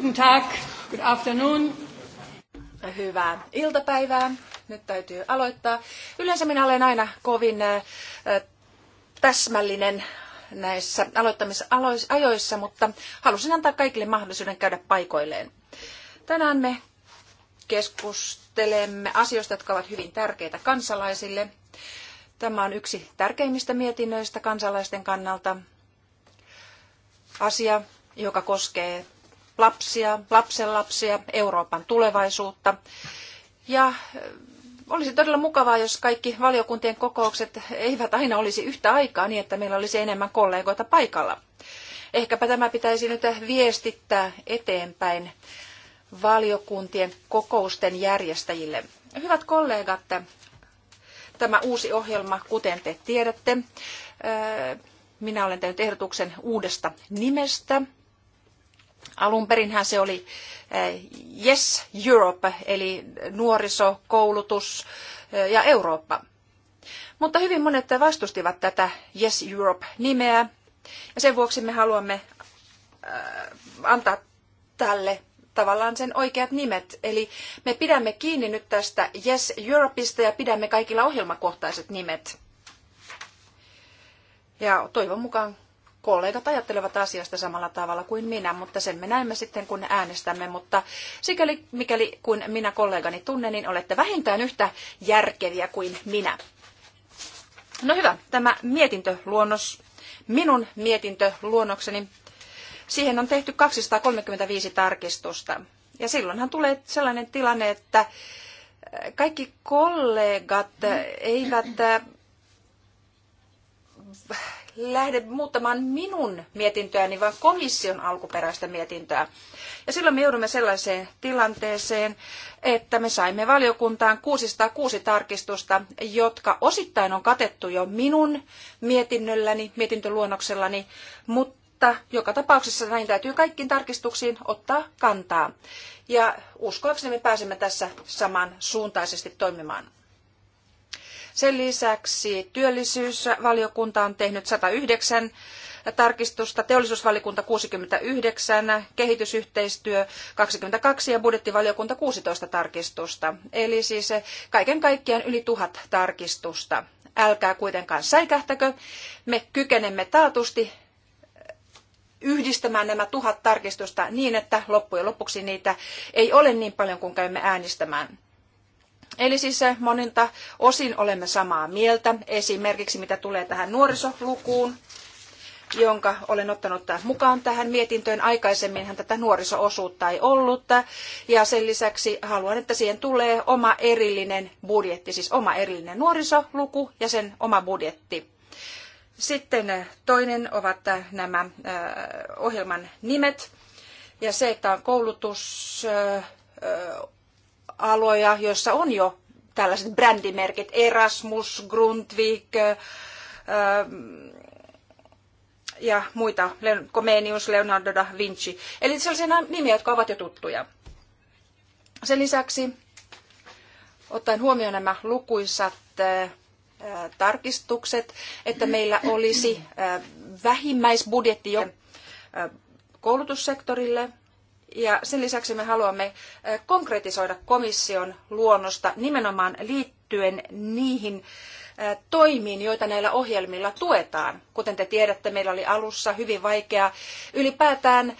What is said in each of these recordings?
Guten Tag, good afternoon. Hyvää iltapäivää. Nyt täytyy aloittaa. Yleensä minä olen aina kovin täsmällinen näissä aloittamisajoissa, mutta halusin antaa kaikille mahdollisuuden käydä paikoilleen. Tänään me keskustelemme asioista, jotka ovat hyvin tärkeitä kansalaisille. Tämä on yksi tärkeimmistä mietinnöistä kansalaisten kannalta. Asia, joka koskee lapsia, lapsenlapsia, Euroopan tulevaisuutta. Ja olisi todella mukavaa, jos kaikki valiokuntien kokoukset eivät aina olisi yhtä aikaa niin, että meillä olisi enemmän kollegoita paikalla. Ehkäpä tämä pitäisi nyt viestittää eteenpäin valiokuntien kokousten järjestäjille. Hyvät kollegat, tämä uusi ohjelma, kuten te tiedätte, minä olen tehnyt ehdotuksen uudesta nimestä. Alun perinhän se oli eh, Yes Europe, eli nuoriso, koulutus eh, ja Eurooppa. Mutta hyvin monet vastustivat tätä Yes Europe-nimeä, ja sen vuoksi me haluamme eh, antaa tälle tavallaan sen oikeat nimet. Eli me pidämme kiinni nyt tästä Yes Europeista ja pidämme kaikilla ohjelmakohtaiset nimet. Ja toivon mukaan kollegat ajattelevat asiasta samalla tavalla kuin minä, mutta sen me näemme sitten, kun äänestämme. Mutta sikäli mikäli kun minä kollegani tunnen, niin olette vähintään yhtä järkeviä kuin minä. No hyvä, tämä mietintöluonnos, minun mietintöluonnokseni, siihen on tehty 235 tarkistusta. Ja silloinhan tulee sellainen tilanne, että eh, kaikki kollegat eh, eivät eh, lähde muuttamaan minun mietintöäni, vaan komission alkuperäistä mietintöä. Ja silloin me joudumme sellaiseen tilanteeseen, että me saimme valiokuntaan 606 tarkistusta, jotka osittain on katettu jo minun mietinnölläni, mietintöluonnoksellani, mutta joka tapauksessa näin täytyy kaikkiin tarkistuksiin ottaa kantaa. Ja uskoakseni me pääsemme tässä saman suuntaisesti toimimaan. Sen lisäksi työllisyysvaliokunta on tehnyt 109 tarkistusta, teollisuusvaliokunta 69, kehitysyhteistyö 22 ja budjettivaliokunta 16 tarkistusta. Eli siis kaiken kaikkiaan yli tuhat tarkistusta. Älkää kuitenkaan säikähtäkö, me kykenemme taatusti yhdistämään nämä tuhat tarkistusta niin, että loppujen lopuksi niitä ei ole niin paljon kuin käymme äänestämään. Eli siis eh, monilta osin olemme samaa mieltä, esimerkiksi mitä tulee tähän nuorisolukuun, jonka olen ottanut mukaan tähän mietintöön. Aikaisemminhan tätä nuoriso-osuutta ei ollut, ja sen lisäksi haluan, että siihen tulee oma erillinen budjetti, siis oma erillinen nuorisoluku ja sen oma budjetti. Sitten eh, toinen ovat eh, nämä ohjelman nimet ja se, että on koulutus, aloja, joissa on jo tällaiset brändimerkit, Erasmus, Grundtvig ja muita, Comenius, Leonardo da Vinci. Eli sellaisia nimiä, jotka ovat jo tuttuja. Sen lisäksi, ottaen huomioon nämä lukuisat tarkistukset, että meillä olisi vähimmäisbudjetti koulutussektorille – ja sen lisäksi me haluamme konkretisoida komission luonnosta nimenomaan liittyen niihin toimiin, joita näillä ohjelmilla tuetaan. Kuten te tiedätte, meillä oli alussa hyvin vaikeaa ylipäätään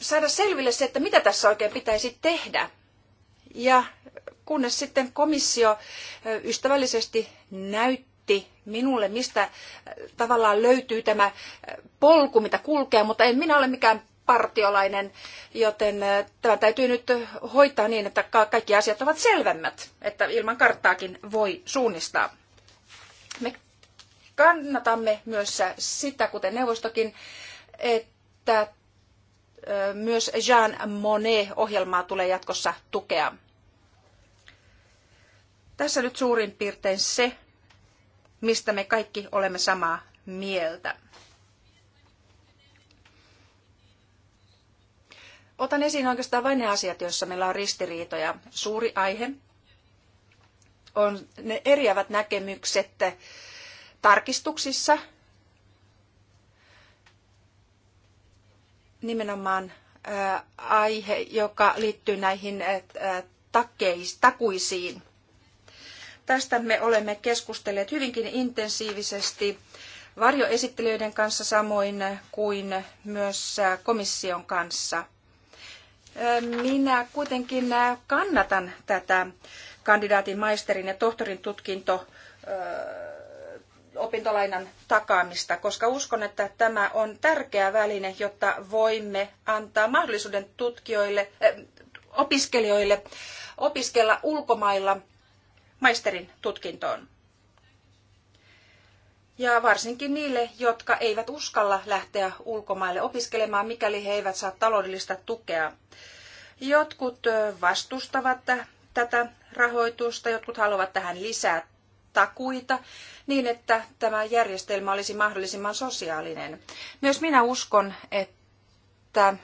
saada selville se, että mitä tässä oikein pitäisi tehdä. Ja kunnes sitten komissio ystävällisesti näytti minulle, mistä tavallaan löytyy tämä polku, mitä kulkee, mutta en minä ole mikään partiolainen, joten äh, tämä täytyy nyt hoitaa niin, että kaikki asiat ovat selvemmät, että ilman karttaakin voi suunnistaa. Me kannatamme myös sitä, kuten neuvostokin, että äh, myös Jean Monnet-ohjelmaa tulee jatkossa tukea. Tässä nyt suurin piirtein se, mistä me kaikki olemme samaa mieltä. Otan esiin oikeastaan vain ne asiat, joissa meillä on ristiriitoja. Suuri aihe on ne eriävät näkemykset tarkistuksissa, nimenomaan aihe, joka liittyy näihin takeis, takuisiin. Tästä me olemme keskustelleet hyvinkin intensiivisesti varjoesittelijöiden kanssa samoin kuin myös komission kanssa. Minä kuitenkin kannatan tätä kandidaatin, maisterin ja tohtorin tutkinto opintolainan takaamista, koska uskon, että tämä on tärkeä väline, jotta voimme antaa mahdollisuuden tutkijoille, opiskelijoille opiskella ulkomailla maisterin tutkintoon. Ja varsinkin niille, jotka eivät uskalla lähteä ulkomaille opiskelemaan, mikäli he eivät saa taloudellista tukea. Jotkut vastustavat tätä rahoitusta, jotkut haluavat tähän lisää takuita niin, että tämä järjestelmä olisi mahdollisimman sosiaalinen. Myös minä uskon, että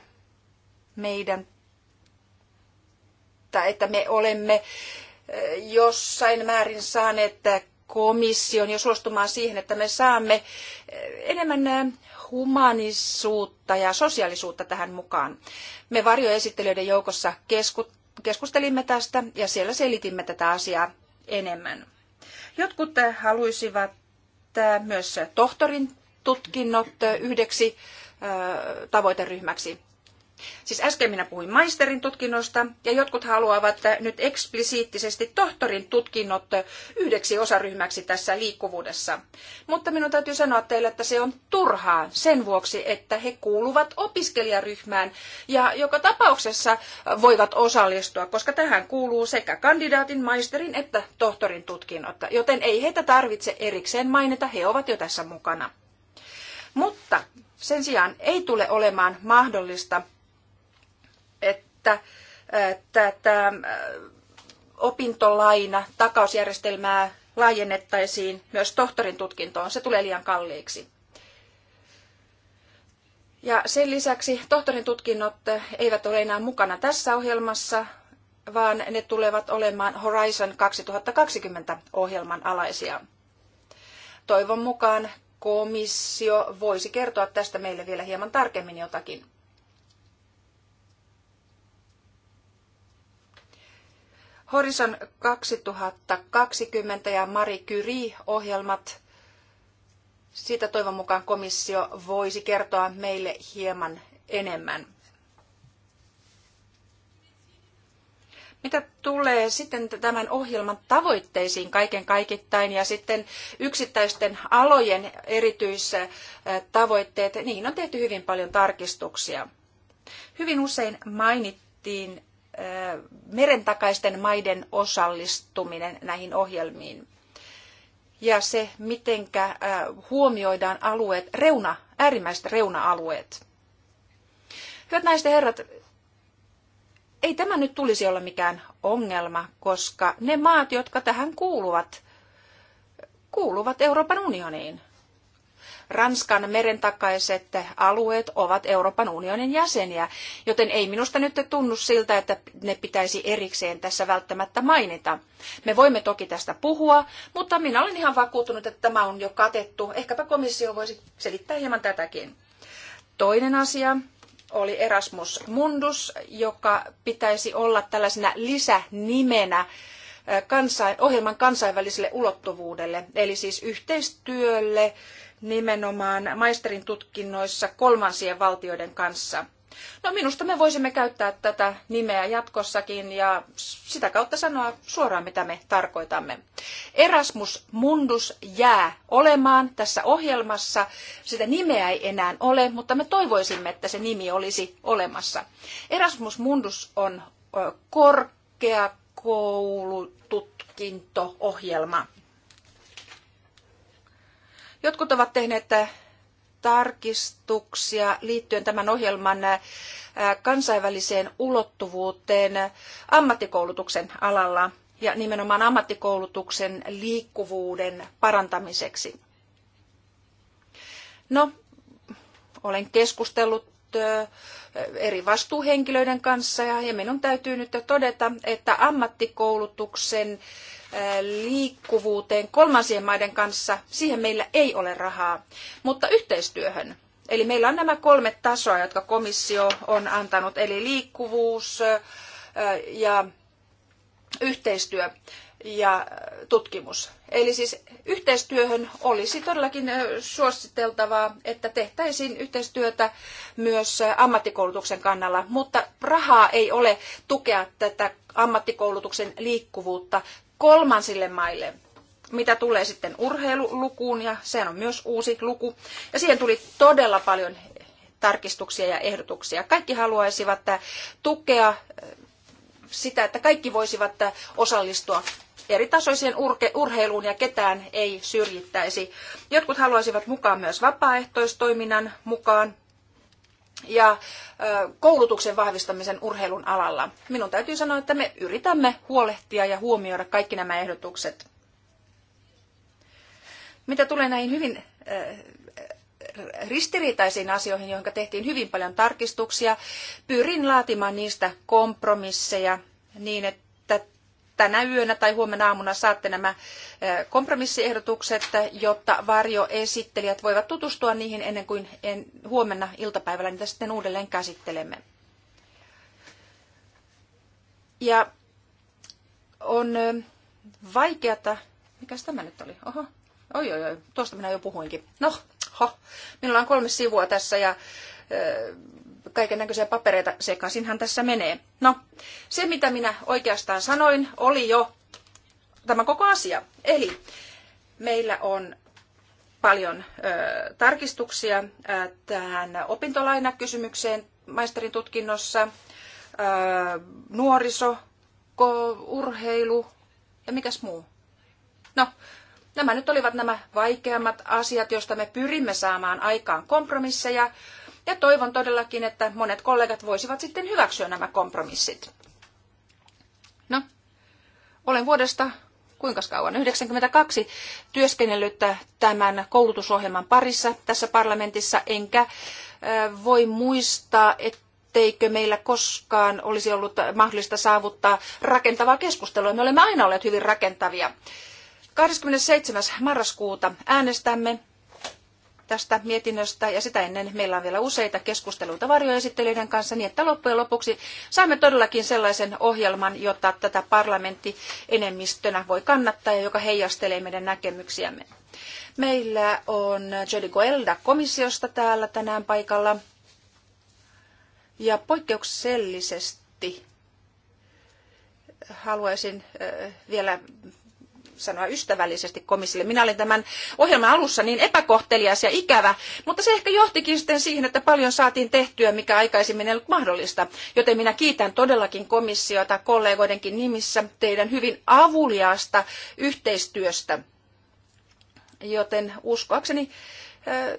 meidän että me olemme jossain määrin saaneet komission ja suostumaan siihen, että me saamme enemmän humanisuutta ja sosiaalisuutta tähän mukaan. Me varjoesittelijöiden joukossa keskustelimme tästä ja siellä selitimme tätä asiaa enemmän. Jotkut haluaisivat myös tohtorin tutkinnot yhdeksi tavoiteryhmäksi. Siis äsken minä puhuin maisterin tutkinnosta ja jotkut haluavat nyt eksplisiittisesti tohtorin tutkinnot yhdeksi osaryhmäksi tässä liikkuvuudessa. Mutta minun täytyy sanoa teille, että se on turhaa sen vuoksi, että he kuuluvat opiskelijaryhmään ja joka tapauksessa voivat osallistua, koska tähän kuuluu sekä kandidaatin, maisterin että tohtorin tutkinnot. Joten ei heitä tarvitse erikseen mainita, he ovat jo tässä mukana. Mutta sen sijaan ei tule olemaan mahdollista että tätä opintolaina takausjärjestelmää laajennettaisiin myös tohtorin tutkintoon. Se tulee liian kalliiksi. Ja sen lisäksi tohtorin tutkinnot eivät ole enää mukana tässä ohjelmassa, vaan ne tulevat olemaan Horizon 2020 ohjelman alaisia. Toivon mukaan komissio voisi kertoa tästä meille vielä hieman tarkemmin jotakin. Horizon 2020 ja Marie Curie-ohjelmat. Siitä toivon mukaan komissio voisi kertoa meille hieman enemmän. Mitä tulee sitten tämän ohjelman tavoitteisiin kaiken kaikittain ja sitten yksittäisten alojen erityistavoitteet, niihin on tehty hyvin paljon tarkistuksia. Hyvin usein mainittiin merentakaisten maiden osallistuminen näihin ohjelmiin ja se, miten huomioidaan alueet, reuna, äärimmäiset reuna-alueet. Hyvät naiset ja herrat, ei tämä nyt tulisi olla mikään ongelma, koska ne maat, jotka tähän kuuluvat, kuuluvat Euroopan unioniin. Ranskan merentakaiset alueet ovat Euroopan unionin jäseniä, joten ei minusta nyt tunnu siltä, että ne pitäisi erikseen tässä välttämättä mainita. Me voimme toki tästä puhua, mutta minä olen ihan vakuuttunut, että tämä on jo katettu. Ehkäpä komissio voisi selittää hieman tätäkin. Toinen asia, oli Erasmus Mundus, joka pitäisi olla tällaisena lisänimenä eh, ohjelman kansainväliselle ulottuvuudelle, eli siis yhteistyölle nimenomaan maisterin tutkinnoissa kolmansien valtioiden kanssa. No minusta me voisimme käyttää tätä nimeä jatkossakin ja sitä kautta sanoa suoraan, mitä me tarkoitamme. Erasmus Mundus jää olemaan tässä ohjelmassa. Sitä nimeä ei enää ole, mutta me toivoisimme, että se nimi olisi olemassa. Erasmus Mundus on korkeakoulututkinto-ohjelma. Jotkut ovat tehneet eh, tarkistuksia liittyen tämän ohjelman eh, kansainväliseen ulottuvuuteen eh, ammattikoulutuksen alalla ja nimenomaan ammattikoulutuksen liikkuvuuden parantamiseksi. No, olen keskustellut eri vastuuhenkilöiden kanssa ja minun täytyy nyt todeta, että ammattikoulutuksen liikkuvuuteen kolmansien maiden kanssa, siihen meillä ei ole rahaa, mutta yhteistyöhön. Eli meillä on nämä kolme tasoa, jotka komissio on antanut, eli liikkuvuus ja yhteistyö ja äh, tutkimus. Eli siis yhteistyöhön olisi todellakin äh, suositeltavaa, että tehtäisiin yhteistyötä myös äh, ammattikoulutuksen kannalla, mutta rahaa ei ole tukea tätä ammattikoulutuksen liikkuvuutta kolmansille maille. Mitä tulee sitten urheilulukuun, ja sehän on myös uusi luku, ja siihen tuli todella paljon tarkistuksia ja ehdotuksia. Kaikki haluaisivat tukea sitä, että kaikki voisivat osallistua eri tasoiseen urheiluun ja ketään ei syrjittäisi. Jotkut haluaisivat mukaan myös vapaaehtoistoiminnan mukaan ja koulutuksen vahvistamisen urheilun alalla. Minun täytyy sanoa, että me yritämme huolehtia ja huomioida kaikki nämä ehdotukset. Mitä tulee näihin hyvin ristiriitaisiin asioihin, joihin tehtiin hyvin paljon tarkistuksia, pyrin laatimaan niistä kompromisseja niin, että tänä yönä tai huomenna aamuna saatte nämä kompromissiehdotukset, jotta varjoesittelijät voivat tutustua niihin ennen kuin huomenna iltapäivällä niitä sitten uudelleen käsittelemme. Ja on vaikeata, mikäs tämä nyt oli? Oho, oi oi oi, tuosta minä jo puhuinkin. No, ho, minulla on kolme sivua tässä ja kaiken näköisiä papereita sekaisinhan tässä menee. No, se mitä minä oikeastaan sanoin oli jo tämä koko asia. Eli meillä on paljon ö, tarkistuksia ö, tähän opintolainakysymykseen maisterin tutkinnossa, ö, nuoriso, ko, urheilu ja mikäs muu. No, nämä nyt olivat nämä vaikeammat asiat, joista me pyrimme saamaan aikaan kompromisseja ja toivon todellakin, että monet kollegat voisivat sitten hyväksyä nämä kompromissit. No, olen vuodesta kuinka kauan? 92 työskennellyt tämän koulutusohjelman parissa tässä parlamentissa, enkä voi muistaa, etteikö meillä koskaan olisi ollut mahdollista saavuttaa rakentavaa keskustelua. Me olemme aina olleet hyvin rakentavia. 27. marraskuuta äänestämme tästä mietinnöstä ja sitä ennen meillä on vielä useita keskusteluita varjoesittelyiden kanssa niin, että loppujen lopuksi saamme todellakin sellaisen ohjelman, jota tätä parlamentti enemmistönä voi kannattaa ja joka heijastelee meidän näkemyksiämme. Meillä on Jody Goelda komissiosta täällä tänään paikalla. Ja poikkeuksellisesti haluaisin vielä sanoa ystävällisesti komissille. Minä olin tämän ohjelman alussa niin epäkohtelias ja ikävä, mutta se ehkä johtikin sitten siihen, että paljon saatiin tehtyä, mikä aikaisemmin ei ollut mahdollista. Joten minä kiitän todellakin komissiota kollegoidenkin nimissä teidän hyvin avuliaasta yhteistyöstä. Joten uskoakseni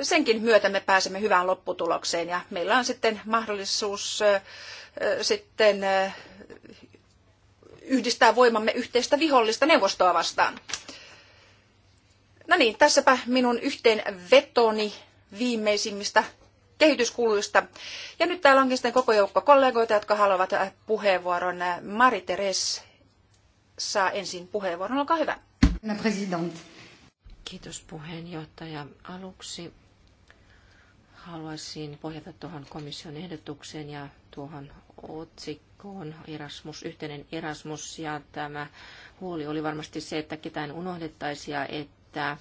senkin myötä me pääsemme hyvään lopputulokseen ja meillä on sitten mahdollisuus sitten yhdistää voimamme yhteistä vihollista neuvostoa vastaan. No niin, tässäpä minun yhteen vetoni viimeisimmistä kehityskuluista. Ja nyt täällä onkin sitten koko joukko kollegoita, jotka haluavat äh, puheenvuoron. Mari Teres saa ensin puheenvuoron. Olkaa hyvä. President. Kiitos puheenjohtaja. Aluksi haluaisin pohjata tuohon komission ehdotukseen ja tuohon otsikkoon Erasmus, yhteinen Erasmus ja tämä huoli oli varmasti se, että ketään unohdettaisiin ja että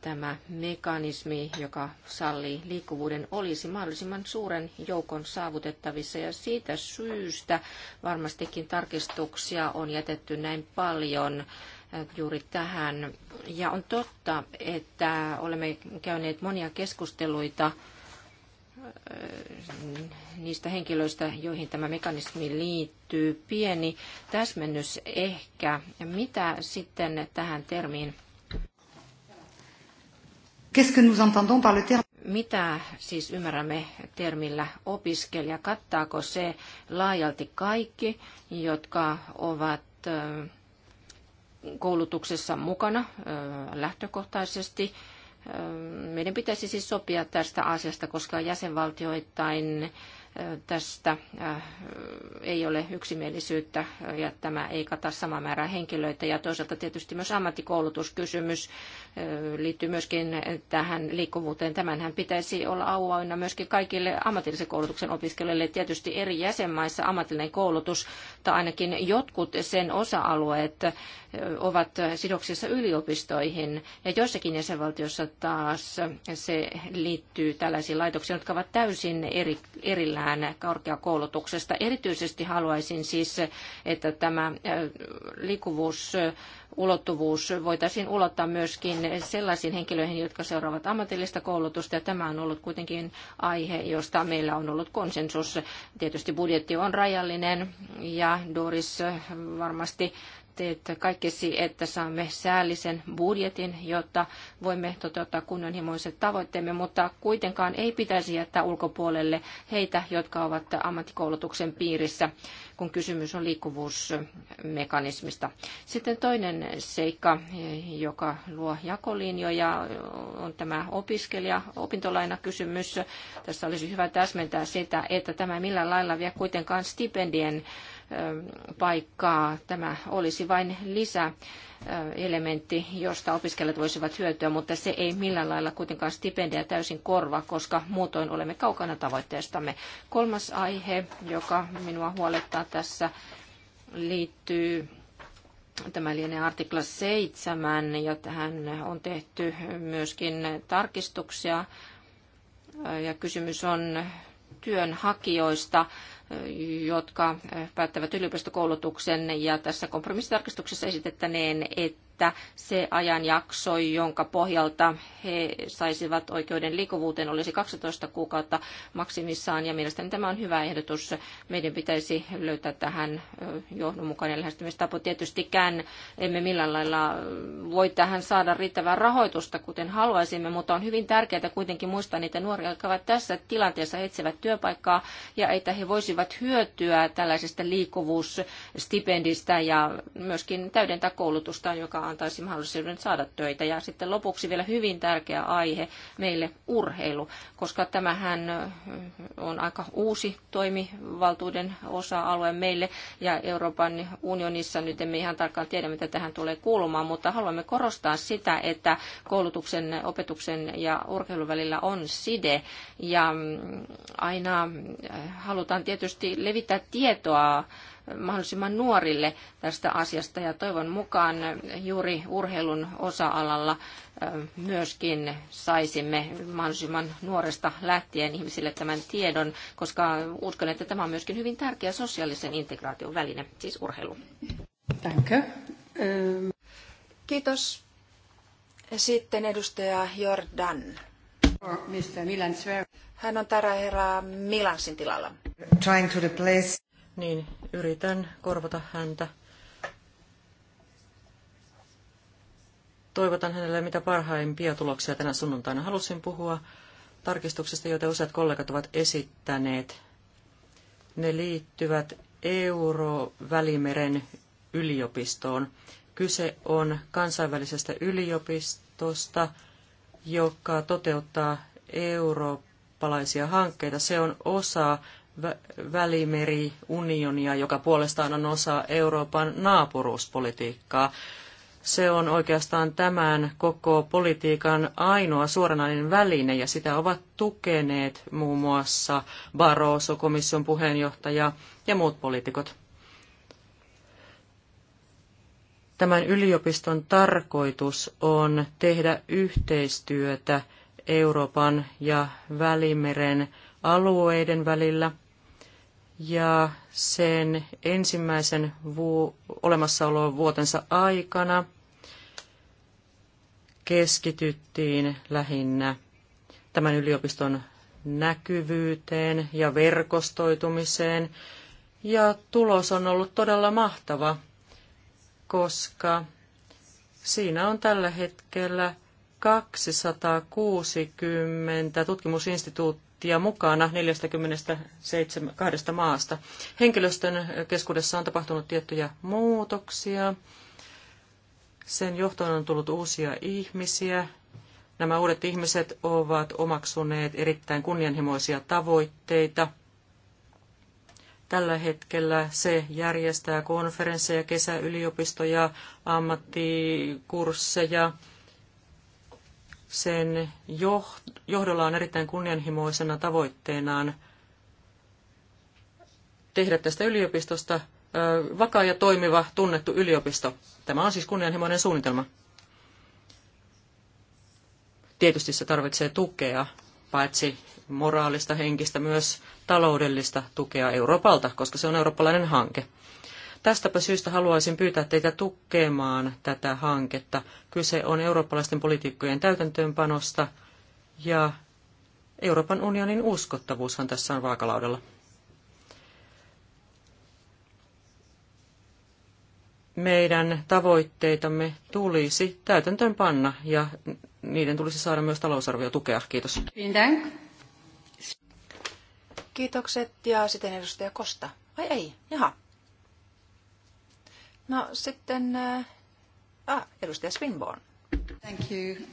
tämä mekanismi, joka sallii liikkuvuuden, olisi mahdollisimman suuren joukon saavutettavissa. Ja siitä syystä varmastikin tarkistuksia on jätetty näin paljon juuri tähän. Ja on totta, että olemme käyneet monia keskusteluita niistä henkilöistä, joihin tämä mekanismi liittyy. Pieni täsmennys ehkä. Mitä sitten tähän termiin? Mitä siis ymmärrämme termillä opiskelija? Kattaako se laajalti kaikki, jotka ovat koulutuksessa mukana lähtökohtaisesti? Meidän pitäisi siis sopia tästä asiasta, koska jäsenvaltioittain tästä ei ole yksimielisyyttä ja tämä ei kata samaa määrää henkilöitä. Ja toisaalta tietysti myös ammattikoulutuskysymys liittyy myöskin tähän liikkuvuuteen. Tämänhän pitäisi olla auaina myöskin kaikille ammatillisen koulutuksen opiskelijoille. Tietysti eri jäsenmaissa ammatillinen koulutus tai ainakin jotkut sen osa-alueet ovat sidoksissa yliopistoihin. Ja joissakin jäsenvaltiossa taas se liittyy tällaisiin laitoksiin, jotka ovat täysin eri, erillään korkeakoulutuksesta. Erityisesti haluaisin siis, että tämä äh, liikkuvuus ulottuvuus voitaisiin ulottaa myöskin sellaisiin henkilöihin, jotka seuraavat ammatillista koulutusta. Ja tämä on ollut kuitenkin aihe, josta meillä on ollut konsensus. Tietysti budjetti on rajallinen ja Doris varmasti teet kaikkesi, että saamme säällisen budjetin, jotta voimme toteuttaa kunnianhimoiset tavoitteemme, mutta kuitenkaan ei pitäisi jättää ulkopuolelle heitä, jotka ovat ammattikoulutuksen piirissä, kun kysymys on liikkuvuusmekanismista. Sitten toinen seikka, joka luo jakolinjoja, on tämä opiskelija opintolainakysymys. Tässä olisi hyvä täsmentää sitä, että tämä millään lailla vie kuitenkaan stipendien paikkaa. Tämä olisi vain lisä elementti, josta opiskelijat voisivat hyötyä, mutta se ei millään lailla kuitenkaan stipendejä täysin korva, koska muutoin olemme kaukana tavoitteestamme. Kolmas aihe, joka minua huolettaa tässä, liittyy Tämä lienee artikla 7 ja tähän on tehty myöskin tarkistuksia. Ja kysymys on työnhakijoista jotka päättävät yliopistokoulutuksen. Ja tässä kompromissitarkistuksessa esitettäneen, että että se ajanjakso, jonka pohjalta he saisivat oikeuden liikkuvuuteen, olisi 12 kuukautta maksimissaan. Ja mielestäni tämä on hyvä ehdotus. Meidän pitäisi löytää tähän johdonmukainen lähestymistapa. Tietystikään emme millään lailla voi tähän saada riittävää rahoitusta, kuten haluaisimme, mutta on hyvin tärkeää kuitenkin muistaa niitä nuoria, jotka ovat tässä tilanteessa etsivät työpaikkaa ja että he voisivat hyötyä tällaisesta liikkuvuusstipendistä ja myöskin täydentää koulutusta, joka antaisi mahdollisuuden saada töitä. Ja sitten lopuksi vielä hyvin tärkeä aihe meille urheilu, koska tämähän on aika uusi toimivaltuuden osa-alue meille ja Euroopan unionissa nyt emme ihan tarkkaan tiedä, mitä tähän tulee kuulumaan, mutta haluamme korostaa sitä, että koulutuksen, opetuksen ja urheilun välillä on side ja mm, aina halutaan tietysti levittää tietoa mahdollisimman nuorille tästä asiasta ja toivon mukaan juuri urheilun osa-alalla myöskin saisimme mahdollisimman nuoresta lähtien ihmisille tämän tiedon, koska uskon, että tämä on myöskin hyvin tärkeä sosiaalisen integraation väline, siis urheilu. Kiitos. Sitten edustaja Jordan. Hän on täällä herra Milansin tilalla. Trying to replace niin yritän korvata häntä. Toivotan hänelle mitä parhaimpia tuloksia tänä sunnuntaina. Halusin puhua tarkistuksista, joita useat kollegat ovat esittäneet. Ne liittyvät Euro-välimeren yliopistoon. Kyse on kansainvälisestä yliopistosta, joka toteuttaa eurooppalaisia hankkeita. Se on osa välimeriunionia, joka puolestaan on osa Euroopan naapuruuspolitiikkaa. Se on oikeastaan tämän koko politiikan ainoa suoranainen väline ja sitä ovat tukeneet muun muassa Barroso, komission puheenjohtaja ja muut poliitikot. Tämän yliopiston tarkoitus on tehdä yhteistyötä Euroopan ja Välimeren alueiden välillä – ja sen ensimmäisen vu- vuotensa aikana keskityttiin lähinnä tämän yliopiston näkyvyyteen ja verkostoitumiseen. Ja tulos on ollut todella mahtava, koska siinä on tällä hetkellä 260 tutkimusinstituuttia, prosenttia mukana 42 maasta. Henkilöstön keskuudessa on tapahtunut tiettyjä muutoksia. Sen johtoon on tullut uusia ihmisiä. Nämä uudet ihmiset ovat omaksuneet erittäin kunnianhimoisia tavoitteita. Tällä hetkellä se järjestää konferensseja, kesäyliopistoja, ammattikursseja, sen johdolla on erittäin kunnianhimoisena tavoitteenaan tehdä tästä yliopistosta vakaa ja toimiva, tunnettu yliopisto. Tämä on siis kunnianhimoinen suunnitelma. Tietysti se tarvitsee tukea, paitsi moraalista, henkistä, myös taloudellista tukea Euroopalta, koska se on eurooppalainen hanke. Tästäpä syystä haluaisin pyytää teitä tukemaan tätä hanketta. Kyse on eurooppalaisten politiikkojen täytäntöönpanosta ja Euroopan unionin uskottavuushan tässä on vaakalaudella. Meidän tavoitteitamme tulisi täytäntöönpanna ja niiden tulisi saada myös talousarviotukea. Kiitos. Kiitokset ja sitten edustaja Kosta. Vai ei? Jaha. No sitten äh, ah, edustaja Swinburne. Thank you,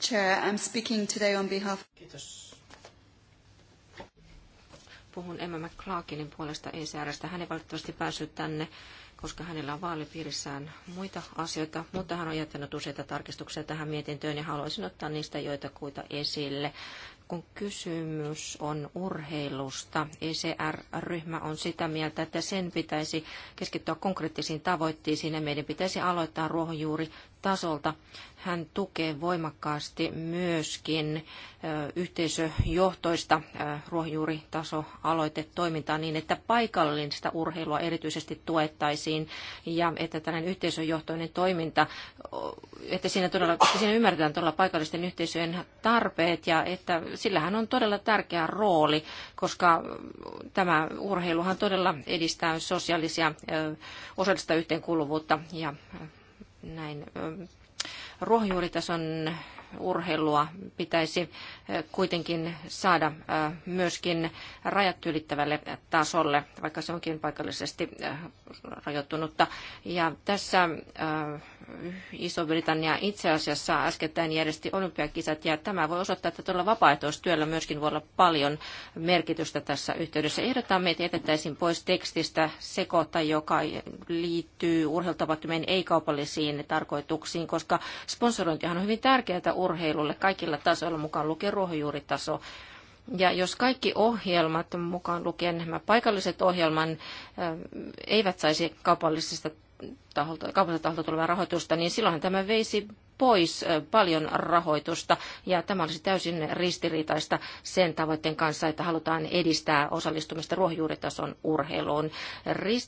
Chair. I'm speaking today on behalf... Kiitos. Puhun Emma McClarkinin puolesta ECRstä. Hän ei valitettavasti päässyt tänne koska hänellä on vaalipiirissään muita asioita, mutta hän on jättänyt useita tarkistuksia tähän mietintöön ja haluaisin ottaa niistä joita kuita esille kun kysymys on urheilusta, ECR-ryhmä on sitä mieltä, että sen pitäisi keskittyä konkreettisiin tavoitteisiin ja meidän pitäisi aloittaa ruohonjuuri tasolta. Hän tukee voimakkaasti myöskin yhteisöjohtoista ruohonjuuritasoaloitetoimintaa niin, että paikallista urheilua erityisesti tuettaisiin ja että tällainen yhteisöjohtoinen toiminta, että siinä, todella, että siinä ymmärretään todella paikallisten yhteisöjen tarpeet ja että sillähän on todella tärkeä rooli, koska tämä urheiluhan todella edistää sosiaalisia osallista yhteenkuuluvuutta ja näin ruohonjuuritason urheilua pitäisi eh, kuitenkin saada eh, myöskin rajat ylittävälle tasolle, vaikka se onkin paikallisesti eh, rajoittunutta. Ja tässä Iso-Britannia itse asiassa äskettäin järjesti olympiakisat, ja tämä voi osoittaa, että tuolla vapaaehtoistyöllä myöskin voi olla paljon merkitystä tässä yhteydessä. Ehdotamme, että jätettäisiin pois tekstistä sekoita, joka liittyy urheilutapahtumien ei-kaupallisiin tarkoituksiin, koska sponsorointihan on hyvin tärkeää urheilulle kaikilla tasoilla, mukaan lukien ruohonjuuritaso. Ja jos kaikki ohjelmat, mukaan lukien nämä paikalliset ohjelman, eivät saisi kaupallisista taholta, kaupallisen taholta tulevaa rahoitusta, niin silloinhan tämä veisi pois paljon rahoitusta ja tämä olisi täysin ristiriitaista sen tavoitteen kanssa, että halutaan edistää osallistumista ruohonjuuritason urheiluun.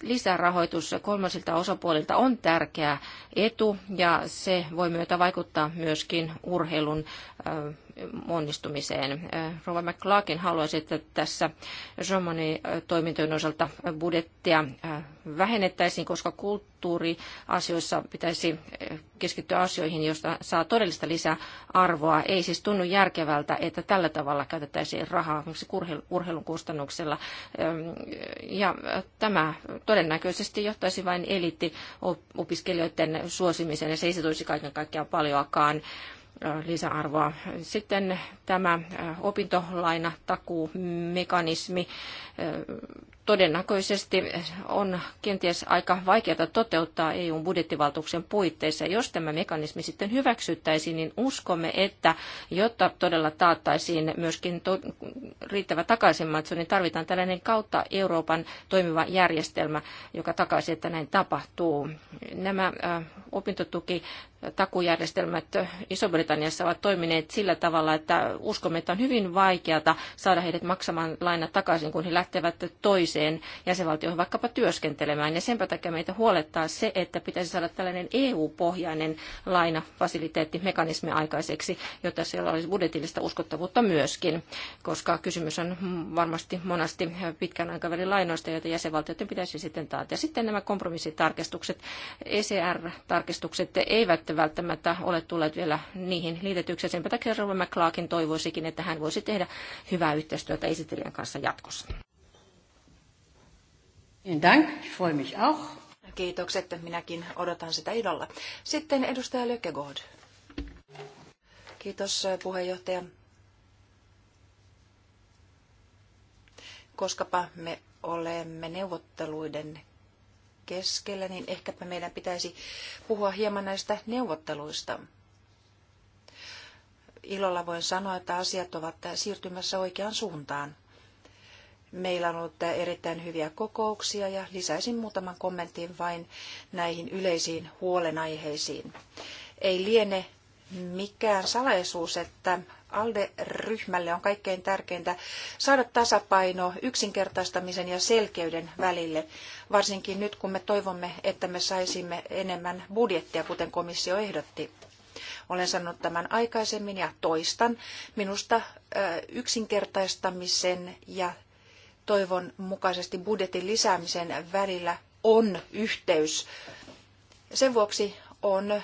Lisärahoitus kolmansilta osapuolilta on tärkeä etu ja se voi myötä vaikuttaa myöskin urheilun onnistumiseen. Rova McClarkin haluaisi, että tässä Jomoni toimintojen osalta budjettia vähennettäisiin, koska kulttuuri asioissa pitäisi eh, keskittyä asioihin, joista saa todellista lisäarvoa. Ei siis tunnu järkevältä, että tällä tavalla käytettäisiin rahaa esimerkiksi urheilun kustannuksella. Ehm, ja tämä todennäköisesti johtaisi vain eliittiopiskelijoiden suosimiseen ja se ei se tulisi kaiken kaikkiaan paljoakaan lisäarvoa. Sitten tämä äh, opintolainatakuumekanismi äh, todennäköisesti on kenties aika vaikeata toteuttaa EUn budjettivaltuuksen puitteissa. Jos tämä mekanismi sitten hyväksyttäisiin, niin uskomme, että jotta todella taattaisiin myöskin to- riittävä takaisinmaksu, niin tarvitaan tällainen kautta Euroopan toimiva järjestelmä, joka takaisi, että näin tapahtuu. Nämä äh, opintotuki takujärjestelmät Iso-Britanniassa ovat toimineet sillä tavalla, että uskomme, että on hyvin vaikeata saada heidät maksamaan lainat takaisin, kun he lähtevät toiseen jäsenvaltioon vaikkapa työskentelemään. Ja sen takia meitä huolettaa se, että pitäisi saada tällainen EU-pohjainen lainafasiliteettimekanismi aikaiseksi, jotta siellä olisi budjetillista uskottavuutta myöskin, koska kysymys on varmasti monasti pitkän aikavälin lainoista, joita jäsenvaltioiden pitäisi sitten taata. Ja sitten nämä kompromissitarkistukset, ECR-tarkistukset eivät eivät välttämättä ole tulleet vielä niihin liitetyksi. Senpä takia Rova McClarkin toivoisikin, että hän voisi tehdä hyvää yhteistyötä esittelijän kanssa jatkossa. Kiitokset, minäkin odotan sitä idolla. Sitten edustaja Lökegård. Kiitos puheenjohtaja. Koskapa me olemme neuvotteluiden keskellä, niin ehkäpä meidän pitäisi puhua hieman näistä neuvotteluista. Ilolla voin sanoa, että asiat ovat siirtymässä oikeaan suuntaan. Meillä on ollut erittäin hyviä kokouksia ja lisäisin muutaman kommentin vain näihin yleisiin huolenaiheisiin. Ei liene mikään salaisuus, että ALDE-ryhmälle on kaikkein tärkeintä saada tasapaino yksinkertaistamisen ja selkeyden välille, varsinkin nyt kun me toivomme, että me saisimme enemmän budjettia, kuten komissio ehdotti. Olen sanonut tämän aikaisemmin ja toistan. Minusta yksinkertaistamisen ja toivon mukaisesti budjetin lisäämisen välillä on yhteys. Sen vuoksi on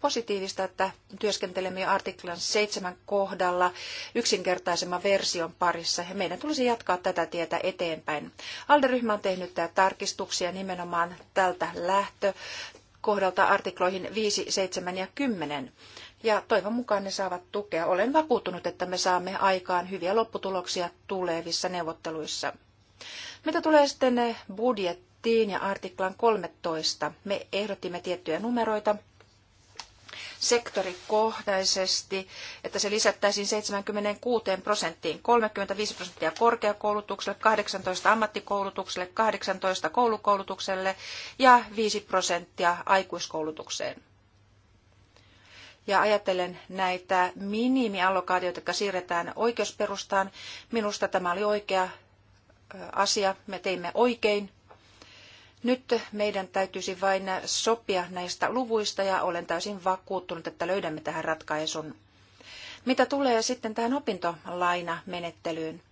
positiivista, että työskentelemme artiklan seitsemän kohdalla yksinkertaisemman version parissa ja meidän tulisi jatkaa tätä tietä eteenpäin. Alderyhmä on tehnyt tarkistuksia nimenomaan tältä lähtö kohdalta artikloihin 5, 7 ja 10. Ja toivon mukaan ne saavat tukea. Olen vakuuttunut, että me saamme aikaan hyviä lopputuloksia tulevissa neuvotteluissa. Mitä tulee sitten budjettiin ja artiklan 13, me ehdotimme tiettyjä numeroita, sektorikohtaisesti, että se lisättäisiin 76 prosenttiin, 35 prosenttia korkeakoulutukselle, 18 ammattikoulutukselle, 18 koulukoulutukselle ja 5 prosenttia aikuiskoulutukseen. Ja ajatellen näitä minimiallokaatioita, jotka siirretään oikeusperustaan, minusta tämä oli oikea asia. Me teimme oikein nyt meidän täytyisi vain sopia näistä luvuista ja olen täysin vakuuttunut, että löydämme tähän ratkaisun. Mitä tulee sitten tähän opintolainamenettelyyn?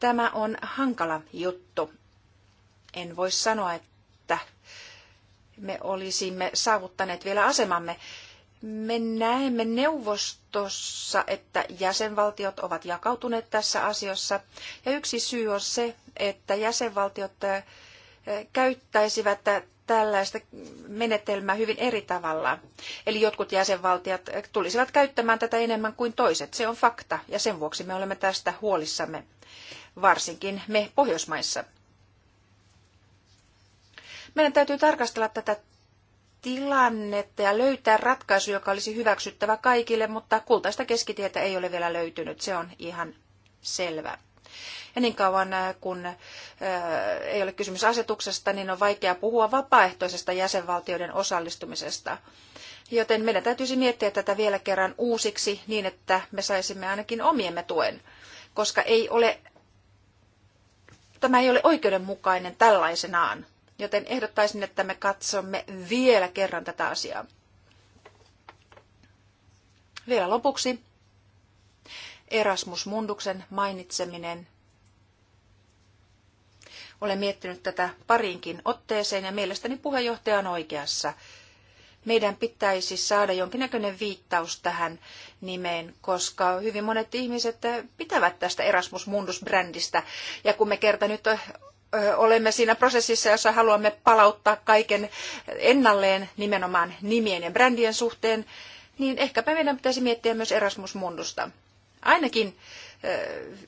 Tämä on hankala juttu. En voi sanoa, että me olisimme saavuttaneet vielä asemamme. Me näemme neuvostossa, että jäsenvaltiot ovat jakautuneet tässä asiassa. Ja yksi syy on se, että jäsenvaltiot käyttäisivät tällaista menetelmää hyvin eri tavalla. Eli jotkut jäsenvaltiot tulisivat käyttämään tätä enemmän kuin toiset. Se on fakta ja sen vuoksi me olemme tästä huolissamme, varsinkin me Pohjoismaissa. Meidän täytyy tarkastella tätä tilannetta ja löytää ratkaisu, joka olisi hyväksyttävä kaikille, mutta kultaista keskitietä ei ole vielä löytynyt. Se on ihan selvä. Ja niin kauan äh, kun äh, ei ole kysymys asetuksesta, niin on vaikea puhua vapaaehtoisesta jäsenvaltioiden osallistumisesta. Joten meidän täytyisi miettiä tätä vielä kerran uusiksi niin, että me saisimme ainakin omiemme tuen, koska ei ole, tämä ei ole oikeudenmukainen tällaisenaan. Joten ehdottaisin, että me katsomme vielä kerran tätä asiaa. Vielä lopuksi Erasmus Munduksen mainitseminen olen miettinyt tätä parinkin otteeseen ja mielestäni puheenjohtaja on oikeassa. Meidän pitäisi saada jonkinnäköinen viittaus tähän nimeen, koska hyvin monet ihmiset pitävät tästä Erasmus Mundus-brändistä. Ja kun me kerta nyt olemme siinä prosessissa, jossa haluamme palauttaa kaiken ennalleen nimenomaan nimien ja brändien suhteen, niin ehkäpä meidän pitäisi miettiä myös Erasmus Mundusta. Ainakin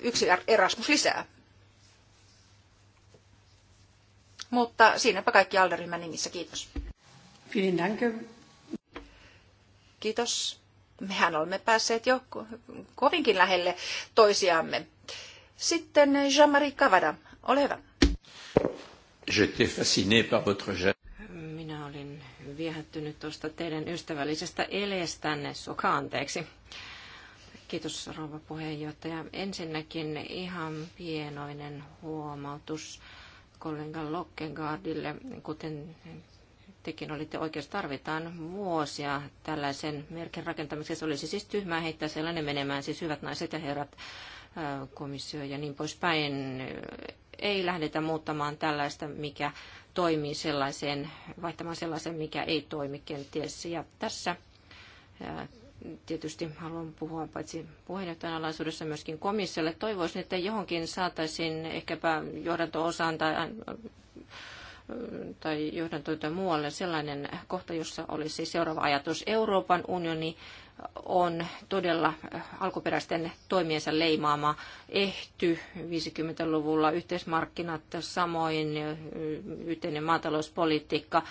yksi Erasmus lisää. Mutta siinäpä kaikki alderyhmän nimissä. Kiitos. Kiitos. Mehän olemme päässeet jo kovinkin lähelle toisiamme. Sitten Jean-Marie Cavada, ole hyvä. Minä olin viehättynyt tuosta teidän ystävällisestä eleestänne, suka anteeksi. Kiitos rouva puheenjohtaja. Ensinnäkin ihan pienoinen huomautus kollegan Lokkengaardille, kuten tekin olitte oikeus, tarvitaan vuosia tällaisen merkin rakentamiseksi. Se olisi siis tyhmää heittää sellainen menemään, siis hyvät naiset ja herrat, äh, komissio ja niin poispäin. Ei lähdetä muuttamaan tällaista, mikä toimii sellaiseen, vaihtamaan sellaisen, mikä ei toimi kenties. Ja tässä äh, tietysti haluan puhua paitsi puheenjohtajan alaisuudessa myöskin komissiolle. Toivoisin, että johonkin saataisiin ehkäpä johdanto-osaan tai, tai johdantoita muualle sellainen kohta, jossa olisi seuraava ajatus. Euroopan unioni on todella eh, alkuperäisten toimiensa leimaama ehty 50-luvulla, yhteismarkkinat, samoin eh, yhteinen maatalouspolitiikka,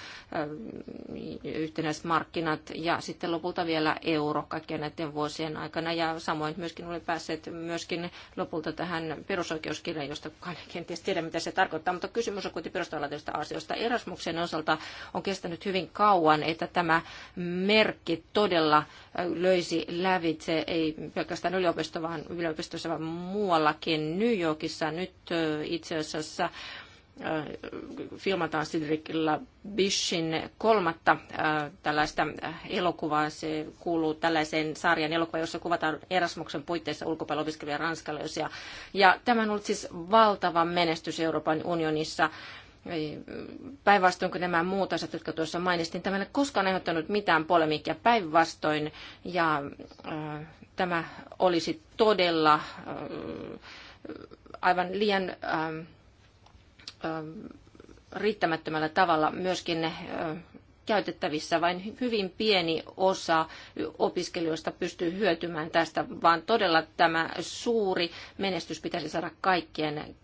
eh, yhtenäismarkkinat ja sitten lopulta vielä euro kaikkien näiden vuosien aikana ja samoin myöskin oli päässeet myöskin lopulta tähän perusoikeuskirjaan, josta kukaan ei kenties tiedä mitä se tarkoittaa, mutta kysymys on kuitenkin perustavanlaatuisista asioista. Erasmuksen osalta on kestänyt hyvin kauan, että tämä merkki todella löysi lävitse, ei pelkästään yliopisto, vaan yliopistossa, vaan muuallakin New Yorkissa nyt itse asiassa filmataan Cedric Bishin kolmatta tällaista elokuvaa. Se kuuluu tällaiseen sarjan elokuva, jossa kuvataan Erasmuksen puitteissa ulkopuolella Ranskalaisia. Ja tämä on ollut siis valtava menestys Euroopan unionissa. Päinvastoin kuin nämä muut asiat, jotka tuossa mainitsin, tämä ei koskaan aiheuttanut mitään polemiikkia päinvastoin. Ja äh, tämä olisi todella äh, aivan liian äh, äh, riittämättömällä tavalla myöskin äh, käytettävissä. Vain hyvin pieni osa opiskelijoista pystyy hyötymään tästä, vaan todella tämä suuri menestys pitäisi saada kaikkien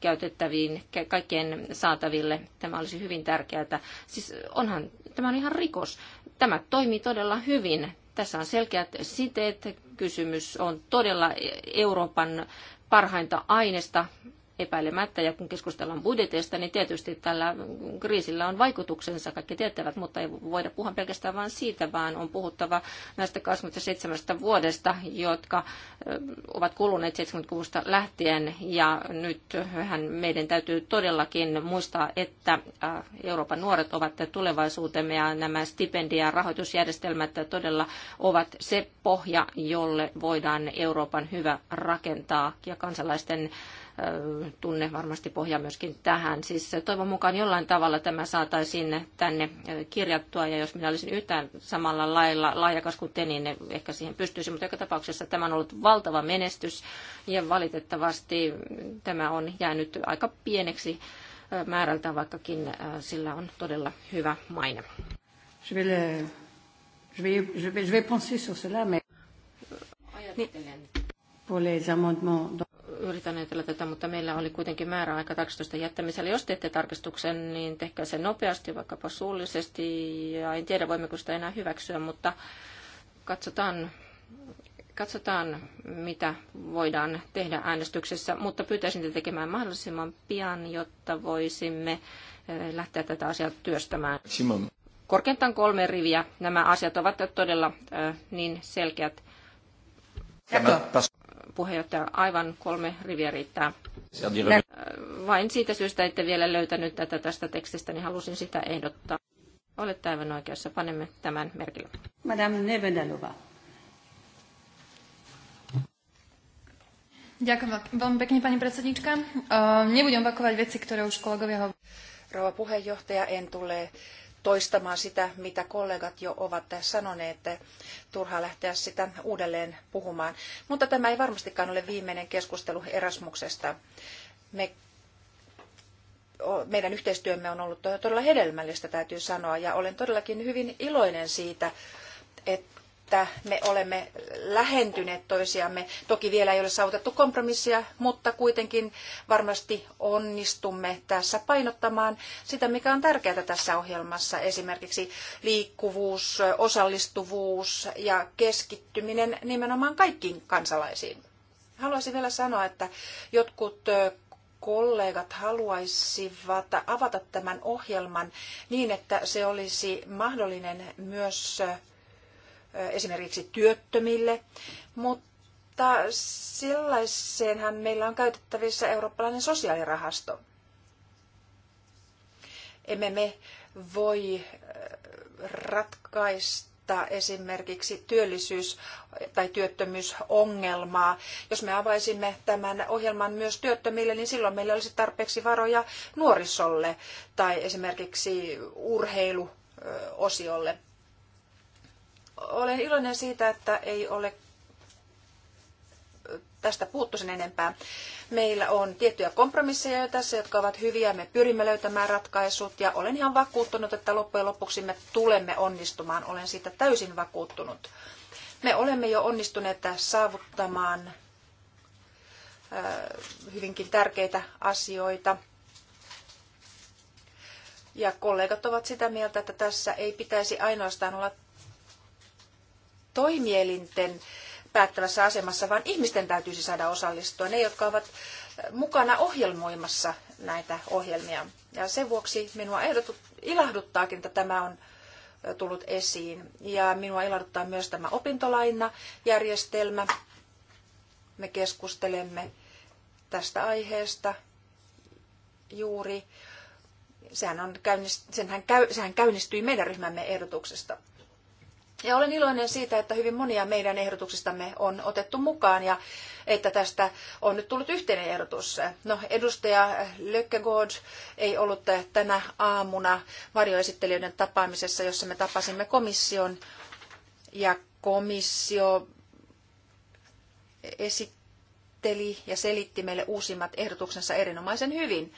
käytettäviin, kaikkien saataville. Tämä olisi hyvin tärkeää. Siis onhan, tämä on ihan rikos. Tämä toimii todella hyvin. Tässä on selkeät siteet. Kysymys on todella Euroopan parhainta aineesta, epäilemättä. Ja kun keskustellaan budjeteista, niin tietysti tällä kriisillä on vaikutuksensa, kaikki tietävät, mutta ei voida puhua pelkästään vain siitä, vaan on puhuttava näistä 27 vuodesta, jotka ovat kuluneet 76 lähtien. Ja nyt meidän täytyy todellakin muistaa, että Euroopan nuoret ovat tulevaisuutemme ja nämä stipendia ja rahoitusjärjestelmät todella ovat se pohja, jolle voidaan Euroopan hyvä rakentaa ja kansalaisten tunne varmasti pohjaa myöskin tähän. Siis toivon mukaan jollain tavalla tämä saataisiin tänne kirjattua, ja jos minä olisin yhtään samalla lailla laajakas kuin te, niin ehkä siihen pystyisi, mutta joka tapauksessa tämä on ollut valtava menestys, ja valitettavasti tämä on jäänyt aika pieneksi määrältä vaikkakin sillä on todella hyvä maine. Je vais, le, je vais, je vais penser sur cela, mais... Ajattelen. Pour les amendements yritän ajatella tätä, mutta meillä oli kuitenkin määräaika tarkistusta jättämisellä. Jos teette tarkistuksen, niin tehkää se nopeasti, vaikkapa suullisesti. Ja en tiedä, voimmeko sitä enää hyväksyä, mutta katsotaan, katsotaan, mitä voidaan tehdä äänestyksessä, mutta pyytäisin te tekemään mahdollisimman pian, jotta voisimme eh, lähteä tätä asiaa työstämään. Simon. Korkeintaan kolme riviä. Nämä asiat ovat todella eh, niin selkeät puheenjohtaja, aivan kolme riviä riittää. Vain siitä syystä, että vielä löytänyt tätä tästä tekstistä, niin halusin sitä ehdottaa. Olette aivan oikeassa, panemme tämän merkille. Madame Nevenalova. Ďakujem vám pekne, pani predsednička. Nebudem opakovať veci, ktoré už kolegovia hovorili. Rouva puheenjohtaja, en tule toistamaan sitä, mitä kollegat jo ovat sanoneet, että turha lähteä sitä uudelleen puhumaan. Mutta tämä ei varmastikaan ole viimeinen keskustelu Erasmuksesta. Me, meidän yhteistyömme on ollut todella hedelmällistä, täytyy sanoa, ja olen todellakin hyvin iloinen siitä, että että me olemme lähentyneet toisiamme. Toki vielä ei ole saavutettu kompromissia, mutta kuitenkin varmasti onnistumme tässä painottamaan sitä, mikä on tärkeää tässä ohjelmassa, esimerkiksi liikkuvuus, osallistuvuus ja keskittyminen nimenomaan kaikkiin kansalaisiin. Haluaisin vielä sanoa, että jotkut kollegat haluaisivat avata tämän ohjelman niin, että se olisi mahdollinen myös esimerkiksi työttömille, mutta sellaiseenhan meillä on käytettävissä eurooppalainen sosiaalirahasto. Emme me voi ratkaista esimerkiksi työllisyys- tai työttömyysongelmaa. Jos me avaisimme tämän ohjelman myös työttömille, niin silloin meillä olisi tarpeeksi varoja nuorisolle tai esimerkiksi urheiluosiolle. Olen iloinen siitä, että ei ole tästä puuttu sen enempää. Meillä on tiettyjä kompromisseja jo tässä, jotka ovat hyviä. Me pyrimme löytämään ratkaisut ja olen ihan vakuuttunut, että loppujen lopuksi me tulemme onnistumaan. Olen siitä täysin vakuuttunut. Me olemme jo onnistuneet saavuttamaan äh, hyvinkin tärkeitä asioita. Ja kollegat ovat sitä mieltä, että tässä ei pitäisi ainoastaan olla toimielinten päättävässä asemassa, vaan ihmisten täytyisi saada osallistua, ne jotka ovat mukana ohjelmoimassa näitä ohjelmia. Ja sen vuoksi minua ehdotu ilahduttaakin, että tämä on tullut esiin. Ja minua ilahduttaa myös tämä opintolainajärjestelmä. Me keskustelemme tästä aiheesta juuri. Sehän, on, sehän, käy, sehän käynnistyi meidän ryhmämme ehdotuksesta. Ja olen iloinen siitä, että hyvin monia meidän ehdotuksistamme on otettu mukaan ja että tästä on nyt tullut yhteinen ehdotus. No, edustaja Lökkegaard ei ollut tänä aamuna varjoesittelijöiden tapaamisessa, jossa me tapasimme komission ja komissio esitteli ja selitti meille uusimmat ehdotuksensa erinomaisen hyvin.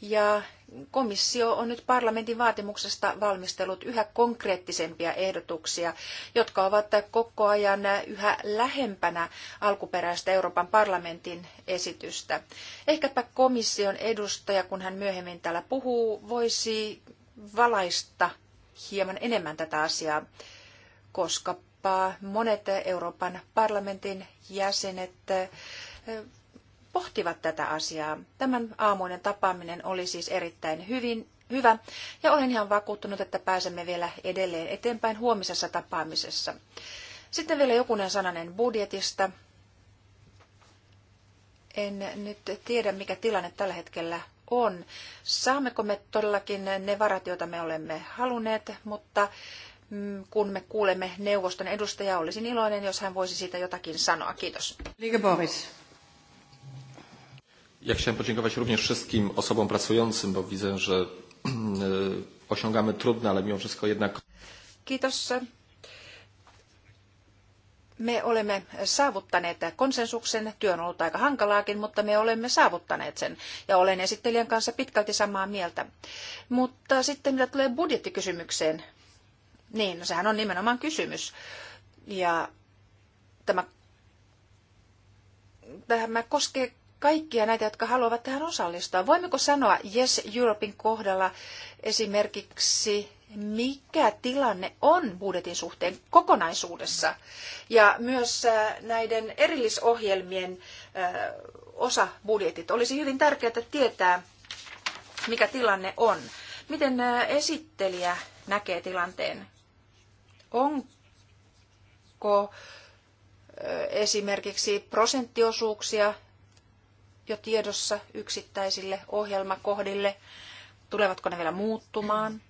Ja komissio on nyt parlamentin vaatimuksesta valmistellut yhä konkreettisempia ehdotuksia, jotka ovat koko ajan yhä lähempänä alkuperäistä Euroopan parlamentin esitystä. Ehkäpä komission edustaja, kun hän myöhemmin täällä puhuu, voisi valaista hieman enemmän tätä asiaa, koska monet Euroopan parlamentin jäsenet pohtivat tätä asiaa. Tämän aamuinen tapaaminen oli siis erittäin hyvin, hyvä ja olen ihan vakuuttunut, että pääsemme vielä edelleen eteenpäin huomisessa tapaamisessa. Sitten vielä jokunen sananen budjetista. En nyt tiedä, mikä tilanne tällä hetkellä on. Saammeko me todellakin ne varat, joita me olemme halunneet, mutta mm, kun me kuulemme neuvoston edustajaa, olisin iloinen, jos hän voisi siitä jotakin sanoa. Kiitos. Liike Boris. Ja chciałem podziękować również wszystkim osobom pracującym, bo widzę, że e, osiągamy trudne, ale mimo wszystko jednak. Kiitos. Me olemme saavuttaneet konsensuksen. Työ on ollut aika hankalaakin, mutta me olemme saavuttaneet sen. Ja olen esittelijän kanssa pitkälti samaa mieltä. Mutta sitten mitä tulee budjettikysymykseen, niin no sehän on nimenomaan kysymys. Ja tämä, tämä koskee kaikkia näitä, jotka haluavat tähän osallistua. Voimmeko sanoa Yes Europein kohdalla esimerkiksi, mikä tilanne on budjetin suhteen kokonaisuudessa ja myös äh, näiden erillisohjelmien äh, osa budjetit. Olisi hyvin tärkeää tietää, mikä tilanne on. Miten äh, esittelijä näkee tilanteen? Onko esimerkiksi prosenttiosuuksia jo tiedossa yksittäisille ohjelmakohdille? Tulevatko ne vielä muuttumaan?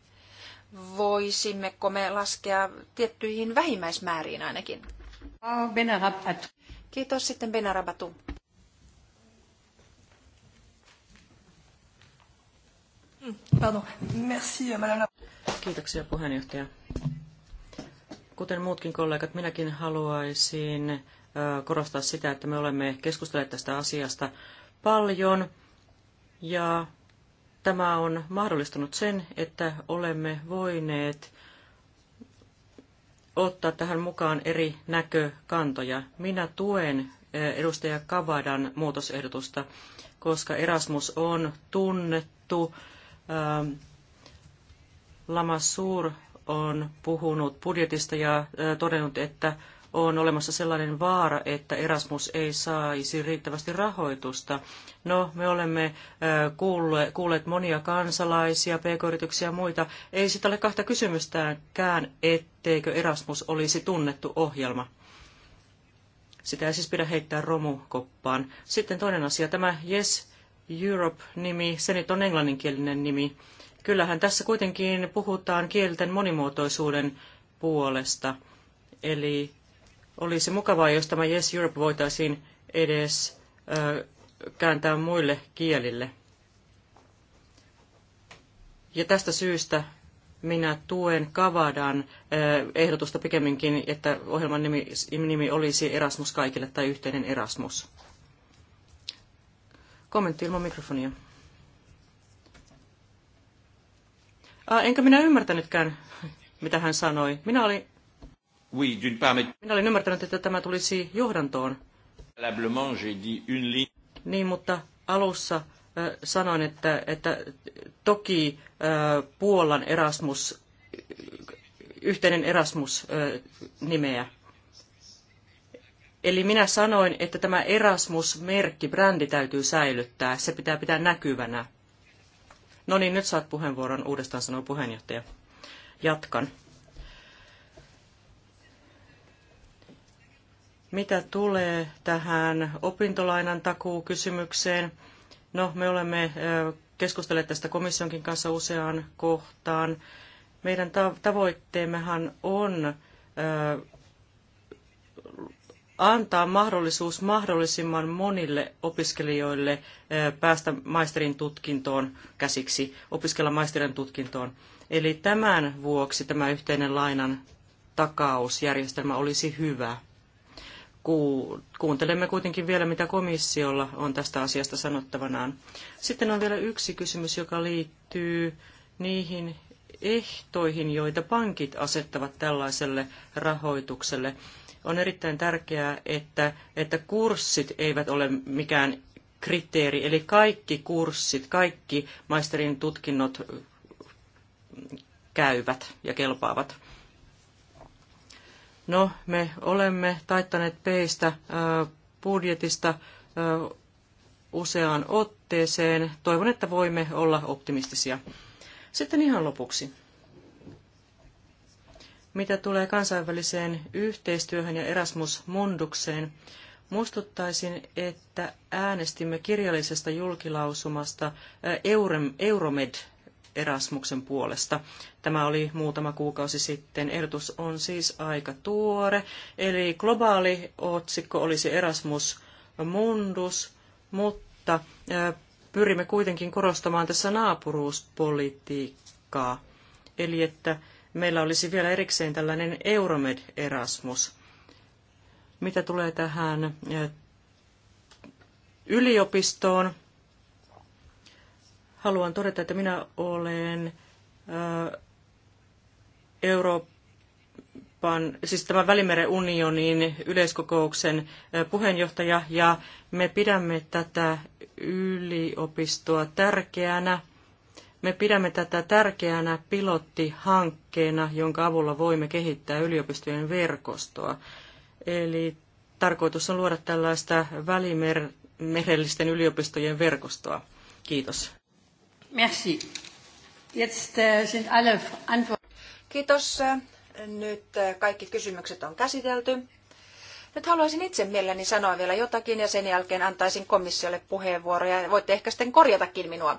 Voisimmeko me laskea tiettyihin vähimmäismääriin ainakin? Kiitos sitten Benarabatu. Pardon. Merci, madame. Kiitoksia puheenjohtaja. Kuten muutkin kollegat, minäkin haluaisin äh, korostaa sitä, että me olemme keskustelleet tästä asiasta paljon ja tämä on mahdollistanut sen, että olemme voineet ottaa tähän mukaan eri näkökantoja. Minä tuen eh, edustaja Kavadan muutosehdotusta, koska Erasmus on tunnettu. Eh, Lama Suur on puhunut budjetista ja eh, todennut, että on olemassa sellainen vaara, että Erasmus ei saisi riittävästi rahoitusta. No, me olemme kuulleet monia kansalaisia, pk-yrityksiä ja muita. Ei sitä ole kahta kysymystäänkään, etteikö Erasmus olisi tunnettu ohjelma. Sitä ei siis pidä heittää romukoppaan. Sitten toinen asia, tämä Yes Europe-nimi, se nyt on englanninkielinen nimi. Kyllähän tässä kuitenkin puhutaan kielten monimuotoisuuden puolesta. Eli olisi mukavaa, jos tämä Yes Europe voitaisiin edes kääntää muille kielille. Ja tästä syystä minä tuen Kavadan ehdotusta pikemminkin, että ohjelman nimi, nimi olisi Erasmus kaikille tai yhteinen Erasmus. Kommentti ilman mikrofonia. Aa, ah, enkä minä ymmärtänytkään, mitä hän sanoi. Minä olin Oui, d'une part, mais... Minä olen ymmärtänyt, että tämä tulisi johdantoon. Niin, mutta alussa sanoin, että, että toki Puolan Erasmus, yhteinen Erasmus-nimeä. Eli minä sanoin, että tämä Erasmus-merkki, brändi täytyy säilyttää, se pitää pitää näkyvänä. No niin, nyt saat puheenvuoron uudestaan, sanoo puheenjohtaja. Jatkan. Mitä tulee tähän opintolainan takuukysymykseen? No, me olemme keskustelleet tästä komissionkin kanssa useaan kohtaan. Meidän tavoitteemmehan on antaa mahdollisuus mahdollisimman monille opiskelijoille päästä maisterin tutkintoon käsiksi, opiskella maisterin tutkintoon. Eli tämän vuoksi tämä yhteinen lainan takausjärjestelmä olisi hyvä kuuntelemme kuitenkin vielä, mitä komissiolla on tästä asiasta sanottavanaan. Sitten on vielä yksi kysymys, joka liittyy niihin ehtoihin, joita pankit asettavat tällaiselle rahoitukselle. On erittäin tärkeää, että, että kurssit eivät ole mikään kriteeri, eli kaikki kurssit, kaikki maisterin tutkinnot käyvät ja kelpaavat. No, me olemme taittaneet peistä budjetista useaan otteeseen. Toivon, että voimme olla optimistisia. Sitten ihan lopuksi. Mitä tulee kansainväliseen yhteistyöhön ja Erasmus Mundukseen, muistuttaisin, että äänestimme kirjallisesta julkilausumasta Euromed Erasmuksen puolesta. Tämä oli muutama kuukausi sitten. Ehdotus on siis aika tuore. Eli globaali otsikko olisi Erasmus Mundus, mutta pyrimme kuitenkin korostamaan tässä naapuruuspolitiikkaa. Eli että meillä olisi vielä erikseen tällainen Euromed Erasmus. Mitä tulee tähän yliopistoon, haluan todeta, että minä olen Euroopan, siis tämän Välimeren unionin yleiskokouksen puheenjohtaja, ja me pidämme tätä yliopistoa tärkeänä. Me pidämme tätä tärkeänä pilottihankkeena, jonka avulla voimme kehittää yliopistojen verkostoa. Eli tarkoitus on luoda tällaista välimerellisten yliopistojen verkostoa. Kiitos. Merci. Jetzt äh, sind alle Kiitos. Nyt äh, kaikki kysymykset on käsitelty. Nyt haluaisin itse mielelläni sanoa vielä jotakin ja sen jälkeen antaisin komissiolle puheenvuoroja. Voitte ehkä sitten korjatakin minua.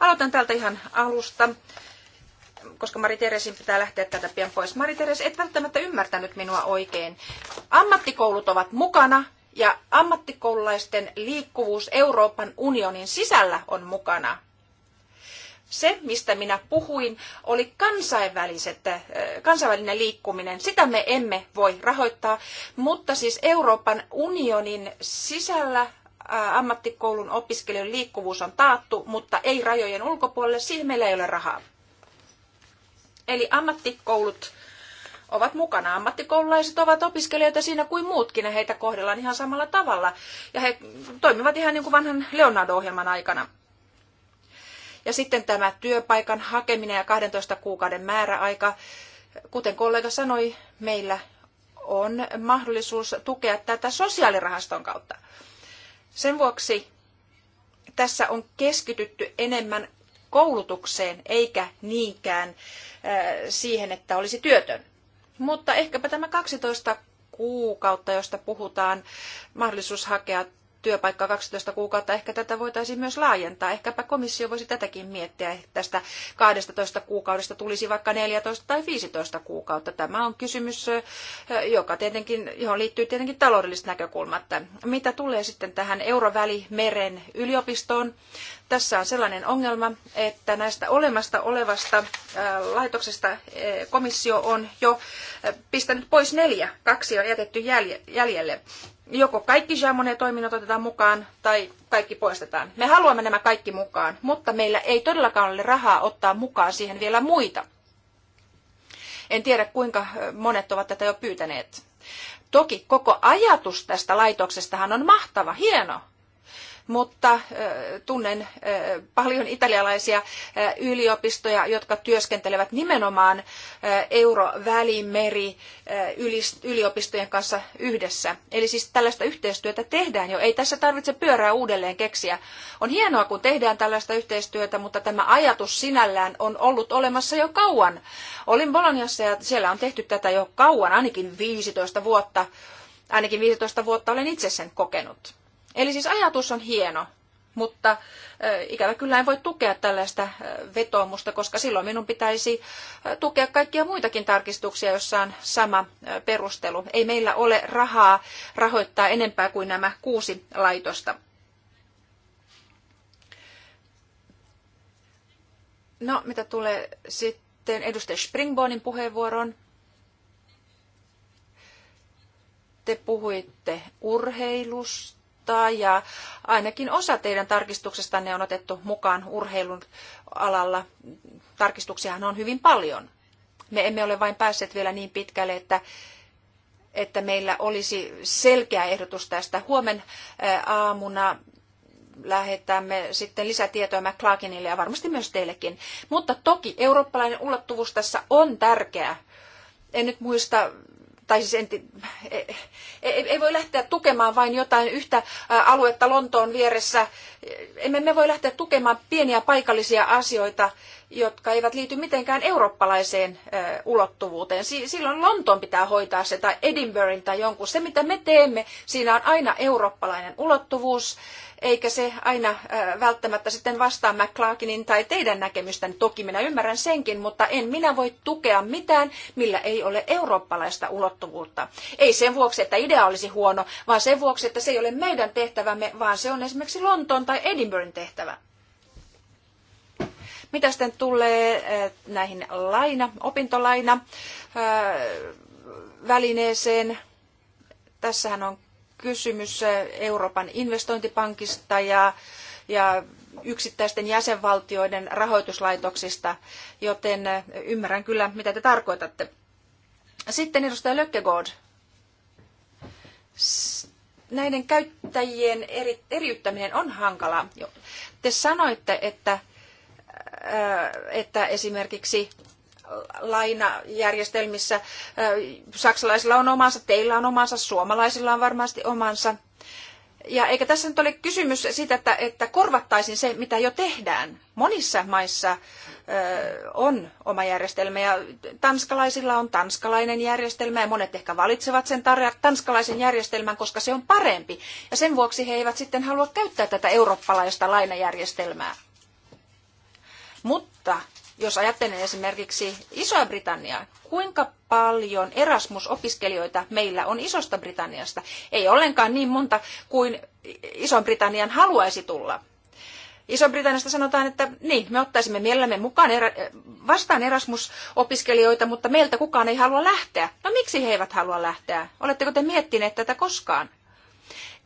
Aloitan täältä ihan alusta, koska Mari Teresin pitää lähteä tätä pian pois. Mari Teres, et välttämättä ymmärtänyt minua oikein. Ammattikoulut ovat mukana ja ammattikoululaisten liikkuvuus Euroopan unionin sisällä on mukana. Se, mistä minä puhuin, oli kansainväliset, kansainvälinen liikkuminen. Sitä me emme voi rahoittaa, mutta siis Euroopan unionin sisällä ammattikoulun opiskelijoiden liikkuvuus on taattu, mutta ei rajojen ulkopuolelle, siihen meillä ei ole rahaa. Eli ammattikoulut ovat mukana. Ammattikoululaiset ovat opiskelijoita siinä kuin muutkin ja heitä kohdellaan ihan samalla tavalla. Ja he toimivat ihan niin kuin vanhan Leonardo-ohjelman aikana. Ja sitten tämä työpaikan hakeminen ja 12 kuukauden määräaika. Kuten kollega sanoi, meillä on mahdollisuus tukea tätä sosiaalirahaston kautta. Sen vuoksi tässä on keskitytty enemmän koulutukseen eikä niinkään siihen, että olisi työtön. Mutta ehkäpä tämä 12 kuukautta, josta puhutaan, mahdollisuus hakea työpaikkaa 12 kuukautta. Ehkä tätä voitaisiin myös laajentaa. Ehkäpä komissio voisi tätäkin miettiä, että tästä 12 kuukaudesta tulisi vaikka 14 tai 15 kuukautta. Tämä on kysymys, joka tietenkin, johon liittyy tietenkin taloudelliset näkökulmat. Mitä tulee sitten tähän Eurovälimeren yliopistoon, tässä on sellainen ongelma, että näistä olemasta olevasta laitoksesta komissio on jo pistänyt pois neljä, kaksi on jätetty jäljelle. Joko kaikki Jamonen toiminnot otetaan mukaan tai kaikki poistetaan. Me haluamme nämä kaikki mukaan, mutta meillä ei todellakaan ole rahaa ottaa mukaan siihen vielä muita. En tiedä kuinka monet ovat tätä jo pyytäneet. Toki koko ajatus tästä laitoksestahan on mahtava, hieno, mutta tunnen paljon italialaisia yliopistoja, jotka työskentelevät nimenomaan Eurovälimeri yliopistojen kanssa yhdessä. Eli siis tällaista yhteistyötä tehdään jo. Ei tässä tarvitse pyörää uudelleen keksiä. On hienoa, kun tehdään tällaista yhteistyötä, mutta tämä ajatus sinällään on ollut olemassa jo kauan. Olin Boloniassa ja siellä on tehty tätä jo kauan, ainakin 15 vuotta. Ainakin 15 vuotta olen itse sen kokenut. Eli siis ajatus on hieno, mutta ikävä kyllä en voi tukea tällaista vetoomusta, koska silloin minun pitäisi tukea kaikkia muitakin tarkistuksia, joissa on sama perustelu. Ei meillä ole rahaa rahoittaa enempää kuin nämä kuusi laitosta. No, mitä tulee sitten edustaja Springbornin puheenvuoroon? Te puhuitte urheilusta vaikuttaa ja ainakin osa teidän tarkistuksestanne on otettu mukaan urheilun alalla. Tarkistuksiahan on hyvin paljon. Me emme ole vain päässeet vielä niin pitkälle, että että meillä olisi selkeä ehdotus tästä. Huomen aamuna lähetämme sitten lisätietoja McClarkinille ja varmasti myös teillekin. Mutta toki eurooppalainen ulottuvuus tässä on tärkeä. En nyt muista tai siis enti, ei, e- ei voi lähteä tukemaan vain jotain yhtä aluetta Lontoon vieressä. Emme me voi lähteä tukemaan pieniä paikallisia asioita jotka eivät liity mitenkään eurooppalaiseen ulottuvuuteen. Silloin Lontoon pitää hoitaa se tai Edinburghin tai jonkun. Se, mitä me teemme, siinä on aina eurooppalainen ulottuvuus, eikä se aina välttämättä sitten vastaa McClarkinin tai teidän näkemystänne. Toki minä ymmärrän senkin, mutta en minä voi tukea mitään, millä ei ole eurooppalaista ulottuvuutta. Ei sen vuoksi, että idea olisi huono, vaan sen vuoksi, että se ei ole meidän tehtävämme, vaan se on esimerkiksi Lontoon tai Edinburghin tehtävä. Mitä sitten tulee eh, näihin laina, opintolaina eh, välineeseen? Tässähän on kysymys eh, Euroopan investointipankista ja, ja yksittäisten jäsenvaltioiden rahoituslaitoksista, joten ymmärrän kyllä, mitä te tarkoitatte. Sitten edustaja Lökkegaard. Näiden käyttäjien eri, eriyttäminen on hankalaa. Te sanoitte, että että esimerkiksi lainajärjestelmissä saksalaisilla on omansa, teillä on omansa, suomalaisilla on varmasti omansa. Ja eikä tässä nyt ole kysymys siitä, että, että korvattaisiin se, mitä jo tehdään. Monissa maissa on oma järjestelmä ja tanskalaisilla on tanskalainen järjestelmä ja monet ehkä valitsevat sen tanskalaisen järjestelmän, koska se on parempi. Ja sen vuoksi he eivät sitten halua käyttää tätä eurooppalaista lainajärjestelmää. Mutta jos ajattelen esimerkiksi Isoa Britanniaa, kuinka paljon Erasmus-opiskelijoita meillä on Isosta Britanniasta? Ei ollenkaan niin monta kuin Ison Britannian haluaisi tulla. Iso-Britanniasta sanotaan, että niin, me ottaisimme mielellämme mukaan erä, vastaan Erasmus-opiskelijoita, mutta meiltä kukaan ei halua lähteä. No miksi he eivät halua lähteä? Oletteko te miettineet tätä koskaan?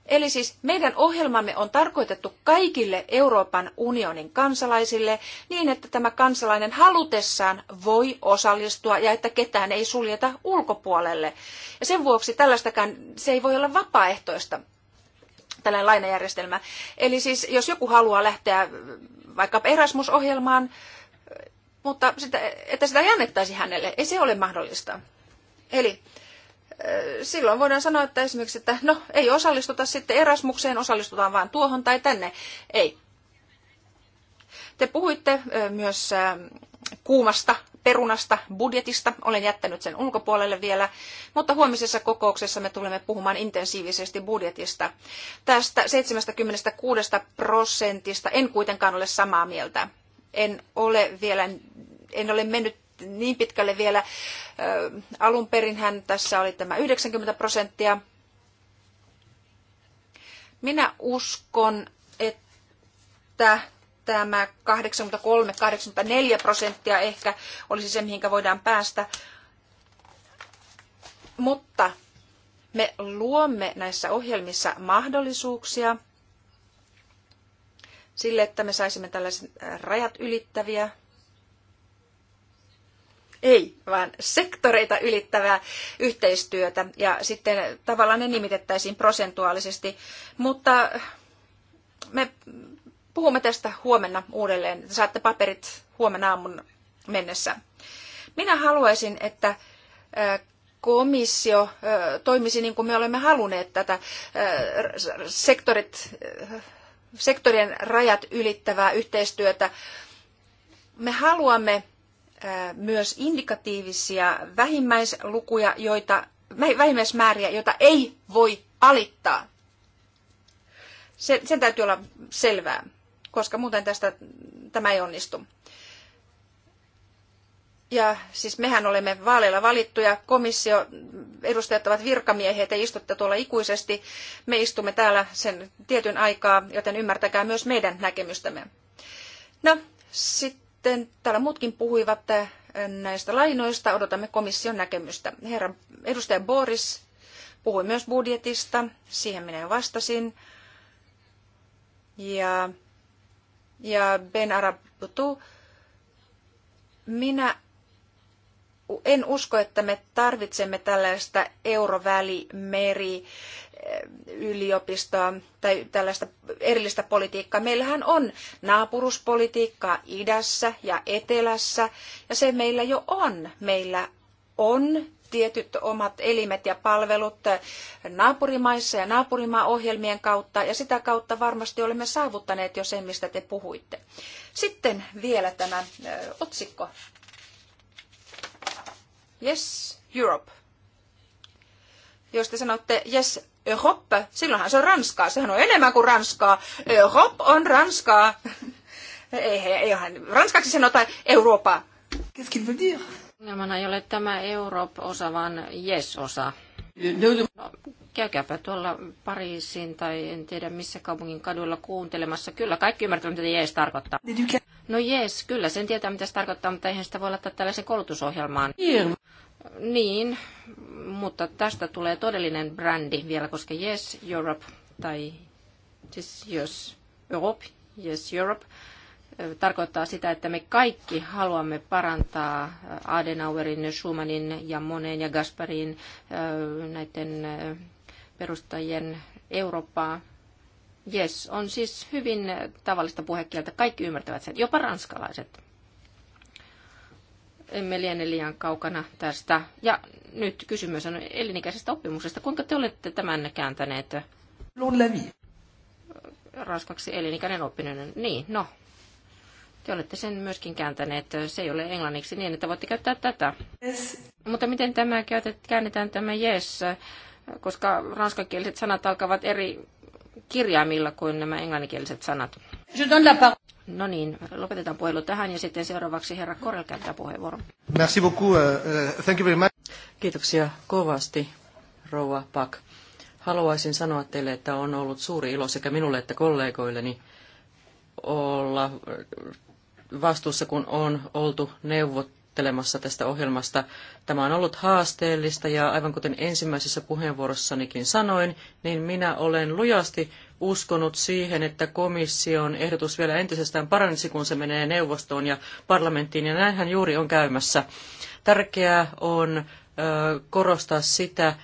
Eli siis meidän ohjelmamme on tarkoitettu kaikille Euroopan unionin kansalaisille niin, että tämä kansalainen halutessaan voi osallistua ja että ketään ei suljeta ulkopuolelle. Ja sen vuoksi tällaistakään se ei voi olla vapaaehtoista tällainen lainajärjestelmä. Eli siis jos joku haluaa lähteä vaikka Erasmus-ohjelmaan, mutta sitä, että sitä ei annettaisi hänelle, ei se ole mahdollista. Eli silloin voidaan sanoa, että esimerkiksi, että no ei osallistuta sitten Erasmukseen, osallistutaan vain tuohon tai tänne. Ei. Te puhuitte myös kuumasta perunasta budjetista. Olen jättänyt sen ulkopuolelle vielä, mutta huomisessa kokouksessa me tulemme puhumaan intensiivisesti budjetista. Tästä 76 prosentista en kuitenkaan ole samaa mieltä. En ole vielä en ole mennyt niin pitkälle vielä. Alun perinhän tässä oli tämä 90 prosenttia. Minä uskon, että tämä 83-84 prosenttia ehkä olisi se, mihinkä voidaan päästä. Mutta me luomme näissä ohjelmissa mahdollisuuksia sille, että me saisimme tällaiset rajat ylittäviä ei, vaan sektoreita ylittävää yhteistyötä ja sitten tavallaan ne nimitettäisiin prosentuaalisesti, mutta me puhumme tästä huomenna uudelleen. Saatte paperit huomenna aamun mennessä. Minä haluaisin, että komissio toimisi niin kuin me olemme halunneet tätä sektorit, sektorien rajat ylittävää yhteistyötä. Me haluamme myös indikatiivisia vähimmäislukuja, joita, vähimmäismääriä, joita ei voi alittaa. Sen, sen täytyy olla selvää, koska muuten tästä tämä ei onnistu. Ja siis mehän olemme vaaleilla valittuja, komissio, edustajat ovat virkamiehiä, te istutte tuolla ikuisesti, me istumme täällä sen tietyn aikaa, joten ymmärtäkää myös meidän näkemystämme. No, sitten sitten täällä muutkin puhuivat eh, näistä lainoista. Odotamme komission näkemystä. Herra edustaja Boris puhui myös budjetista. Siihen minä jo vastasin. Ja, ja Ben Arabutu, minä en usko, että me tarvitsemme tällaista eurovälimeri yliopistoa tai tällaista erillistä politiikkaa. Meillähän on naapuruspolitiikkaa idässä ja etelässä ja se meillä jo on. Meillä on tietyt omat elimet ja palvelut naapurimaissa ja naapurimaaohjelmien kautta, ja sitä kautta varmasti olemme saavuttaneet jo sen, mistä te puhuitte. Sitten vielä tämä otsikko. Yes, Europe. Jos te sanotte yes, Europe, silloinhan se on Ranskaa. Sehän on enemmän kuin Ranskaa. Europe on Ranskaa. ei, ei, ranskaksi sanotaan Eurooppa. Qu'est-ce qu'il veut dire? Ongelmana ei ole tämä Europe-osa, vaan yes-osa. No, käykääpä tuolla Pariisin tai en tiedä missä kaupungin kaduilla kuuntelemassa. Kyllä, kaikki ymmärtävät, mitä jees tarkoittaa. No jees, kyllä sen tietää, mitä se tarkoittaa, mutta eihän sitä voi laittaa tällaisen koulutusohjelmaan. Niin, mutta tästä tulee todellinen brändi vielä, koska Yes Europe tai siis Yes Europe, Yes Europe tarkoittaa sitä, että me kaikki haluamme parantaa Adenauerin, Schumannin ja Moneen ja Gasparin näiden perustajien Eurooppaa. Yes, on siis hyvin tavallista puhekieltä. Kaikki ymmärtävät sen, jopa ranskalaiset emme liene liian kaukana tästä. Ja nyt kysymys on elinikäisestä oppimuksesta. Kuinka te olette tämän kääntäneet? Raskaksi elinikäinen oppiminen. Niin, no. Te olette sen myöskin kääntäneet. Se ei ole englanniksi niin, että voitte käyttää tätä. Yes. Mutta miten tämä käytetään käännetään tämä yes? Koska ranskankieliset sanat alkavat eri kirjaimilla kuin nämä englanninkieliset sanat. No niin, lopetetaan puhelu tähän ja sitten seuraavaksi herra Korel käyttää puheenvuoron. Merci beaucoup. Uh, uh, thank you very much. Kiitoksia kovasti, rouva Pak. Haluaisin sanoa teille, että on ollut suuri ilo sekä minulle että kollegoilleni olla vastuussa, kun on oltu neuvottelussa keskustelemassa tästä ohjelmasta. Tämä on ollut haasteellista ja aivan kuten ensimmäisessä puheenvuorossanikin sanoin, niin minä olen lujasti uskonut siihen, että komission ehdotus vielä entisestään paranisi, kun se menee neuvostoon ja parlamenttiin, ja näinhän juuri on käymässä. Tärkeää on korostaa sitä,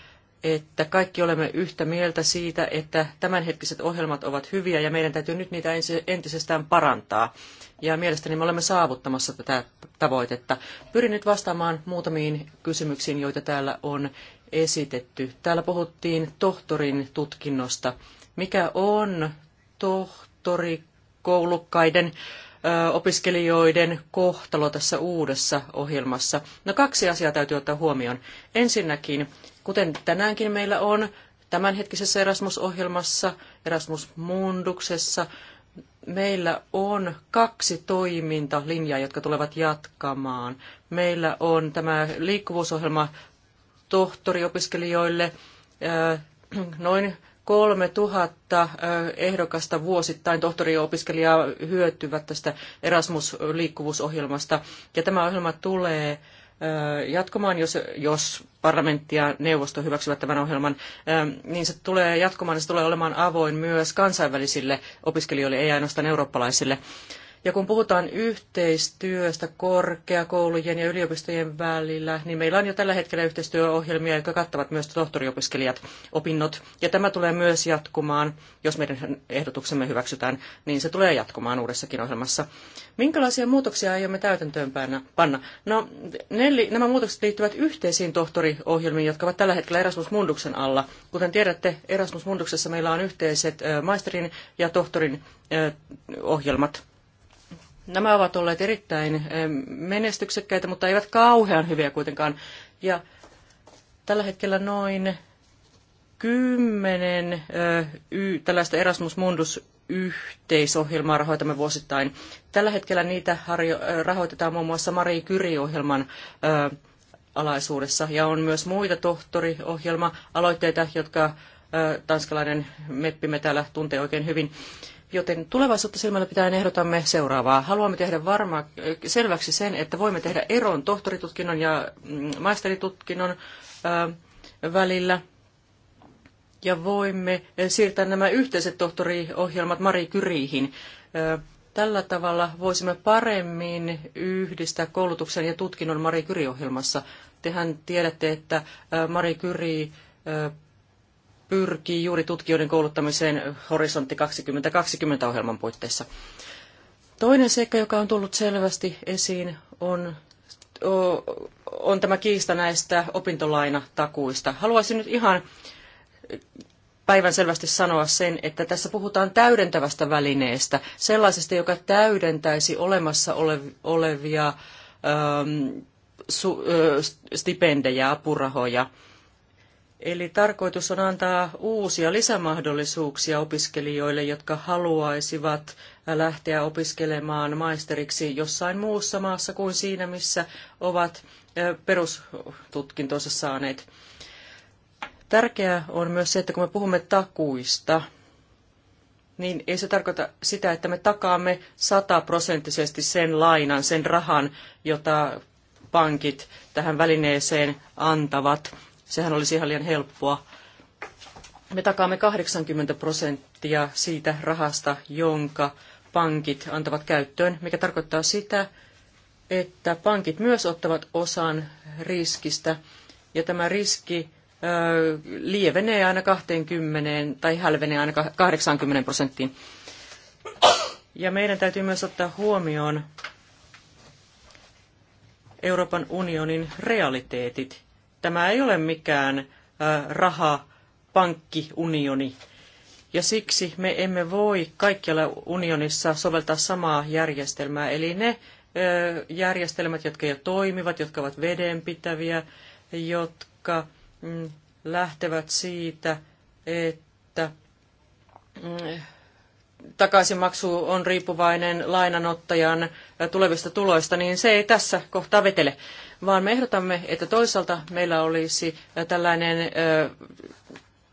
että kaikki olemme yhtä mieltä siitä, että tämänhetkiset ohjelmat ovat hyviä ja meidän täytyy nyt niitä entisestään parantaa. Ja mielestäni me olemme saavuttamassa tätä tavoitetta. Pyrin nyt vastaamaan muutamiin kysymyksiin, joita täällä on esitetty. Täällä puhuttiin tohtorin tutkinnosta. Mikä on tohtorikoulukkaiden opiskelijoiden kohtalo tässä uudessa ohjelmassa? No kaksi asiaa täytyy ottaa huomioon. Ensinnäkin kuten tänäänkin meillä on tämänhetkisessä Erasmus-ohjelmassa, Erasmus Munduksessa, meillä on kaksi toimintalinjaa, jotka tulevat jatkamaan. Meillä on tämä liikkuvuusohjelma tohtoriopiskelijoille, äh, noin 3000 äh, ehdokasta vuosittain tohtoriopiskelijaa hyötyvät tästä Erasmus-liikkuvuusohjelmasta. Ja tämä ohjelma tulee jatkumaan, jos, jos parlamentti ja neuvosto hyväksyvät tämän ohjelman, niin se tulee jatkumaan ja se tulee olemaan avoin myös kansainvälisille opiskelijoille, ei ainoastaan eurooppalaisille. Ja kun puhutaan yhteistyöstä korkeakoulujen ja yliopistojen välillä, niin meillä on jo tällä hetkellä yhteistyöohjelmia, jotka kattavat myös tohtoriopiskelijat opinnot. Ja tämä tulee myös jatkumaan, jos meidän ehdotuksemme hyväksytään, niin se tulee jatkumaan uudessakin ohjelmassa. Minkälaisia muutoksia aiomme täytäntöön panna? No, nämä muutokset liittyvät yhteisiin tohtoriohjelmiin, jotka ovat tällä hetkellä Erasmus Munduksen alla. Kuten tiedätte, Erasmus Munduksessa meillä on yhteiset maisterin ja tohtorin ohjelmat Nämä ovat olleet erittäin eh, menestyksekkäitä, mutta eivät kauhean hyviä kuitenkaan. Ja tällä hetkellä noin kymmenen eh, tällaista Erasmus Mundus yhteisohjelmaa rahoitamme vuosittain. Tällä hetkellä niitä eh, rahoitetaan muun muassa Marie Curie-ohjelman alaisuudessa ja on myös muita tohtoriohjelma-aloitteita, jotka tanskalainen meppimme täällä tuntee oikein hyvin. Joten tulevaisuutta silmällä pitäen ehdotamme seuraavaa. Haluamme tehdä varma, äh, selväksi sen, että voimme tehdä eron tohtoritutkinnon ja mm, maisteritutkinnon äh, välillä. Ja voimme äh, siirtää nämä yhteiset tohtoriohjelmat Mari Kyriihin. Tällä tavalla voisimme paremmin yhdistää koulutuksen ja tutkinnon Mari Kyri-ohjelmassa. Tehän tiedätte, että Mari Kyri pyrkii juuri tutkijoiden kouluttamiseen Horisontti 2020 ohjelman puitteissa. Toinen seikka, joka on tullut selvästi esiin, on, on tämä kiista näistä opintolainatakuista. Haluaisin nyt ihan päivän selvästi sanoa sen, että tässä puhutaan täydentävästä välineestä, sellaisesta, joka täydentäisi olemassa olevia ähm, su, äh, stipendejä, apurahoja – Eli tarkoitus on antaa uusia lisämahdollisuuksia opiskelijoille, jotka haluaisivat lähteä opiskelemaan maisteriksi jossain muussa maassa kuin siinä, missä ovat perustutkintonsa saaneet. Tärkeää on myös se, että kun me puhumme takuista, niin ei se tarkoita sitä, että me takaamme sataprosenttisesti sen lainan, sen rahan, jota pankit tähän välineeseen antavat Sehän olisi ihan liian helppoa. Me takaamme 80 prosenttia siitä rahasta, jonka pankit antavat käyttöön, mikä tarkoittaa sitä, että pankit myös ottavat osan riskistä, ja tämä riski lievenee aina 20 tai hälvenee aina 80 prosenttiin. Ja meidän täytyy myös ottaa huomioon Euroopan unionin realiteetit. Tämä ei ole mikään raha pankkiunioni. Ja siksi me emme voi kaikkialla unionissa soveltaa samaa järjestelmää. Eli ne järjestelmät, jotka jo toimivat, jotka ovat vedenpitäviä, jotka mm, lähtevät siitä, että mm, takaisinmaksu on riippuvainen lainanottajan tulevista tuloista, niin se ei tässä kohtaa vetele, vaan me ehdotamme, että toisaalta meillä olisi äh, tällainen äh,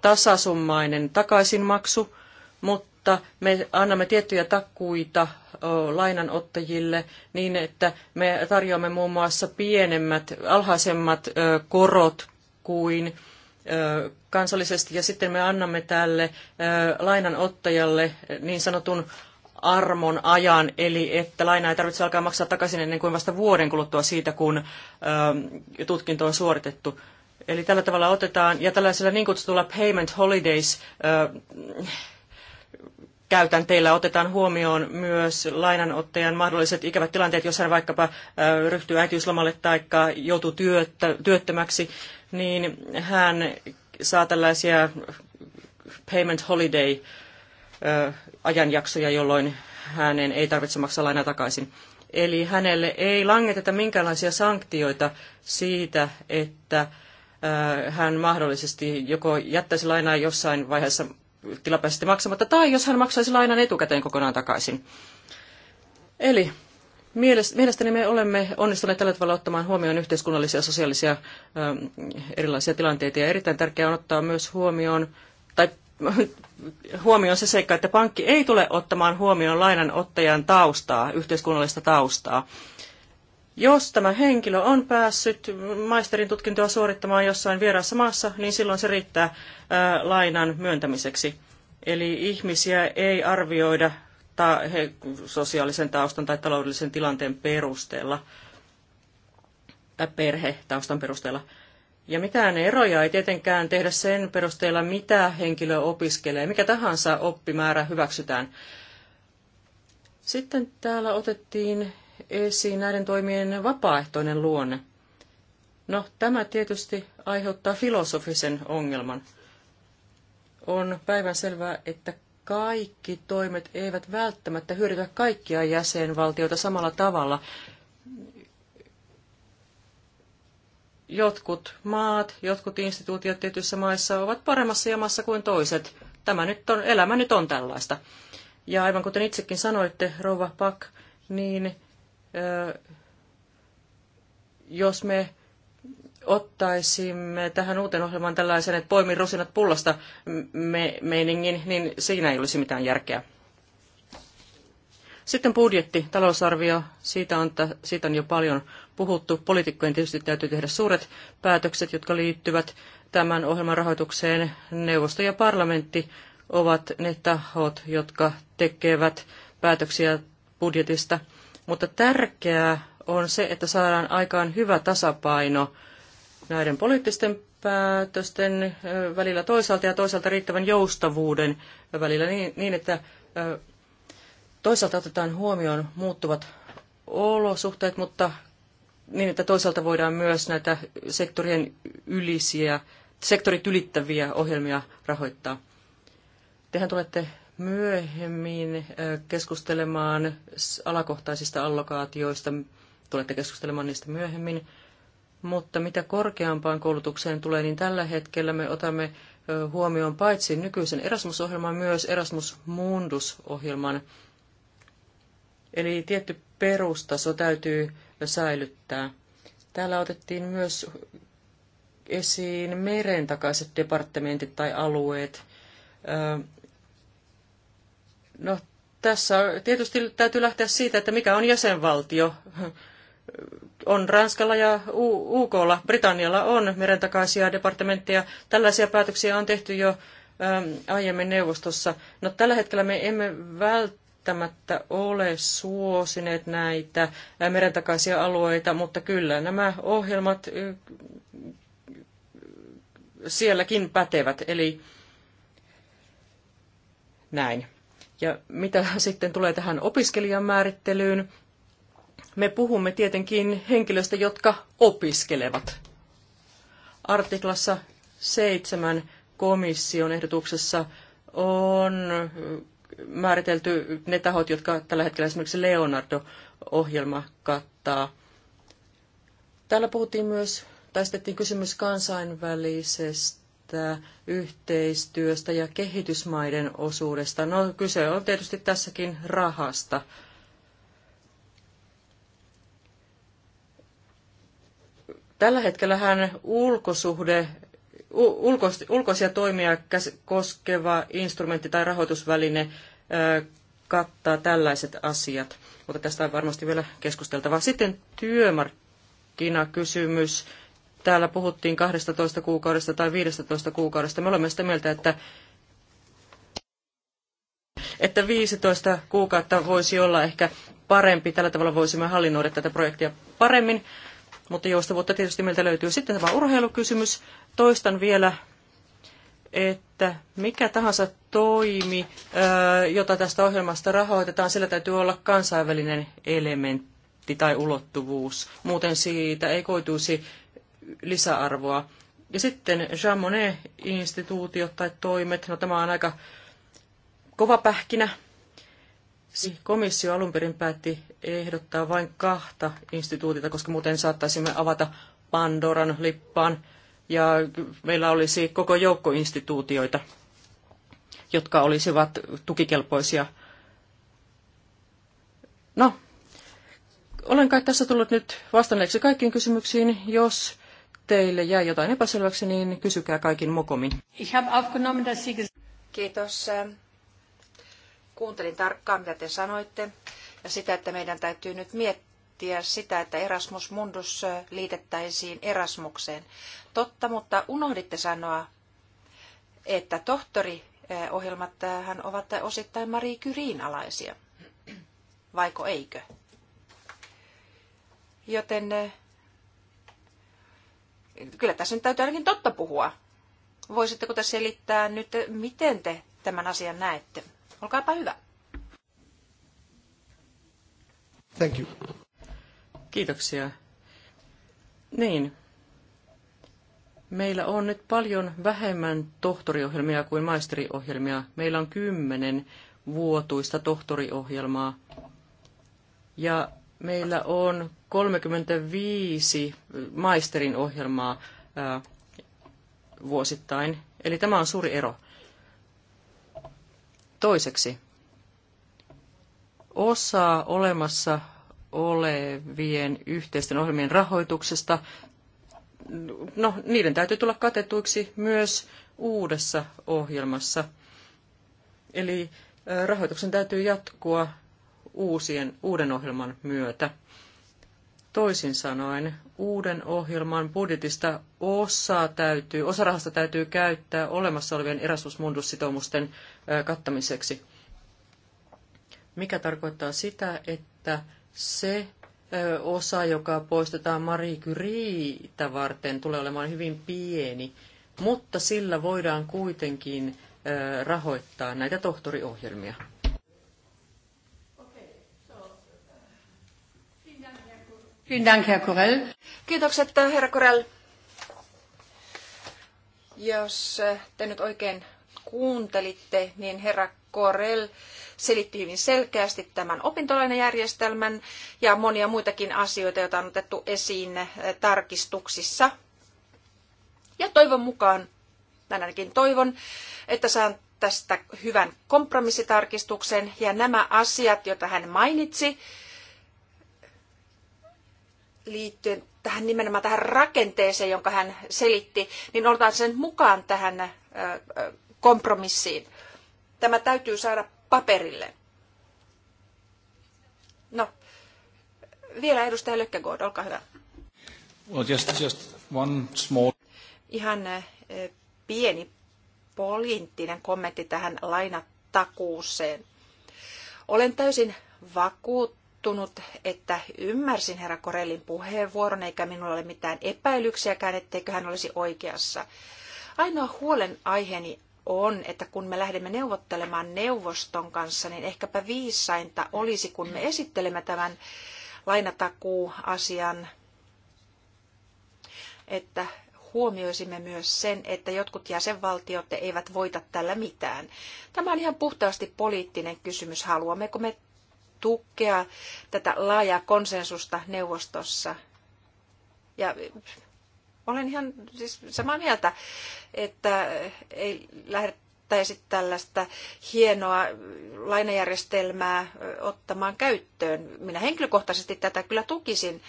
tasasummainen takaisinmaksu, mutta me annamme tiettyjä takkuita äh, lainanottajille niin, että me tarjoamme muun muassa pienemmät, alhaisemmat korot kuin – kansallisesti ja sitten me annamme tälle lainanottajalle niin sanotun armon ajan, eli että lainaa ei tarvitse alkaa maksaa takaisin ennen kuin vasta vuoden kuluttua siitä, kun tutkinto on suoritettu. Eli tällä tavalla otetaan, ja tällaisella niin kutsutulla payment holidays käytänteillä otetaan huomioon myös lainanottajan mahdolliset ikävät tilanteet, jos hän vaikkapa ryhtyy äitiyslomalle tai joutuu työttömäksi niin hän saa tällaisia payment holiday ajanjaksoja, jolloin hänen ei tarvitse maksaa lainaa takaisin. Eli hänelle ei langeteta minkäänlaisia sanktioita siitä, että hän mahdollisesti joko jättäisi lainaa jossain vaiheessa tilapäisesti maksamatta, tai jos hän maksaisi lainan etukäteen kokonaan takaisin. Eli Mielestäni me olemme onnistuneet tällä tavalla ottamaan huomioon yhteiskunnallisia ja sosiaalisia ähm, erilaisia tilanteita ja erittäin tärkeää on ottaa myös huomioon tai huomioon se seikka, että pankki ei tule ottamaan huomioon lainanottajan taustaa, yhteiskunnallista taustaa. Jos tämä henkilö on päässyt maisterin tutkintoa suorittamaan jossain vieraassa maassa, niin silloin se riittää äh, lainan myöntämiseksi. Eli ihmisiä ei arvioida ta, he, sosiaalisen taustan tai taloudellisen tilanteen perusteella tai perhetaustan perusteella. Ja mitään eroja ei tietenkään tehdä sen perusteella, mitä henkilö opiskelee. Mikä tahansa oppimäärä hyväksytään. Sitten täällä otettiin esiin näiden toimien vapaaehtoinen luonne. No, tämä tietysti aiheuttaa filosofisen ongelman. On päivän selvää, että kaikki toimet eivät välttämättä hyödytä kaikkia jäsenvaltioita samalla tavalla. Jotkut maat, jotkut instituutiot tietyissä maissa ovat paremmassa jamassa kuin toiset. Tämä nyt on, elämä nyt on tällaista. Ja aivan kuten itsekin sanoitte, Rova Pak, niin äh, jos me ottaisimme tähän uuteen ohjelmaan tällaisen, että poimin rusinat pullasta me- meiningin, niin siinä ei olisi mitään järkeä. Sitten budjetti, talousarvio, siitä on, siitä on jo paljon puhuttu. Poliitikkojen tietysti täytyy tehdä suuret päätökset, jotka liittyvät tämän ohjelman rahoitukseen. Neuvosto ja parlamentti ovat ne tahot, jotka tekevät päätöksiä budjetista. Mutta tärkeää on se, että saadaan aikaan hyvä tasapaino näiden poliittisten päätösten välillä toisaalta ja toisaalta riittävän joustavuuden välillä niin, niin että toisaalta otetaan huomioon muuttuvat olosuhteet, mutta niin, että toisaalta voidaan myös näitä sektorien ylisiä, sektorit ylittäviä ohjelmia rahoittaa. Tehän tulette myöhemmin keskustelemaan alakohtaisista allokaatioista, tulette keskustelemaan niistä myöhemmin. Mutta mitä korkeampaan koulutukseen tulee, niin tällä hetkellä me otamme huomioon paitsi nykyisen Erasmus-ohjelman, myös Erasmus Mundus-ohjelman. Eli tietty perustaso täytyy säilyttää. Täällä otettiin myös esiin meren takaiset departementit tai alueet. No, tässä tietysti täytyy lähteä siitä, että mikä on jäsenvaltio on Ranskalla ja UKlla, Britannialla on merentakaisia departementteja. Tällaisia päätöksiä on tehty jo ähm, aiemmin neuvostossa. No, tällä hetkellä me emme välttämättä ole suosineet näitä äh, merentakaisia alueita, mutta kyllä nämä ohjelmat äh, sielläkin pätevät, eli näin. Ja mitä sitten tulee tähän opiskelijan määrittelyyn, me puhumme tietenkin henkilöistä, jotka opiskelevat. Artiklassa 7 komission ehdotuksessa on määritelty ne tahot, jotka tällä hetkellä esimerkiksi Leonardo-ohjelma kattaa. Täällä puhuttiin myös, taistettiin kysymys kansainvälisestä yhteistyöstä ja kehitysmaiden osuudesta. No kyse on tietysti tässäkin rahasta. Tällä hetkellä hän ulkosuhde, ulko, ulkoisia toimia koskeva instrumentti tai rahoitusväline kattaa tällaiset asiat, mutta tästä on varmasti vielä keskusteltavaa. Sitten työmarkkinakysymys. Täällä puhuttiin 12 kuukaudesta tai 15 kuukaudesta. Me olemme sitä mieltä, että että 15 kuukautta voisi olla ehkä parempi. Tällä tavalla voisimme hallinnoida tätä projektia paremmin mutta joustavuutta tietysti meiltä löytyy. Sitten tämä urheilukysymys. Toistan vielä, että mikä tahansa toimi, jota tästä ohjelmasta rahoitetaan, sillä täytyy olla kansainvälinen elementti tai ulottuvuus. Muuten siitä ei koituisi lisäarvoa. Ja sitten Jean Monnet-instituutiot tai toimet, no tämä on aika kova pähkinä, Siis komissio alun perin päätti ehdottaa vain kahta instituutita, koska muuten saattaisimme avata Pandoran lippaan ja meillä olisi koko joukko instituutioita, jotka olisivat tukikelpoisia. No, olen kai tässä tullut nyt vastanneeksi kaikkiin kysymyksiin. Jos teille jää jotain epäselväksi, niin kysykää kaikin mokomin. Kiitos kuuntelin tarkkaan, mitä te sanoitte, ja sitä, että meidän täytyy nyt miettiä sitä, että Erasmus Mundus liitettäisiin Erasmukseen. Totta, mutta unohditte sanoa, että tohtoriohjelmat eh, hän ovat osittain Marie Curien alaisia, vaiko eikö? Joten eh, kyllä tässä nyt täytyy ainakin totta puhua. Voisitteko te selittää nyt, eh, miten te tämän asian näette? Olkaapa hyvä. Thank you. Kiitoksia. Niin. Meillä on nyt paljon vähemmän tohtoriohjelmia kuin maisteriohjelmia. Meillä on kymmenen vuotuista tohtoriohjelmaa. Ja meillä on 35 maisterin ohjelmaa ää, vuosittain. Eli tämä on suuri ero. Toiseksi, osa olemassa olevien yhteisten ohjelmien rahoituksesta, no niiden täytyy tulla katetuiksi myös uudessa ohjelmassa. Eli rahoituksen täytyy jatkua uusien, uuden ohjelman myötä. Toisin sanoen, uuden ohjelman budjetista osa, täytyy, osa rahasta täytyy käyttää olemassa olevien Erasmus Mundus-sitoumusten kattamiseksi, mikä tarkoittaa sitä, että se osa, joka poistetaan Marie Curietä varten, tulee olemaan hyvin pieni, mutta sillä voidaan kuitenkin rahoittaa näitä tohtoriohjelmia. Dank, Herr Kiitokset, herra Korel. Jos äh, te nyt oikein kuuntelitte, niin herra Korel selitti hyvin selkeästi tämän opintolainajärjestelmän ja monia muitakin asioita, joita on otettu esiin äh, tarkistuksissa. Ja toivon mukaan, tänäänkin ainakin toivon, että saan tästä hyvän kompromissitarkistuksen ja nämä asiat, joita hän mainitsi, liittyen tähän nimenomaan tähän rakenteeseen, jonka hän selitti, niin otetaan sen mukaan tähän kompromissiin. Tämä täytyy saada paperille. No, vielä edustaja Lökkägood, olkaa hyvä. Well, just, just one small... Ihan pieni poliittinen kommentti tähän lainatakuuseen. Olen täysin vakuuttunut vakuuttunut, että ymmärsin herra Korellin puheenvuoron, eikä minulla ole mitään epäilyksiäkään, etteikö hän olisi oikeassa. Ainoa huolenaiheeni on, että kun me lähdemme neuvottelemaan neuvoston kanssa, niin ehkäpä viisainta olisi, kun me esittelemme tämän lainatakuuasian, että huomioisimme myös sen, että jotkut jäsenvaltiot eivät voita tällä mitään. Tämä on ihan puhtaasti poliittinen kysymys. Haluammeko me tukea tätä laajaa konsensusta neuvostossa. Ja olen ihan siis samaa mieltä, että ei lähdettäisi tällaista hienoa lainajärjestelmää ottamaan käyttöön. Minä henkilökohtaisesti tätä kyllä tukisin,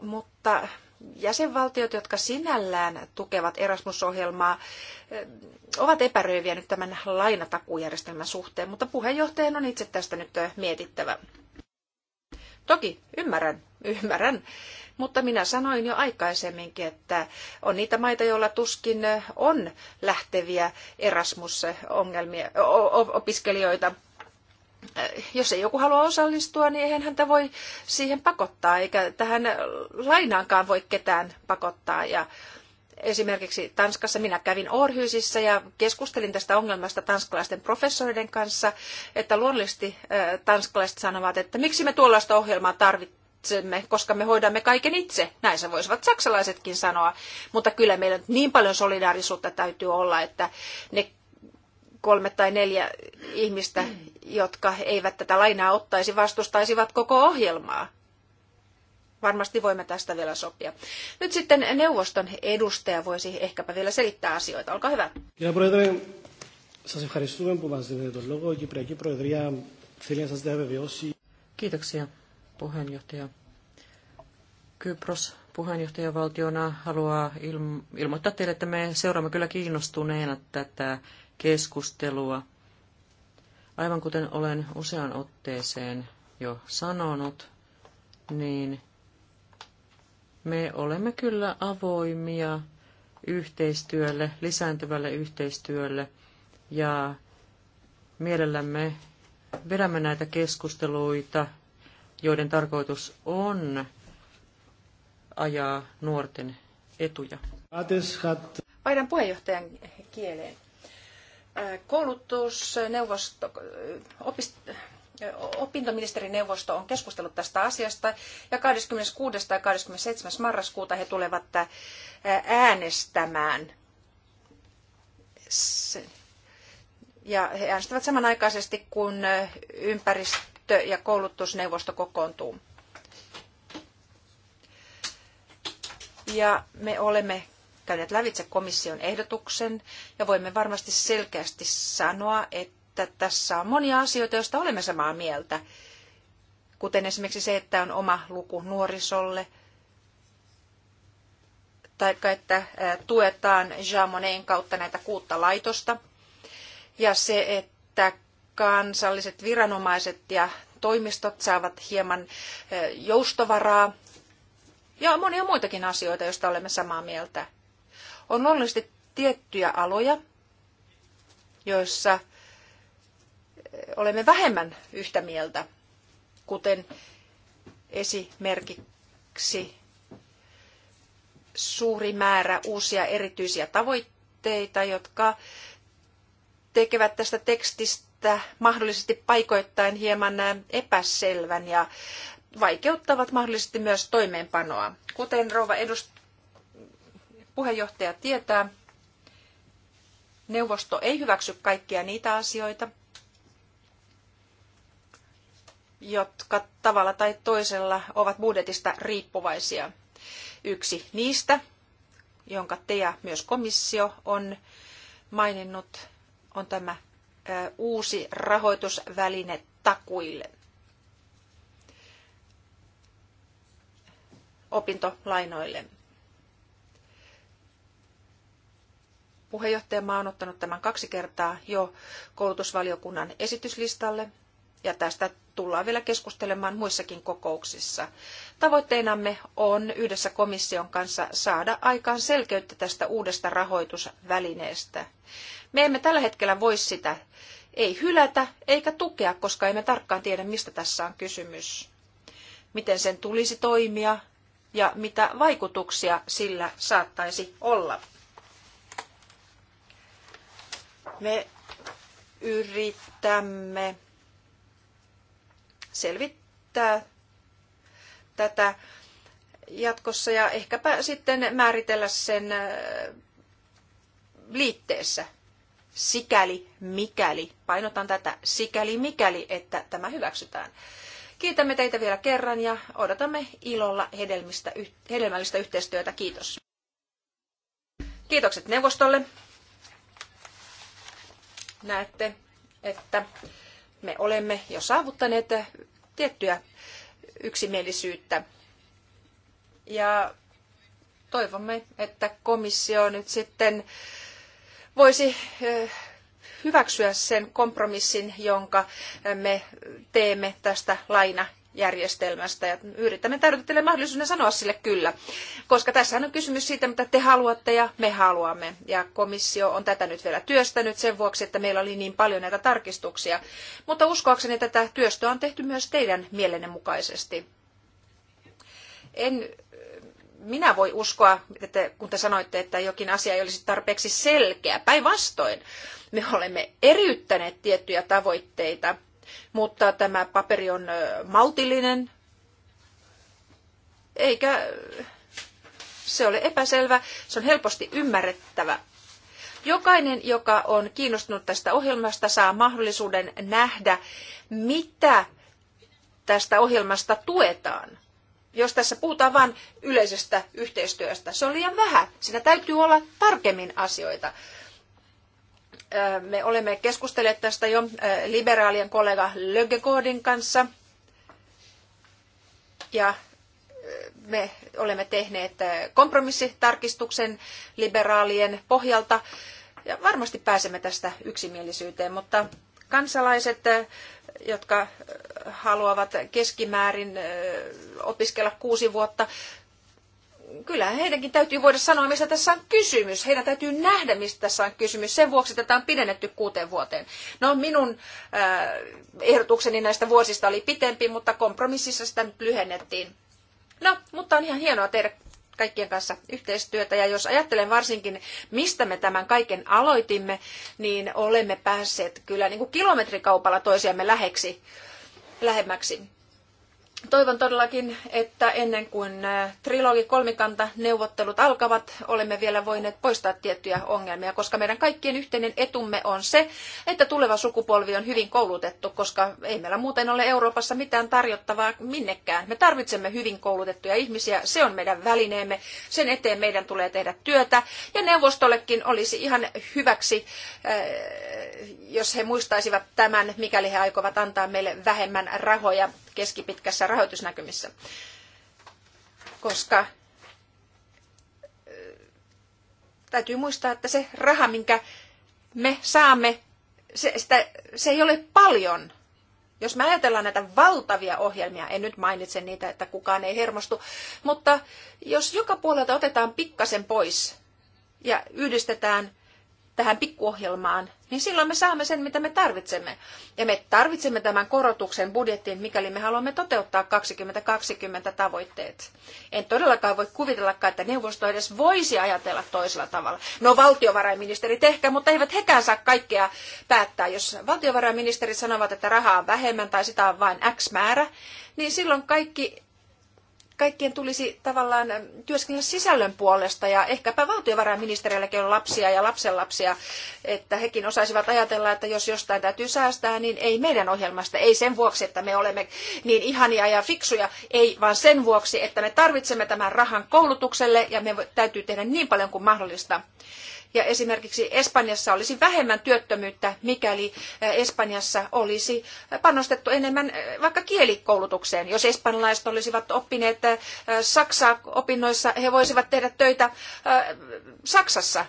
mutta jäsenvaltiot, jotka sinällään tukevat Erasmus-ohjelmaa, eh, ovat epäröiviä nyt tämän lainatakujärjestelmän suhteen, mutta puheenjohtajan on itse tästä nyt eh, mietittävä. Toki ymmärrän, ymmärrän, mutta minä sanoin jo aikaisemminkin, että on niitä maita, joilla tuskin eh, on lähteviä Erasmus-opiskelijoita Äh, jos ei joku halua osallistua, niin eihän häntä voi siihen pakottaa, eikä tähän lainaankaan voi ketään pakottaa. Ja esimerkiksi Tanskassa minä kävin Orhyysissä ja keskustelin tästä ongelmasta tanskalaisten professoriden kanssa, että luonnollisesti äh, tanskalaiset sanovat, että miksi me tuollaista ohjelmaa tarvitsemme, koska me hoidamme kaiken itse. Näin se voisivat saksalaisetkin sanoa, mutta kyllä meillä nyt niin paljon solidaarisuutta täytyy olla, että ne kolme tai neljä ihmistä, jotka eivät tätä lainaa ottaisi, vastustaisivat koko ohjelmaa. Varmasti voimme tästä vielä sopia. Nyt sitten neuvoston edustaja voisi ehkäpä vielä selittää asioita. Olkaa hyvä. Kiitoksia, puheenjohtaja. Kypros puheenjohtajavaltiona haluaa ilmoittaa teille, että me seuraamme kyllä kiinnostuneena tätä keskustelua. Aivan kuten olen usean otteeseen jo sanonut, niin me olemme kyllä avoimia yhteistyölle, lisääntyvälle yhteistyölle ja mielellämme vedämme näitä keskusteluita, joiden tarkoitus on ajaa nuorten etuja. Vaidan puheenjohtajan kieleen koulutusneuvosto, opist- opintoministerineuvosto on keskustellut tästä asiasta ja 26. tai 27. marraskuuta he tulevat äh, äänestämään. Ja he äänestävät samanaikaisesti, kun äh, ympäristö- ja koulutusneuvosto kokoontuu. Ja me olemme käyneet lävitse komission ehdotuksen ja voimme varmasti selkeästi sanoa, että tässä on monia asioita, joista olemme samaa mieltä, kuten esimerkiksi se, että on oma luku nuorisolle, tai että tuetaan Jean Monnetin kautta näitä kuutta laitosta, ja se, että kansalliset viranomaiset ja toimistot saavat hieman joustovaraa ja monia muitakin asioita, joista olemme samaa mieltä. On luonnollisesti tiettyjä aloja, joissa eh, olemme vähemmän yhtä mieltä, kuten esimerkiksi suuri määrä uusia erityisiä tavoitteita, jotka tekevät tästä tekstistä mahdollisesti paikoittain hieman eh, epäselvän ja vaikeuttavat mahdollisesti myös toimeenpanoa. Kuten rouva edust- puheenjohtaja tietää, neuvosto ei hyväksy kaikkia niitä asioita, jotka tavalla tai toisella ovat budjetista riippuvaisia. Yksi niistä, jonka te ja myös komissio on maininnut, on tämä uusi rahoitusväline takuille. opintolainoille. Puheenjohtajamaa on ottanut tämän kaksi kertaa jo koulutusvaliokunnan esityslistalle ja tästä tullaan vielä keskustelemaan muissakin kokouksissa. Tavoitteenamme on yhdessä komission kanssa saada aikaan selkeyttä tästä uudesta rahoitusvälineestä. Me emme tällä hetkellä voi sitä ei hylätä eikä tukea, koska emme tarkkaan tiedä, mistä tässä on kysymys, miten sen tulisi toimia ja mitä vaikutuksia sillä saattaisi olla me yritämme selvittää tätä jatkossa ja ehkäpä sitten määritellä sen liitteessä sikäli mikäli, painotan tätä sikäli mikäli, että tämä hyväksytään. Kiitämme teitä vielä kerran ja odotamme ilolla hedelmistä, hedelmällistä yhteistyötä. Kiitos. Kiitokset neuvostolle näette, että me olemme jo saavuttaneet tiettyä yksimielisyyttä. Ja toivomme, että komissio nyt sitten voisi hyväksyä sen kompromissin, jonka me teemme tästä laina järjestelmästä ja yritämme tarjota teille mahdollisuuden sanoa sille kyllä, koska tässä on kysymys siitä, mitä te haluatte ja me haluamme. Ja komissio on tätä nyt vielä työstänyt sen vuoksi, että meillä oli niin paljon näitä tarkistuksia, mutta uskoakseni tätä työstöä on tehty myös teidän mielenne mukaisesti. En minä voi uskoa, että kun te sanoitte, että jokin asia ei olisi tarpeeksi selkeä. Päinvastoin, me olemme eriyttäneet tiettyjä tavoitteita – mutta tämä paperi on maltillinen, eikä se ole epäselvä, se on helposti ymmärrettävä. Jokainen, joka on kiinnostunut tästä ohjelmasta, saa mahdollisuuden nähdä, mitä tästä ohjelmasta tuetaan. Jos tässä puhutaan vain yleisestä yhteistyöstä, se on liian vähän. Siinä täytyy olla tarkemmin asioita. Me olemme keskustelleet tästä jo liberaalien kollega Löggekoodin kanssa. Ja me olemme tehneet kompromissitarkistuksen liberaalien pohjalta. Ja varmasti pääsemme tästä yksimielisyyteen, mutta kansalaiset, jotka haluavat keskimäärin opiskella kuusi vuotta, kyllä heidänkin täytyy voida sanoa, mistä tässä on kysymys. Heidän täytyy nähdä, mistä tässä on kysymys. Sen vuoksi tätä on pidennetty kuuteen vuoteen. No minun äh, ehdotukseni näistä vuosista oli pitempi, mutta kompromississa sitä nyt lyhennettiin. No, mutta on ihan hienoa tehdä kaikkien kanssa yhteistyötä. Ja jos ajattelen varsinkin, mistä me tämän kaiken aloitimme, niin olemme päässeet kyllä niin kuin kilometrikaupalla toisiamme läheksi, lähemmäksi. Toivon todellakin, että ennen kuin äh, trilogi kolmikanta neuvottelut alkavat, olemme vielä voineet poistaa tiettyjä ongelmia, koska meidän kaikkien yhteinen etumme on se, että tuleva sukupolvi on hyvin koulutettu, koska ei meillä muuten ole Euroopassa mitään tarjottavaa minnekään. Me tarvitsemme hyvin koulutettuja ihmisiä, se on meidän välineemme, sen eteen meidän tulee tehdä työtä ja neuvostollekin olisi ihan hyväksi, äh, jos he muistaisivat tämän, mikäli he aikovat antaa meille vähemmän rahoja keskipitkässä rahoitusnäkymissä. Koska täytyy muistaa, että se raha, minkä me saamme, se, sitä, se ei ole paljon. Jos me ajatellaan näitä valtavia ohjelmia, en nyt mainitse niitä, että kukaan ei hermostu, mutta jos joka puolelta otetaan pikkasen pois ja yhdistetään tähän pikkuohjelmaan niin silloin me saamme sen, mitä me tarvitsemme. Ja me tarvitsemme tämän korotuksen budjettiin, mikäli me haluamme toteuttaa 2020 tavoitteet. En todellakaan voi kuvitellakaan, että neuvosto edes voisi ajatella toisella tavalla. No valtiovarainministeri ehkä, mutta eivät hekään saa kaikkea päättää. Jos valtiovarainministeri sanovat, että rahaa on vähemmän tai sitä on vain X määrä, niin silloin kaikki kaikkien tulisi tavallaan työskennellä sisällön puolesta ja ehkäpä valtiovarainministeriölläkin on lapsia ja lapsenlapsia, että hekin osaisivat ajatella, että jos jostain täytyy säästää, niin ei meidän ohjelmasta, ei sen vuoksi, että me olemme niin ihania ja fiksuja, ei vaan sen vuoksi, että me tarvitsemme tämän rahan koulutukselle ja me täytyy tehdä niin paljon kuin mahdollista. Ja esimerkiksi Espanjassa olisi vähemmän työttömyyttä, mikäli Espanjassa olisi panostettu enemmän vaikka kielikoulutukseen. Jos espanjalaiset olisivat oppineet Saksaa opinnoissa, he voisivat tehdä töitä Saksassa.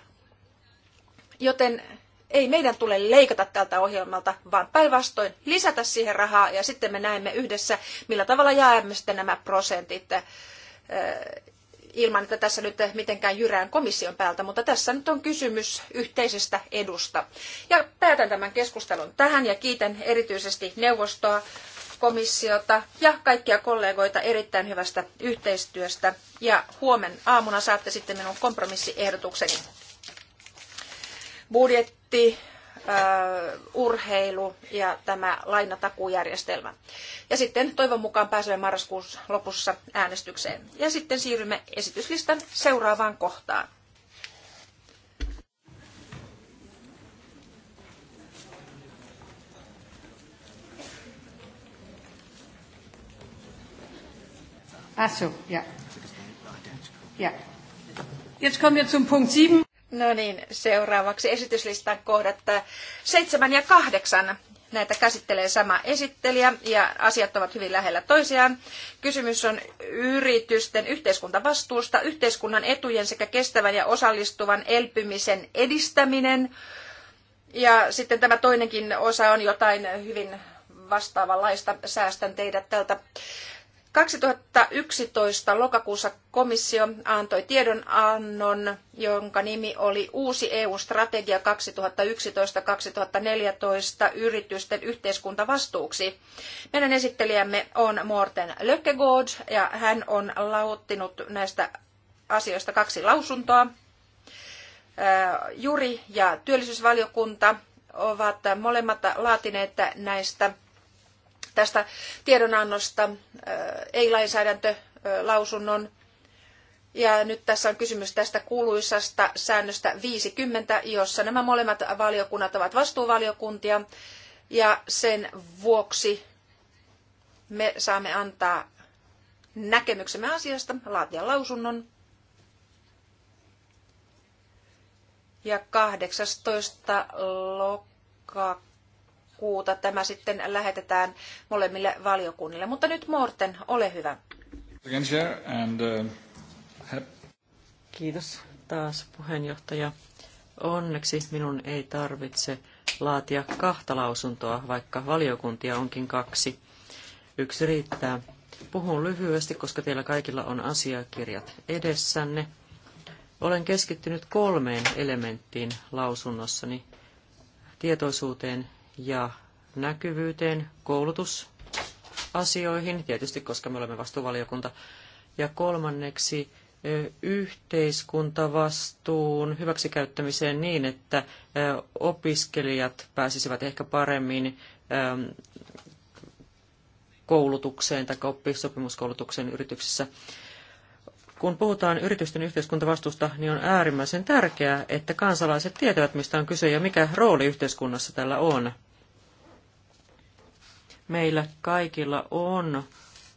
Joten ei meidän tule leikata tältä ohjelmalta, vaan päinvastoin lisätä siihen rahaa ja sitten me näemme yhdessä, millä tavalla jaamme sitten nämä prosentit ilman, että tässä nyt mitenkään jyrään komission päältä, mutta tässä nyt on kysymys yhteisestä edusta. Ja päätän tämän keskustelun tähän ja kiitän erityisesti neuvostoa, komissiota ja kaikkia kollegoita erittäin hyvästä yhteistyöstä. Ja huomen aamuna saatte sitten minun kompromissiehdotukseni. Budjetti urheilu ja tämä lainatakuujärjestelmä. Ja sitten toivon mukaan pääsemme marraskuun lopussa äänestykseen. Ja sitten siirrymme esityslistan seuraavaan kohtaan. Ach ja. Ja. Jetzt kommen wir zum Punkt 7. No niin, seuraavaksi esityslistan kohdat 7 ja 8. Näitä käsittelee sama esittelijä ja asiat ovat hyvin lähellä toisiaan. Kysymys on yritysten yhteiskuntavastuusta, yhteiskunnan etujen sekä kestävän ja osallistuvan elpymisen edistäminen. Ja sitten tämä toinenkin osa on jotain hyvin vastaavanlaista. Säästän teidät tältä 2011 lokakuussa komissio antoi tiedonannon, jonka nimi oli Uusi EU-strategia 2011-2014 yritysten yhteiskuntavastuuksi. Meidän esittelijämme on Morten Lökkegaard ja hän on lauttinut näistä asioista kaksi lausuntoa. Juri ja työllisyysvaliokunta ovat molemmat laatineet näistä tästä tiedonannosta, ei-lainsäädäntölausunnon. Ja nyt tässä on kysymys tästä kuuluisasta säännöstä 50, jossa nämä molemmat valiokunnat ovat vastuuvaliokuntia. Ja sen vuoksi me saamme antaa näkemyksemme asiasta, laatia lausunnon. Ja 18. lokakuuta marraskuuta tämä sitten lähetetään molemmille valiokunnille. Mutta nyt Morten, ole hyvä. Uh, Kiitos taas puheenjohtaja. Onneksi minun ei tarvitse laatia kahta lausuntoa, vaikka valiokuntia onkin kaksi. Yksi riittää. Puhun lyhyesti, koska teillä kaikilla on asiakirjat edessänne. Olen keskittynyt kolmeen elementtiin lausunnossani. Tietoisuuteen ja näkyvyyteen, koulutusasioihin, tietysti koska me olemme vastuuvaliokunta, ja kolmanneksi yhteiskuntavastuun hyväksikäyttämiseen niin, että opiskelijat pääsisivät ehkä paremmin koulutukseen tai oppisopimuskoulutukseen yrityksissä kun puhutaan yritysten yhteiskuntavastuusta, niin on äärimmäisen tärkeää, että kansalaiset tietävät, mistä on kyse ja mikä rooli yhteiskunnassa tällä on. Meillä kaikilla on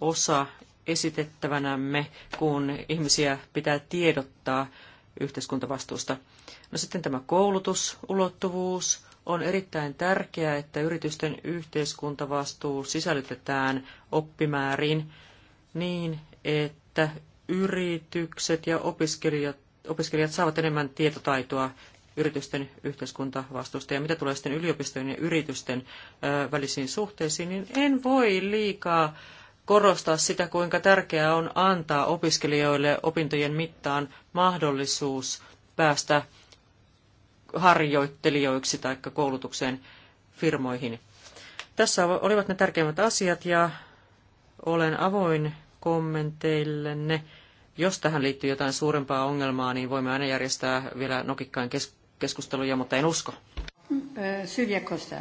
osa esitettävänämme, kun ihmisiä pitää tiedottaa yhteiskuntavastuusta. No sitten tämä koulutusulottuvuus. On erittäin tärkeää, että yritysten yhteiskuntavastuu sisällytetään oppimääriin niin, että yritykset ja opiskelijat, opiskelijat saavat enemmän tietotaitoa yritysten yhteiskuntavastuusta. Ja mitä tulee sitten yliopistojen ja yritysten välisiin suhteisiin, niin en voi liikaa korostaa sitä, kuinka tärkeää on antaa opiskelijoille opintojen mittaan mahdollisuus päästä harjoittelijoiksi tai koulutukseen firmoihin. Tässä olivat ne tärkeimmät asiat ja olen avoin kommenteillenne. Jos tähän liittyy jotain suurempaa ongelmaa, niin voimme aina järjestää vielä nokikkaan kes- keskusteluja, mutta en usko. Eh, Silvia Costa.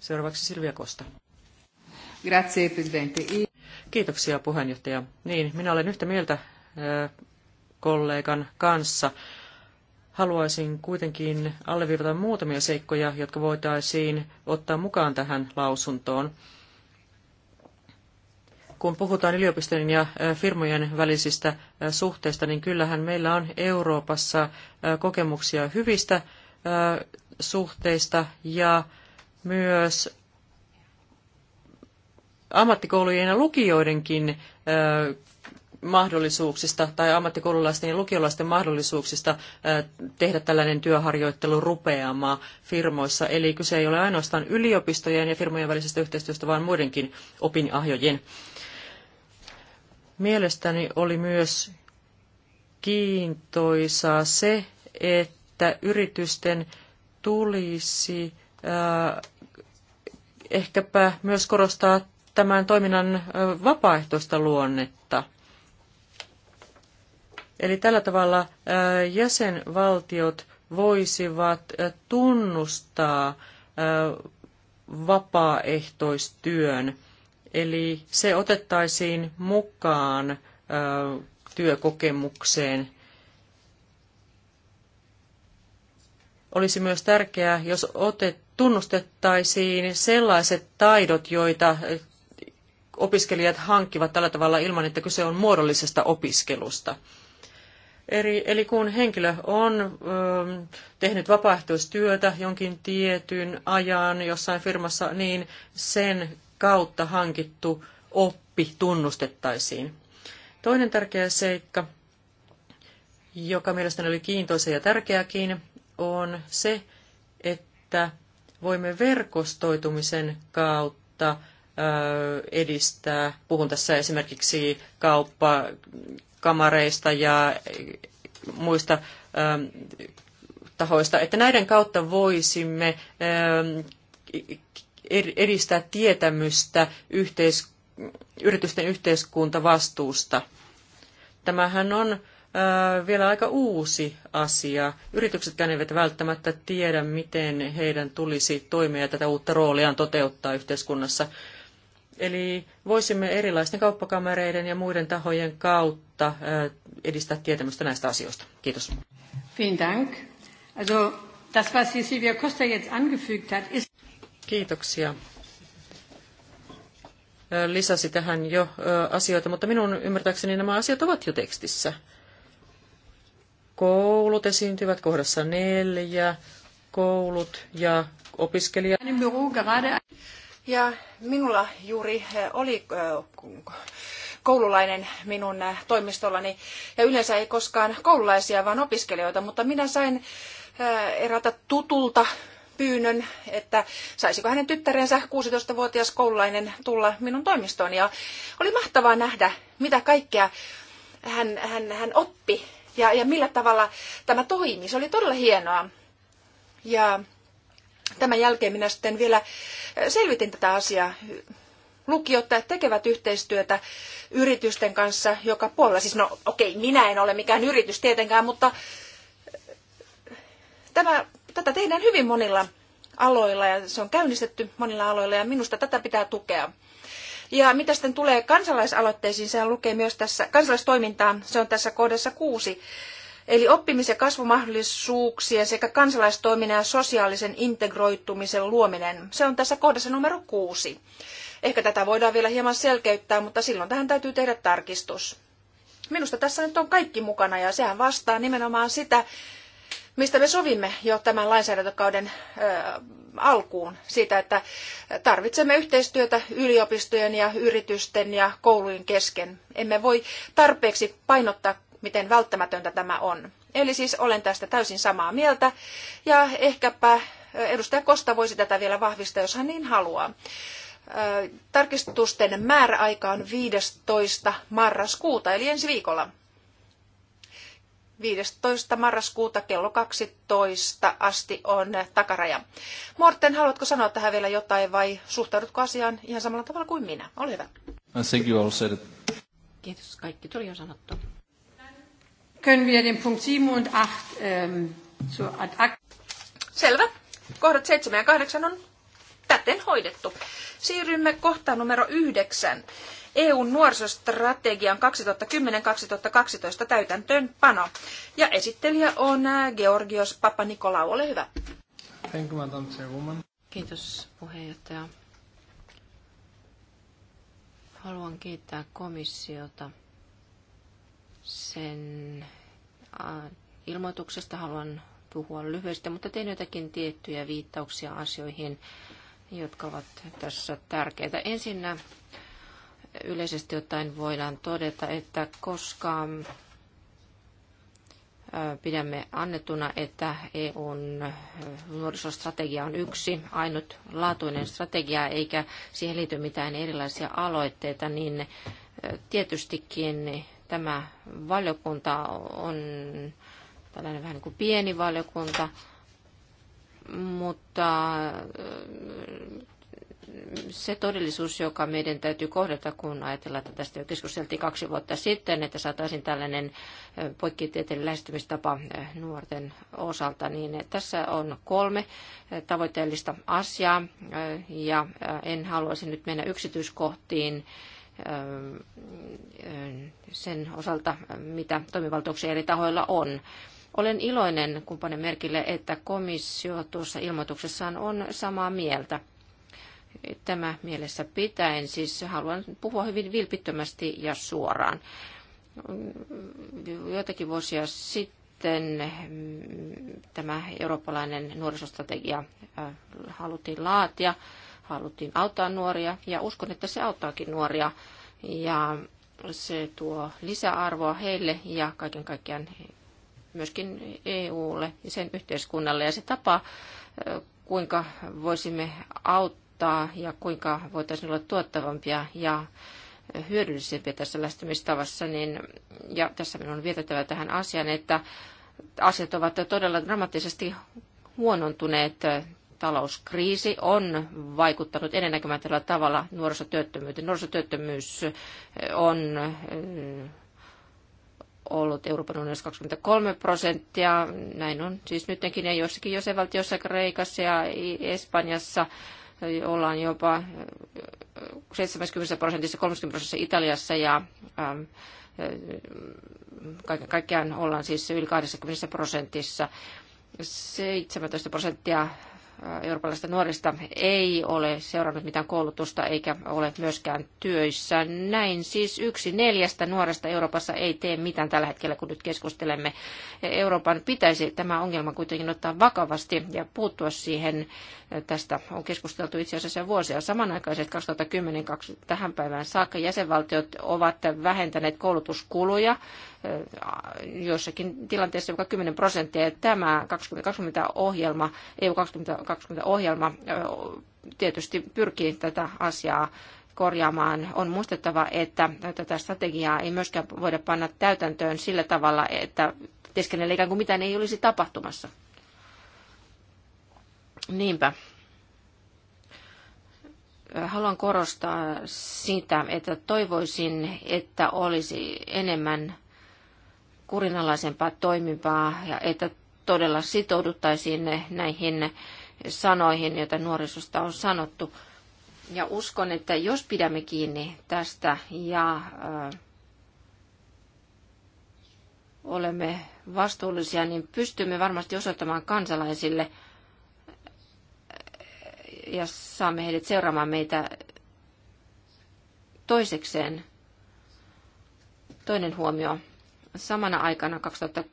Seuraavaksi Silvia Kosta. Grazie, Presidente. Kiitoksia puheenjohtaja. Niin, minä olen yhtä mieltä eh, kollegan kanssa. Haluaisin kuitenkin alleviivata muutamia seikkoja, jotka voitaisiin ottaa mukaan tähän lausuntoon kun puhutaan yliopistojen ja firmojen välisistä suhteista, niin kyllähän meillä on Euroopassa kokemuksia hyvistä suhteista ja myös ammattikoulujen ja lukioidenkin mahdollisuuksista tai ammattikoululaisten ja lukiolaisten mahdollisuuksista tehdä tällainen työharjoittelu rupeamaa firmoissa. Eli kyse ei ole ainoastaan yliopistojen ja firmojen välisestä yhteistyöstä, vaan muidenkin opinahjojen Mielestäni oli myös kiintoisaa se, että yritysten tulisi äh, ehkäpä myös korostaa tämän toiminnan äh, vapaaehtoista luonnetta. Eli tällä tavalla äh, jäsenvaltiot voisivat äh, tunnustaa vapaaehtoistyön Eli se otettaisiin mukaan työkokemukseen. Olisi myös tärkeää, jos otet, tunnustettaisiin sellaiset taidot, joita opiskelijat hankkivat tällä tavalla ilman, että kyse on muodollisesta opiskelusta. eli kun henkilö on tehnyt vapaaehtoistyötä jonkin tietyn ajan jossain firmassa, niin sen kautta hankittu oppi tunnustettaisiin. Toinen tärkeä seikka, joka mielestäni oli kiintoisa ja tärkeäkin, on se, että voimme verkostoitumisen kautta edistää. Puhun tässä esimerkiksi kauppakamareista ja muista tahoista, että näiden kautta voisimme edistää tietämystä yhteis, yritysten yhteiskuntavastuusta. Tämähän on vielä aika uusi asia. Yrityksetkään eivät välttämättä tiedä, miten heidän tulisi toimia ja tätä uutta rooliaan toteuttaa yhteiskunnassa. Eli voisimme erilaisten kauppakamereiden ja muiden tahojen kautta edistää tietämystä näistä asioista. Kiitos. Vielen Dank. Also das, was Silvia Costa jetzt angefügt hat, ist kiitoksia. Lisäsi tähän jo asioita, mutta minun ymmärtääkseni nämä asiat ovat jo tekstissä. Koulut esiintyvät kohdassa neljä, koulut ja opiskelijat. Ja minulla juuri oli koululainen minun toimistollani, ja yleensä ei koskaan koululaisia, vaan opiskelijoita, mutta minä sain eräältä tutulta pyynnön, että saisiko hänen tyttärensä 16-vuotias koululainen tulla minun toimistoon. Ja oli mahtavaa nähdä, mitä kaikkea hän, hän, hän oppi ja, ja millä tavalla tämä toimi. Se oli todella hienoa. Ja tämän jälkeen minä sitten vielä eh, selvitin tätä asiaa. Lukiot tekevät yhteistyötä yritysten kanssa joka puolella. Siis no okei, minä en ole mikään yritys tietenkään, mutta eh, tämä Tätä tehdään hyvin monilla aloilla ja se on käynnistetty monilla aloilla ja minusta tätä pitää tukea. Ja mitä sitten tulee kansalaisaloitteisiin, sehän lukee myös tässä kansalaistoimintaan, se on tässä kohdassa kuusi. Eli oppimis- ja kasvumahdollisuuksien sekä kansalaistoiminnan ja sosiaalisen integroitumisen luominen, se on tässä kohdassa numero kuusi. Ehkä tätä voidaan vielä hieman selkeyttää, mutta silloin tähän täytyy tehdä tarkistus. Minusta tässä nyt on kaikki mukana ja sehän vastaa nimenomaan sitä, mistä me sovimme jo tämän lainsäädäntökauden alkuun. Siitä, että tarvitsemme yhteistyötä yliopistojen ja yritysten ja koulujen kesken. Emme voi tarpeeksi painottaa, miten välttämätöntä tämä on. Eli siis olen tästä täysin samaa mieltä ja ehkäpä edustaja Kosta voisi tätä vielä vahvistaa, jos hän niin haluaa. Tarkistusten määräaika on 15. marraskuuta, eli ensi viikolla. 15. marraskuuta kello 12 asti on takaraja. Morten, haluatko sanoa tähän vielä jotain vai suhtaudutko asiaan ihan samalla tavalla kuin minä? Ole hyvä. think you all said it. Kiitos, kaikki tuli jo sanottu. Können wir den Punkt 7 und 8 ähm, ad Selvä. Kohdat 7 ja 8 on täten hoidettu. Siirrymme kohtaan numero 9. EUn nuorisostrategian 2010-2012 täytäntöönpano. Ja esittelijä on äh, Georgios Papanikolaou. Ole hyvä. Thank you, Madam Chairwoman. Kiitos puheenjohtaja. Haluan kiittää komissiota sen äh, ilmoituksesta. Haluan puhua lyhyesti, mutta tein jotakin tiettyjä viittauksia asioihin, jotka ovat tässä tärkeitä. Ensinnä yleisesti ottaen voidaan todeta, että koska pidämme annettuna, että EUn nuorisostrategia on yksi ainutlaatuinen strategia, eikä siihen liity mitään erilaisia aloitteita, niin tietystikin tämä valiokunta on tällainen vähän niin kuin pieni valiokunta, mutta se todellisuus, joka meidän täytyy kohdata, kun ajatellaan, että tästä jo keskusteltiin kaksi vuotta sitten, että saataisiin tällainen poikkitieteellinen lähestymistapa nuorten osalta, niin tässä on kolme tavoitteellista asiaa, ja en haluaisi nyt mennä yksityiskohtiin sen osalta, mitä toimivaltuuksia eri tahoilla on. Olen iloinen, kun panen merkille, että komissio tuossa ilmoituksessaan on samaa mieltä tämä mielessä pitäen. Siis haluan puhua hyvin vilpittömästi ja suoraan. Joitakin vuosia sitten tämä eurooppalainen nuorisostrategia äh, haluttiin laatia, haluttiin auttaa nuoria ja uskon, että se auttaakin nuoria. Ja se tuo lisäarvoa heille ja kaiken kaikkiaan myöskin EUlle ja sen yhteiskunnalle. Ja se tapa, äh, kuinka voisimme auttaa tuottaa ja kuinka voitaisiin olla tuottavampia ja hyödyllisempiä tässä lähestymistavassa. Niin, ja tässä minun on vietettävä tähän asiaan, että asiat ovat todella dramaattisesti huonontuneet talouskriisi on vaikuttanut ennennäkemättömällä tavalla nuorisotyöttömyyteen. Nuorisotyöttömyys eh, on eh, ollut Euroopan unionissa 23 prosenttia. Näin on siis nytkin ja joissakin jäsenvaltioissa, Kreikassa ja Espanjassa ollaan jopa 70 äh, prosentissa, 30 prosentissa Italiassa ja ähm, äh, kaiken kaikkiaan ollaan siis yli 20 prosentissa. 17 prosenttia eurooppalaisista nuorista ei ole seurannut mitään koulutusta eikä ole myöskään työissä. Näin siis yksi neljästä nuoresta Euroopassa ei tee mitään tällä hetkellä, kun nyt keskustelemme. Euroopan pitäisi tämä ongelma kuitenkin ottaa vakavasti ja puuttua siihen. Tästä on keskusteltu itse asiassa vuosia. Samanaikaiset 2010 tähän päivään saakka jäsenvaltiot ovat vähentäneet koulutuskuluja joissakin tilanteissa joka 10 prosenttia. Ja tämä 2020-ohjelma, EU 2020-ohjelma tietysti pyrkii tätä asiaa korjaamaan. On muistettava, että tätä strategiaa ei myöskään voida panna täytäntöön sillä tavalla, että teskennellä ikään kuin mitään ei olisi tapahtumassa. Niinpä. Haluan korostaa sitä, että toivoisin, että olisi enemmän kurinalaisempaa toimimpaa ja että todella sitouduttaisiin näihin sanoihin, joita nuorisosta on sanottu. Ja uskon, että jos pidämme kiinni tästä ja ö, olemme vastuullisia, niin pystymme varmasti osoittamaan kansalaisille ja saamme heidät seuraamaan meitä toisekseen. Toinen huomio samana aikana 2010-2012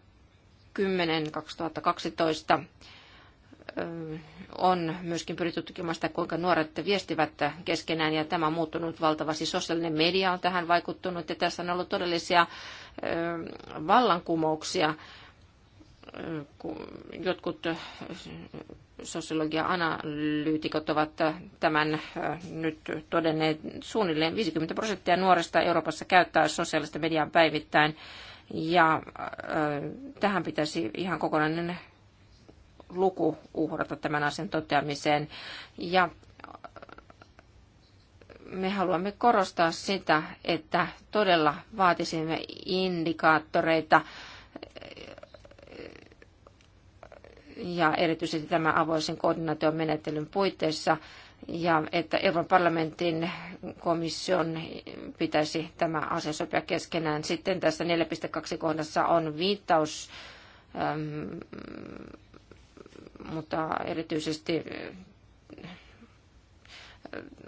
on myöskin pyritty tutkimaan sitä, kuinka nuoret viestivät keskenään, ja tämä on muuttunut valtavasti. Sosiaalinen media on tähän vaikuttunut, ja tässä on ollut todellisia vallankumouksia. Jotkut sosiologia-analyytikot ovat tämän nyt todenneet. Suunnilleen 50 prosenttia nuorista Euroopassa käyttää sosiaalista mediaa päivittäin. Ja äh, tähän pitäisi ihan kokonainen luku uhrata tämän asian toteamiseen. Ja äh, me haluamme korostaa sitä, että todella vaatisimme indikaattoreita äh, ja erityisesti tämä avoisen koordinaation menettelyn puitteissa – ja että Euroopan parlamentin komission pitäisi tämä asia sopia keskenään. Sitten tässä 4.2 kohdassa on viittaus, ähm, mutta erityisesti äh,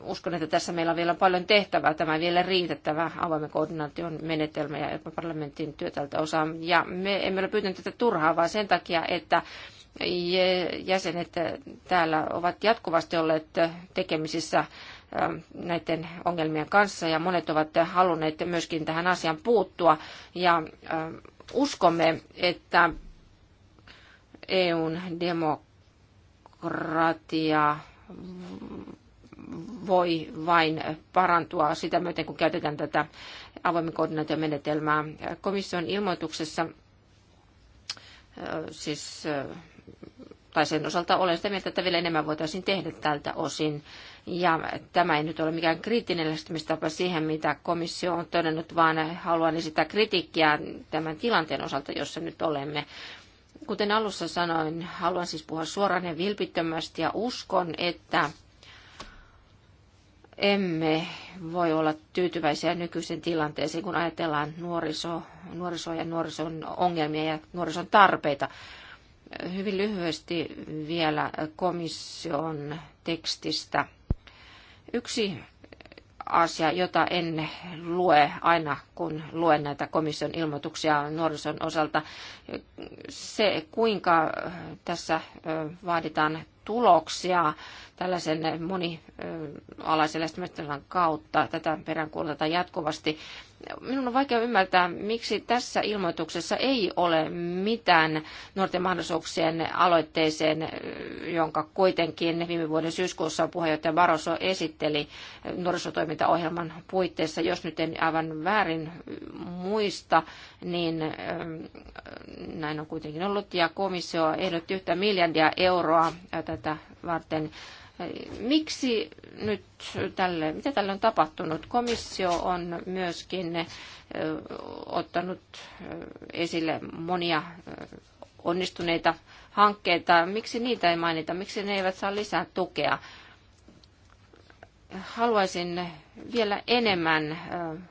uskon, että tässä meillä on vielä paljon tehtävää. Tämä ei vielä riitettävä avoimen koordinaation menetelmä ja Euroopan parlamentin työ tältä osaa. Ja me emme ole pyytäneet tätä turhaa, vaan sen takia, että jäsenet täällä ovat jatkuvasti olleet tekemisissä ähm, näiden ongelmien kanssa ja monet ovat halunneet myöskin tähän asiaan puuttua ja ähm, uskomme, että EUn demokratia voi vain parantua sitä myöten, kun käytetään tätä avoimen koordinaatiomenetelmää. Komission ilmoituksessa äh, siis äh, tai sen osalta olen sitä mieltä, että vielä enemmän voitaisiin tehdä tältä osin. Ja tämä ei nyt ole mikään kriittinen lähestymistapa siihen, mitä komissio on todennut, vaan haluan esittää kritiikkiä tämän tilanteen osalta, jossa nyt olemme. Kuten alussa sanoin, haluan siis puhua suoraan ja vilpittömästi ja uskon, että emme voi olla tyytyväisiä nykyisen tilanteeseen, kun ajatellaan nuoriso, nuorisoa ja nuorison ongelmia ja nuorison tarpeita hyvin lyhyesti vielä komission tekstistä. Yksi asia, jota en lue aina, kun luen näitä komission ilmoituksia nuorison osalta. Se, kuinka tässä vaaditaan tuloksia tällaisen monialaisen lähestymistavan kautta, tätä peräänkuulutetaan jatkuvasti minun on vaikea ymmärtää, miksi tässä ilmoituksessa ei ole mitään nuorten mahdollisuuksien aloitteeseen, jonka kuitenkin viime vuoden syyskuussa puheenjohtaja Barroso esitteli nuorisotoimintaohjelman puitteissa. Jos nyt en aivan väärin muista, niin ähm, näin on kuitenkin ollut. Ja komissio ehdotti yhtä miljardia euroa tätä varten Miksi nyt tälle, mitä tälle on tapahtunut? Komissio on myöskin ottanut esille monia onnistuneita hankkeita. Miksi niitä ei mainita? Miksi ne eivät saa lisää tukea? Haluaisin vielä enemmän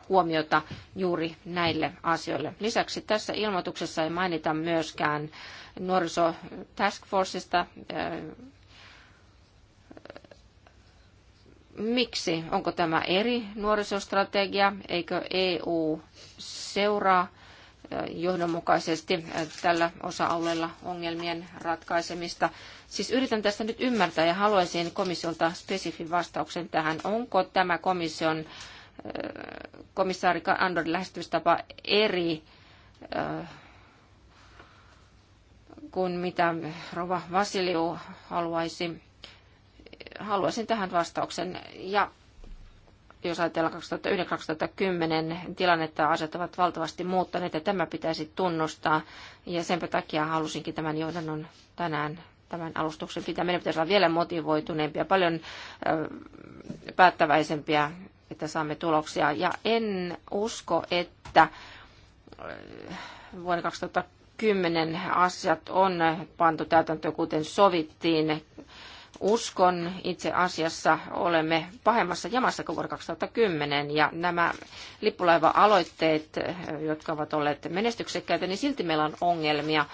huomiota juuri näille asioille. Lisäksi tässä ilmoituksessa ei mainita myöskään nuoriso task Miksi? Onko tämä eri nuorisostrategia? Eikö EU seuraa johdonmukaisesti tällä osa-alueella ongelmien ratkaisemista. Siis yritän tästä nyt ymmärtää ja haluaisin komissiolta spesifin vastauksen tähän. Onko tämä komission komissaari Andorin lähestymistapa eri kuin mitä Rova Vasiliu haluaisi Haluaisin tähän vastauksen. Ja jos ajatellaan 2009-2010 tilannetta, asiat ovat valtavasti muuttaneet ja tämä pitäisi tunnustaa. Ja sen takia halusinkin tämän johdannon tänään tämän alustuksen pitää. Meidän pitäisi olla vielä motivoituneempia, paljon päättäväisempiä, että saamme tuloksia. Ja en usko, että vuonna 2010 asiat on pantu täytäntöön, kuten sovittiin uskon itse asiassa olemme pahemmassa jamassa kuin vuonna 2010 ja nämä lippulaiva-aloitteet, jotka ovat olleet menestyksekkäitä, niin silti meillä on ongelmia.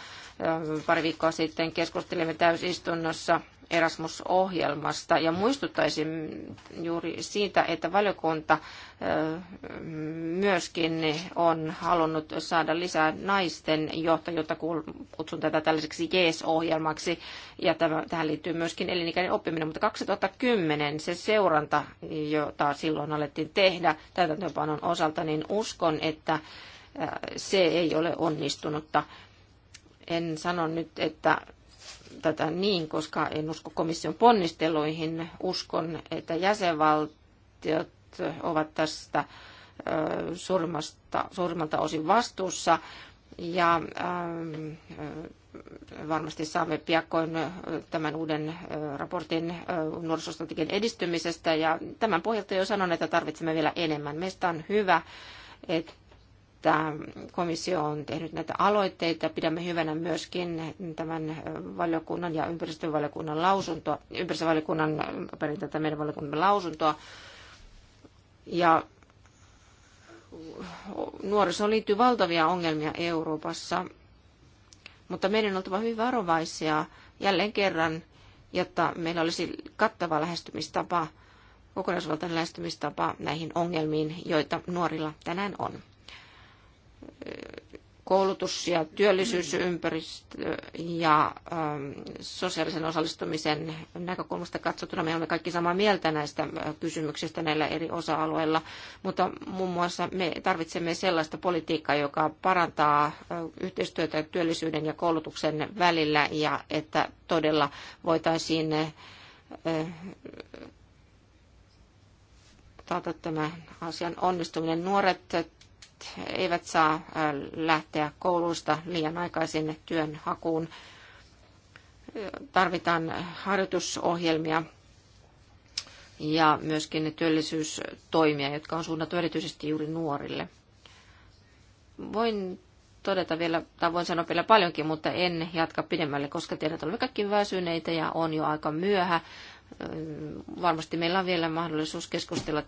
Pari viikkoa sitten keskustelimme täysistunnossa Erasmus-ohjelmasta ja muistuttaisin juuri siitä, että valiokunta myöskin on halunnut saada lisää naisten johtajuutta, kutsun tätä tällaiseksi JES-ohjelmaksi, ja tähän liittyy myöskin elinikäinen oppiminen, mutta 2010 se seuranta, jota silloin alettiin tehdä täytäntöönpanon osalta, niin uskon, että se ei ole onnistunutta en sano nyt, että tätä niin, koska en usko komission ponnisteluihin. Uskon, että jäsenvaltiot ovat tästä suurimmalta osin vastuussa. Ja ähm, varmasti saamme piakkoin tämän uuden raportin nuorisostrategian edistymisestä. Ja tämän pohjalta jo sanon, että tarvitsemme vielä enemmän. Meistä on hyvä, että että komissio on tehnyt näitä aloitteita. Pidämme hyvänä myöskin tämän valiokunnan ja ympäristövaliokunnan lausuntoa, ympäristövaliokunnan, tätä meidän valiokunnamme lausuntoa. Ja nuorisoon liittyy valtavia ongelmia Euroopassa, mutta meidän on oltava hyvin varovaisia jälleen kerran, jotta meillä olisi kattava lähestymistapa, kokonaisvaltainen lähestymistapa näihin ongelmiin, joita nuorilla tänään on koulutus- ja työllisyysympäristö ja ähm, sosiaalisen osallistumisen näkökulmasta katsottuna me olemme kaikki samaa mieltä näistä äh, kysymyksistä näillä eri osa-alueilla, mutta muun muassa me tarvitsemme sellaista politiikkaa, joka parantaa äh, yhteistyötä työllisyyden ja koulutuksen välillä ja että todella voitaisiin äh, taata tämän asian onnistuminen. Nuoret eivät saa lähteä koulusta liian aikaisin työnhakuun. Tarvitaan harjoitusohjelmia ja myöskin työllisyystoimia, jotka on suunnattu erityisesti juuri nuorille. Voin todeta vielä, tai voin sanoa vielä paljonkin, mutta en jatka pidemmälle, koska tiedät, olemme kaikki väsyneitä ja on jo aika myöhä. Varmasti meillä on vielä mahdollisuus keskustella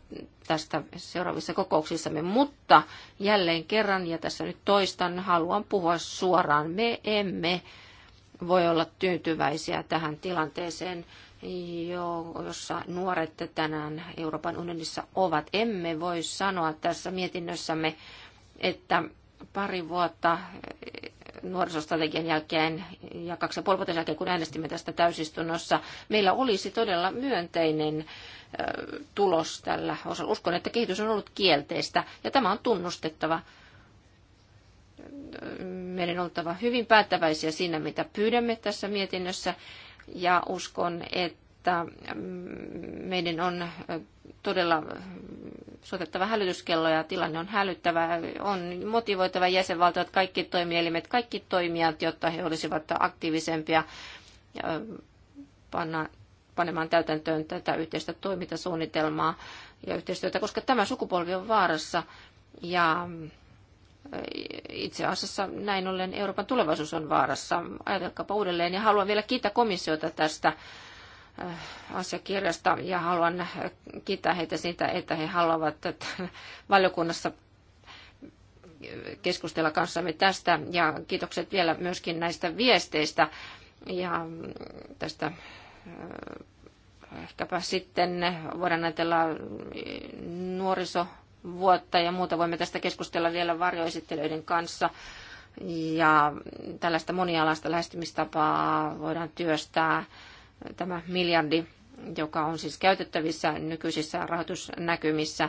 tästä seuraavissa kokouksissamme, mutta jälleen kerran, ja tässä nyt toistan, haluan puhua suoraan. Me emme voi olla tyytyväisiä tähän tilanteeseen, jossa nuoret tänään Euroopan unionissa ovat. Emme voi sanoa tässä mietinnössämme, että pari vuotta nuorisostrategian jälkeen ja kaksi ja puoli vuotta jälkeen, kun äänestimme tästä täysistunnossa, meillä olisi todella myönteinen tulos tällä osalla. Uskon, että kehitys on ollut kielteistä ja tämä on tunnustettava. Meidän on oltava hyvin päättäväisiä siinä, mitä pyydämme tässä mietinnössä ja uskon, että että mm, meidän on äh, todella äh, soitettava hälytyskello ja tilanne on hälyttävä. On motivoitava jäsenvaltiot, kaikki toimielimet, kaikki toimijat, jotta he olisivat aktiivisempia äh, panna, panemaan täytäntöön tätä yhteistä toimintasuunnitelmaa ja yhteistyötä, koska tämä sukupolvi on vaarassa ja itse asiassa näin ollen Euroopan tulevaisuus on vaarassa. Ajatelkaapa uudelleen ja haluan vielä kiittää komissiota tästä Äh, asiakirjasta ja haluan kiittää heitä siitä, että he haluavat että valiokunnassa keskustella kanssamme tästä ja kiitokset vielä myöskin näistä viesteistä ja tästä äh, ehkäpä sitten voidaan ajatella nuorisovuotta ja muuta. Voimme tästä keskustella vielä varjoesittelyiden kanssa. Ja tällaista monialaista lähestymistapaa voidaan työstää tämä miljardi, joka on siis käytettävissä nykyisissä rahoitusnäkymissä,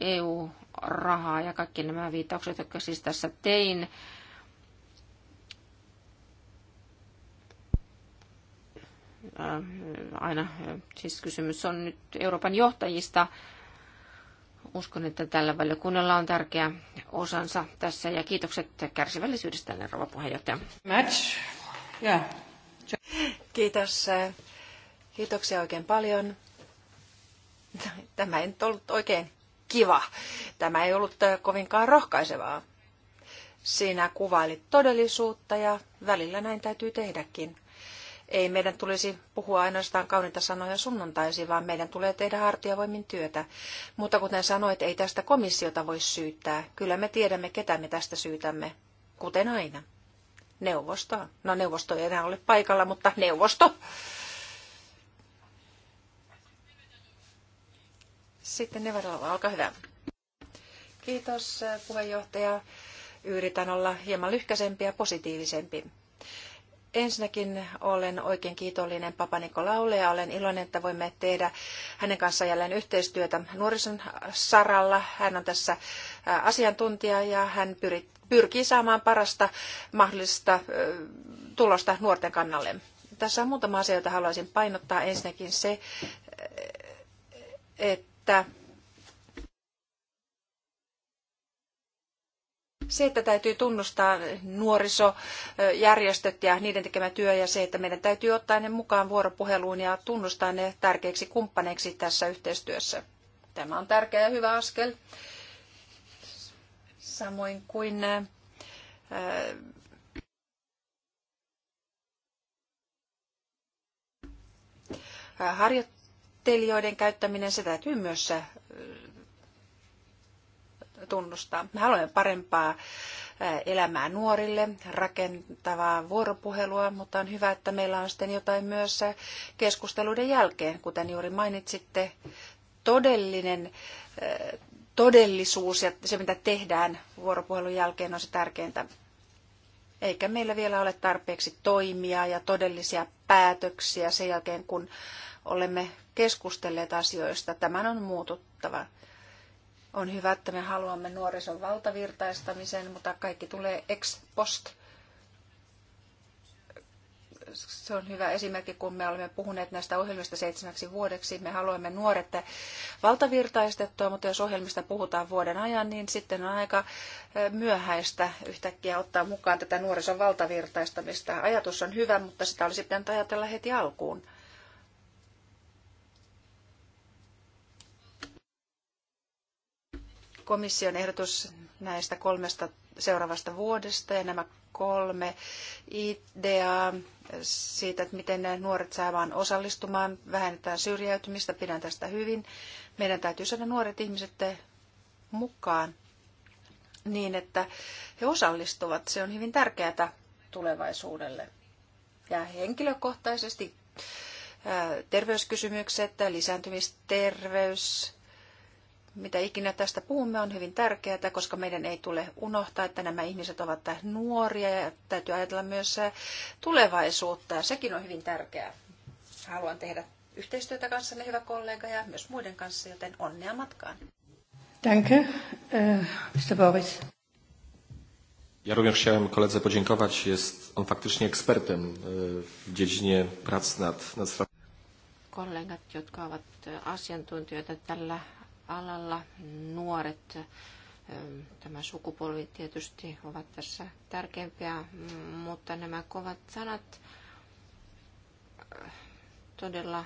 EU-rahaa ja kaikki nämä viittaukset, jotka siis tässä tein. Aina siis kysymys on nyt Euroopan johtajista. Uskon, että tällä valiokunnalla on tärkeä osansa tässä ja kiitokset kärsivällisyydestä, rouva puheenjohtaja. Match. Yeah. Kiitos. Kiitoksia oikein paljon. Tämä ei nyt ollut oikein kiva. Tämä ei ollut äh, kovinkaan rohkaisevaa. Siinä kuvailit todellisuutta ja välillä näin täytyy tehdäkin. Ei meidän tulisi puhua ainoastaan kauniita sanoja sunnuntaisiin, vaan meidän tulee tehdä hartiavoimin työtä. Mutta kuten sanoit, ei tästä komissiota voi syyttää. Kyllä me tiedämme, ketä me tästä syytämme, kuten aina. Neuvosto, No neuvosto ei enää ole paikalla, mutta neuvosto. Sitten Nevarova, olkaa hyvä. Kiitos puheenjohtaja. Yritän olla hieman lyhkäsempi ja positiivisempi. Ensinnäkin olen oikein kiitollinen Papa Nikolaulle ja olen iloinen, että voimme tehdä hänen kanssaan jälleen yhteistyötä nuorison saralla. Hän on tässä asiantuntija ja hän pyrit, pyrkii saamaan parasta mahdollista tulosta nuorten kannalle. Tässä on muutama asia, joita haluaisin painottaa. Ensinnäkin se, että se, että täytyy tunnustaa nuorisojärjestöt ja niiden tekemä työ ja se, että meidän täytyy ottaa ne mukaan vuoropuheluun ja tunnustaa ne tärkeiksi kumppaneiksi tässä yhteistyössä. Tämä on tärkeä ja hyvä askel samoin kuin äh, äh, harjoittelijoiden käyttäminen, se täytyy myös äh, tunnustaa. Me haluamme parempaa elämää nuorille, rakentavaa vuoropuhelua, mutta on hyvä, että meillä on sitten jotain myös keskusteluiden jälkeen, kuten juuri mainitsitte, todellinen todellisuus ja se, mitä tehdään vuoropuhelun jälkeen, on se tärkeintä. Eikä meillä vielä ole tarpeeksi toimia ja todellisia päätöksiä sen jälkeen, kun olemme keskustelleet asioista. Tämän on muututtava. On hyvä, että me haluamme nuorison valtavirtaistamisen, mutta kaikki tulee ex post se on hyvä esimerkki, kun me olemme puhuneet näistä ohjelmista seitsemäksi vuodeksi. Me haluamme nuoret valtavirtaistettua, mutta jos ohjelmista puhutaan vuoden ajan, niin sitten on aika myöhäistä yhtäkkiä ottaa mukaan tätä nuorison valtavirtaistamista. Ajatus on hyvä, mutta sitä olisi pitänyt ajatella heti alkuun. komission ehdotus näistä kolmesta seuraavasta vuodesta ja nämä kolme ideaa siitä, että miten nuoret saadaan osallistumaan, vähennetään syrjäytymistä, pidän tästä hyvin. Meidän täytyy saada nuoret ihmiset mukaan niin, että he osallistuvat. Se on hyvin tärkeää tulevaisuudelle. Ja henkilökohtaisesti terveyskysymykset, lisääntymisterveys, mitä ikinä tästä puhumme, on hyvin tärkeää, koska meidän ei tule unohtaa, että nämä ihmiset ovat nuoria ja täytyy ajatella myös tulevaisuutta. Sekin on hyvin tärkeää. Haluan tehdä yhteistyötä kanssanne, hyvä kollega, ja myös muiden kanssa, joten onnea matkaan. Danke, äh, Mr. Boris. Ja również chciałem koledze podziękować. Jest on faktycznie ekspertem e, w dziedzinie prac nad, nad Kollegat, jotka ovat e, asiantuntijoita tällä alalla. Nuoret, tämä sukupolvi tietysti ovat tässä tärkeimpiä, mm, mutta nämä kovat sanat todella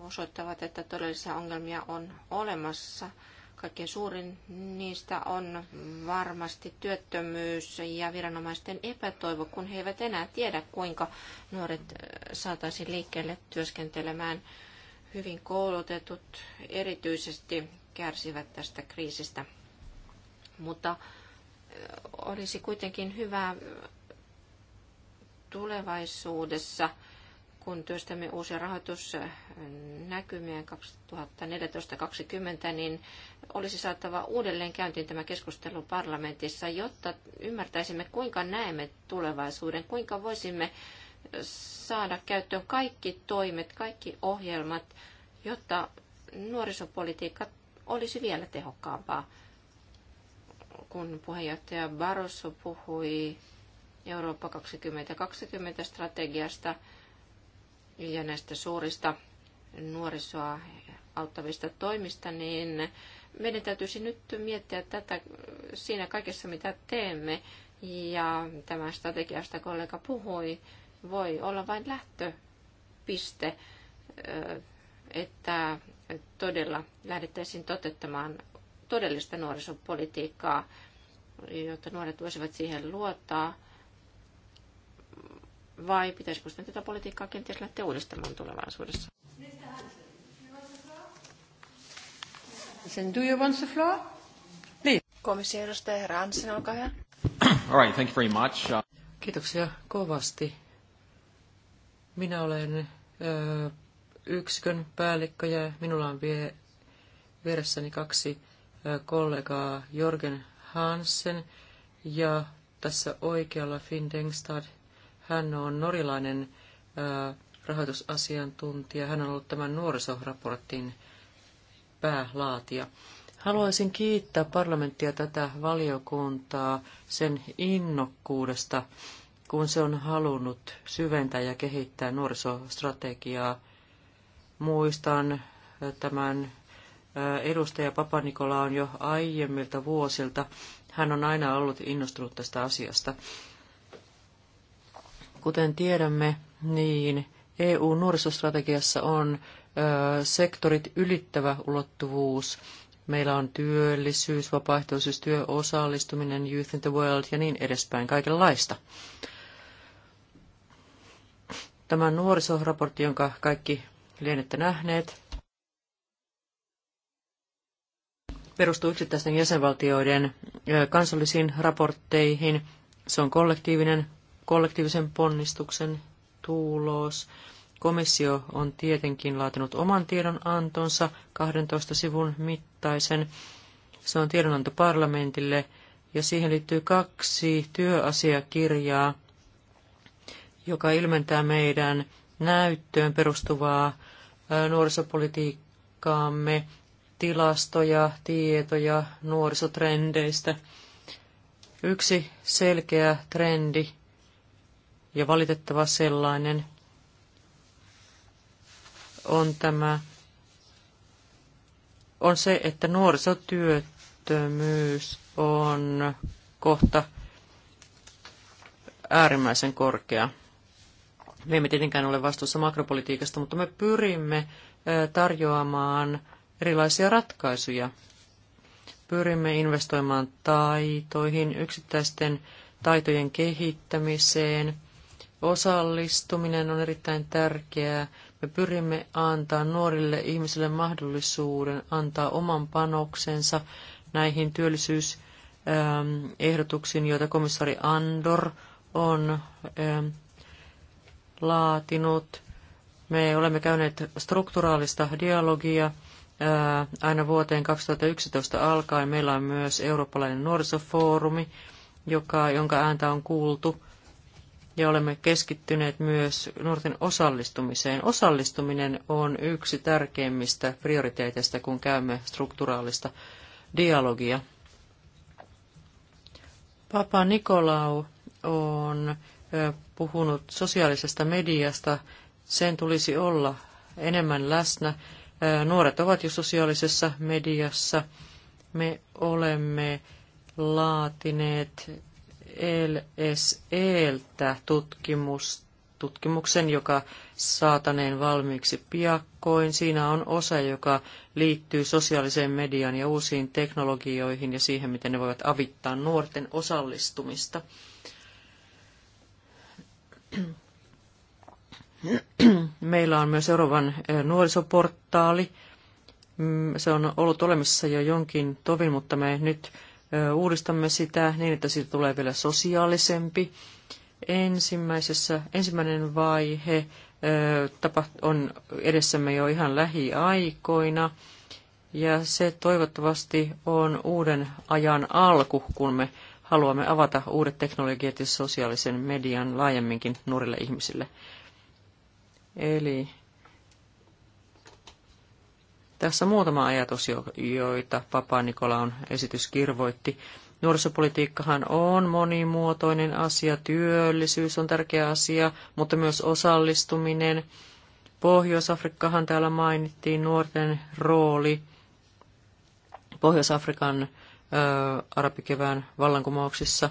osoittavat, että todellisia ongelmia on olemassa. Kaikkein suurin niistä on varmasti työttömyys ja viranomaisten epätoivo, kun he eivät enää tiedä, kuinka nuoret saataisiin liikkeelle työskentelemään hyvin koulutetut erityisesti kärsivät tästä kriisistä. Mutta olisi kuitenkin hyvä tulevaisuudessa, kun työstämme uusia rahoitusnäkymiä 2014-2020, niin olisi saatava uudelleen käyntiin tämä keskustelu parlamentissa, jotta ymmärtäisimme, kuinka näemme tulevaisuuden, kuinka voisimme saada käyttöön kaikki toimet, kaikki ohjelmat, jotta nuorisopolitiikka olisi vielä tehokkaampaa. Kun puheenjohtaja Barroso puhui Eurooppa 2020 strategiasta ja näistä suurista nuorisoa auttavista toimista, niin meidän täytyisi nyt miettiä tätä siinä kaikessa, mitä teemme. Ja tämä strategiasta kollega puhui, voi olla vain lähtöpiste, että todella lähdettäisiin toteuttamaan todellista nuorisopolitiikkaa, jotta nuoret voisivat siihen luottaa. Vai pitäisikö sitten tätä politiikkaa kenties lähteä uudistamaan tulevaisuudessa? Do you want the floor? Niin. Komission edustaja Hansen, olkaa hyvä. All right, thank you very much. Kiitoksia kovasti minä olen ö, yksikön päällikkö ja minulla on vie, vieressäni kaksi ö, kollegaa, Jorgen Hansen ja tässä oikealla Finn Dengstad. Hän on norilainen ö, rahoitusasiantuntija. Hän on ollut tämän nuorisoraportin päälaatija. Haluaisin kiittää parlamenttia tätä valiokuntaa sen innokkuudesta kun se on halunnut syventää ja kehittää nuorisostrategiaa. Muistan tämän edustaja Papanikola on jo aiemmilta vuosilta. Hän on aina ollut innostunut tästä asiasta. Kuten tiedämme, niin EU-nuorisostrategiassa on sektorit ylittävä ulottuvuus. Meillä on työllisyys, vapaaehtoisuus, työosallistuminen, Youth in the World ja niin edespäin, kaikenlaista. Tämä nuorisoraportti, jonka kaikki lienette nähneet, perustuu yksittäisten jäsenvaltioiden kansallisiin raportteihin. Se on kollektiivinen, kollektiivisen ponnistuksen tulos. Komissio on tietenkin laatinut oman tiedonantonsa 12 sivun mittaisen. Se on tiedonanto parlamentille ja siihen liittyy kaksi työasiakirjaa joka ilmentää meidän näyttöön perustuvaa nuorisopolitiikkaamme, tilastoja, tietoja nuorisotrendeistä. Yksi selkeä trendi ja valitettava sellainen on tämä on se, että nuorisotyöttömyys on kohta äärimmäisen korkea. Me emme tietenkään ole vastuussa makropolitiikasta, mutta me pyrimme tarjoamaan erilaisia ratkaisuja. Pyrimme investoimaan taitoihin, yksittäisten taitojen kehittämiseen. Osallistuminen on erittäin tärkeää. Me pyrimme antaa nuorille ihmisille mahdollisuuden antaa oman panoksensa näihin työllisyysehdotuksiin, joita komissaari Andor on laatinut. Me olemme käyneet strukturaalista dialogia aina vuoteen 2011 alkaen. Meillä on myös eurooppalainen nuorisofoorumi, joka, jonka ääntä on kuultu. Ja olemme keskittyneet myös nuorten osallistumiseen. Osallistuminen on yksi tärkeimmistä prioriteeteista, kun käymme strukturaalista dialogia. Papa Nikolau on puhunut sosiaalisesta mediasta. Sen tulisi olla enemmän läsnä. Nuoret ovat jo sosiaalisessa mediassa. Me olemme laatineet LSEltä tutkimus, tutkimuksen, joka saataneen valmiiksi piakkoin. Siinä on osa, joka liittyy sosiaaliseen mediaan ja uusiin teknologioihin ja siihen, miten ne voivat avittaa nuorten osallistumista. Meillä on myös Euroopan nuorisoportaali. Mm, se on ollut olemassa jo jonkin tovin, mutta me nyt uudistamme sitä niin, että siitä tulee vielä sosiaalisempi. Ensimmäisessä, ensimmäinen vaihe on edessämme jo ihan lähiaikoina. Ja se toivottavasti on uuden ajan alku, kun me haluamme avata uudet teknologiat ja sosiaalisen median laajemminkin nuorille ihmisille. Eli tässä muutama ajatus, joita Papa on esitys kirvoitti. Nuorisopolitiikkahan on monimuotoinen asia, työllisyys on tärkeä asia, mutta myös osallistuminen. Pohjois-Afrikkahan täällä mainittiin, nuorten rooli. Pohjois-Afrikan arabikevään vallankumouksissa.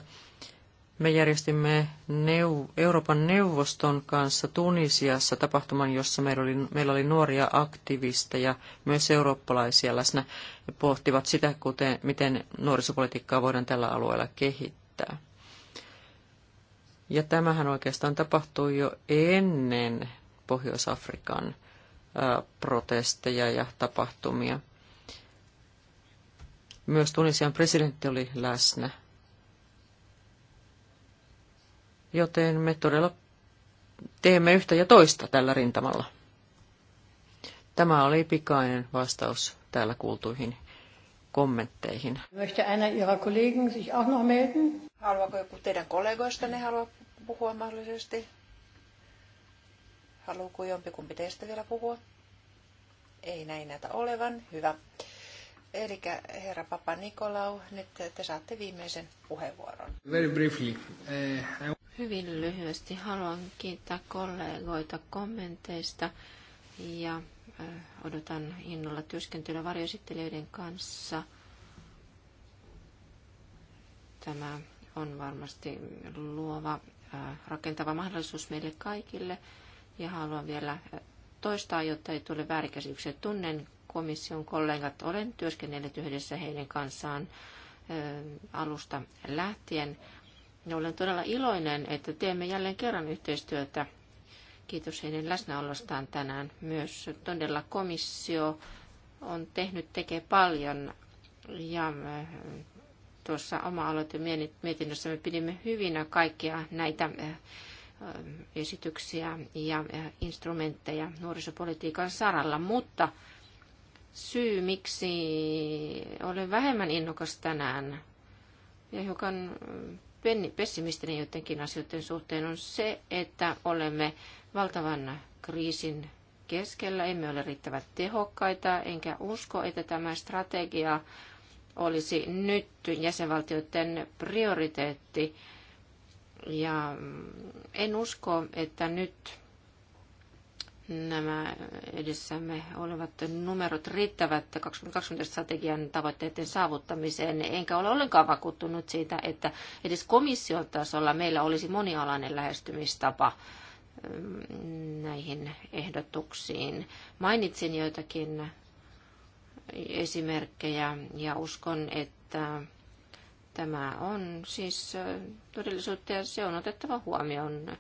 Me järjestimme neu- Euroopan neuvoston kanssa Tunisiassa tapahtuman, jossa meillä oli, meillä oli nuoria aktivisteja, myös eurooppalaisia läsnä, ja pohtivat sitä, kuten, miten nuorisopolitiikkaa voidaan tällä alueella kehittää. Ja tämähän oikeastaan tapahtui jo ennen Pohjois-Afrikan protesteja ja tapahtumia. Myös Tunisian presidentti oli läsnä. Joten me todella teemme yhtä ja toista tällä rintamalla. Tämä oli pikainen vastaus täällä kuultuihin kommentteihin. Haluaako joku teidän kollegoistanne halua puhua mahdollisesti? Haluaako jompikumpi teistä vielä puhua? Ei näin näitä olevan. Hyvä. Eli herra Papa Nikolau, nyt te saatte viimeisen puheenvuoron. Very briefly. Eh, Hyvin lyhyesti haluan kiittää kollegoita kommenteista ja eh, odotan innolla työskentelyä varjoesittelijöiden kanssa. Tämä on varmasti luova, eh, rakentava mahdollisuus meille kaikille ja haluan vielä toistaa, jotta ei tule väärikäsityksiä. Tunnen komission kollegat. Olen työskennellyt yhdessä heidän kanssaan alusta lähtien. Ja olen todella iloinen, että teemme jälleen kerran yhteistyötä. Kiitos heidän läsnäolostaan tänään. Myös todella komissio on tehnyt, tekee paljon. Ja tuossa oma-aloitemietinnössä me pidimme hyvinä kaikkia näitä esityksiä ja instrumentteja nuorisopolitiikan saralla, mutta syy, miksi olen vähemmän innokas tänään ja hiukan pessimistinen jotenkin asioiden suhteen on se, että olemme valtavan kriisin keskellä, emme ole riittävän tehokkaita, enkä usko, että tämä strategia olisi nyt jäsenvaltioiden prioriteetti. Ja en usko, että nyt nämä edessämme olevat numerot riittävät 2020-strategian tavoitteiden saavuttamiseen, enkä ole ollenkaan vakuuttunut siitä, että edes komission tasolla meillä olisi monialainen lähestymistapa mm, näihin ehdotuksiin. Mainitsin joitakin esimerkkejä ja uskon, että tämä on siis todellisuutta ja se on otettava huomioon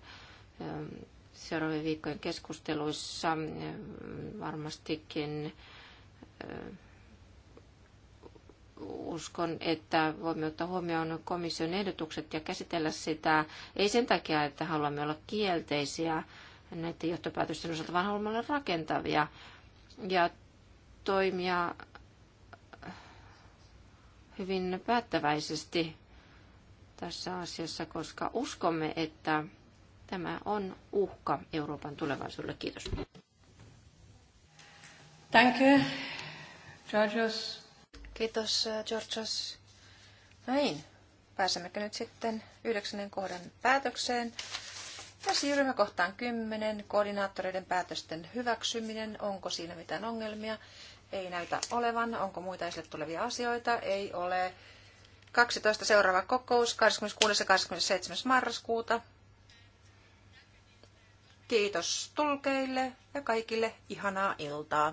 seuraavien viikkojen keskusteluissa äh, varmastikin äh, uskon, että voimme ottaa huomioon komission ehdotukset ja käsitellä sitä ei sen takia, että haluamme olla kielteisiä näiden johtopäätösten osalta, vaan haluamme olla rakentavia ja toimia hyvin päättäväisesti tässä asiassa, koska uskomme, että Tämä on uhka Euroopan tulevaisuudelle. Kiitos. Thank you, Georgios. Kiitos, äh, Georgios. Näin, no niin, pääsemmekö nyt sitten yhdeksännen kohdan päätökseen. Ja siirrymme kohtaan kymmenen Koordinaattoreiden päätösten hyväksyminen. Onko siinä mitään ongelmia? Ei näytä olevan. Onko muita esille tulevia asioita? Ei ole. 12 seuraava kokous 26. ja 27. marraskuuta Kiitos tulkeille ja kaikille ihanaa iltaa.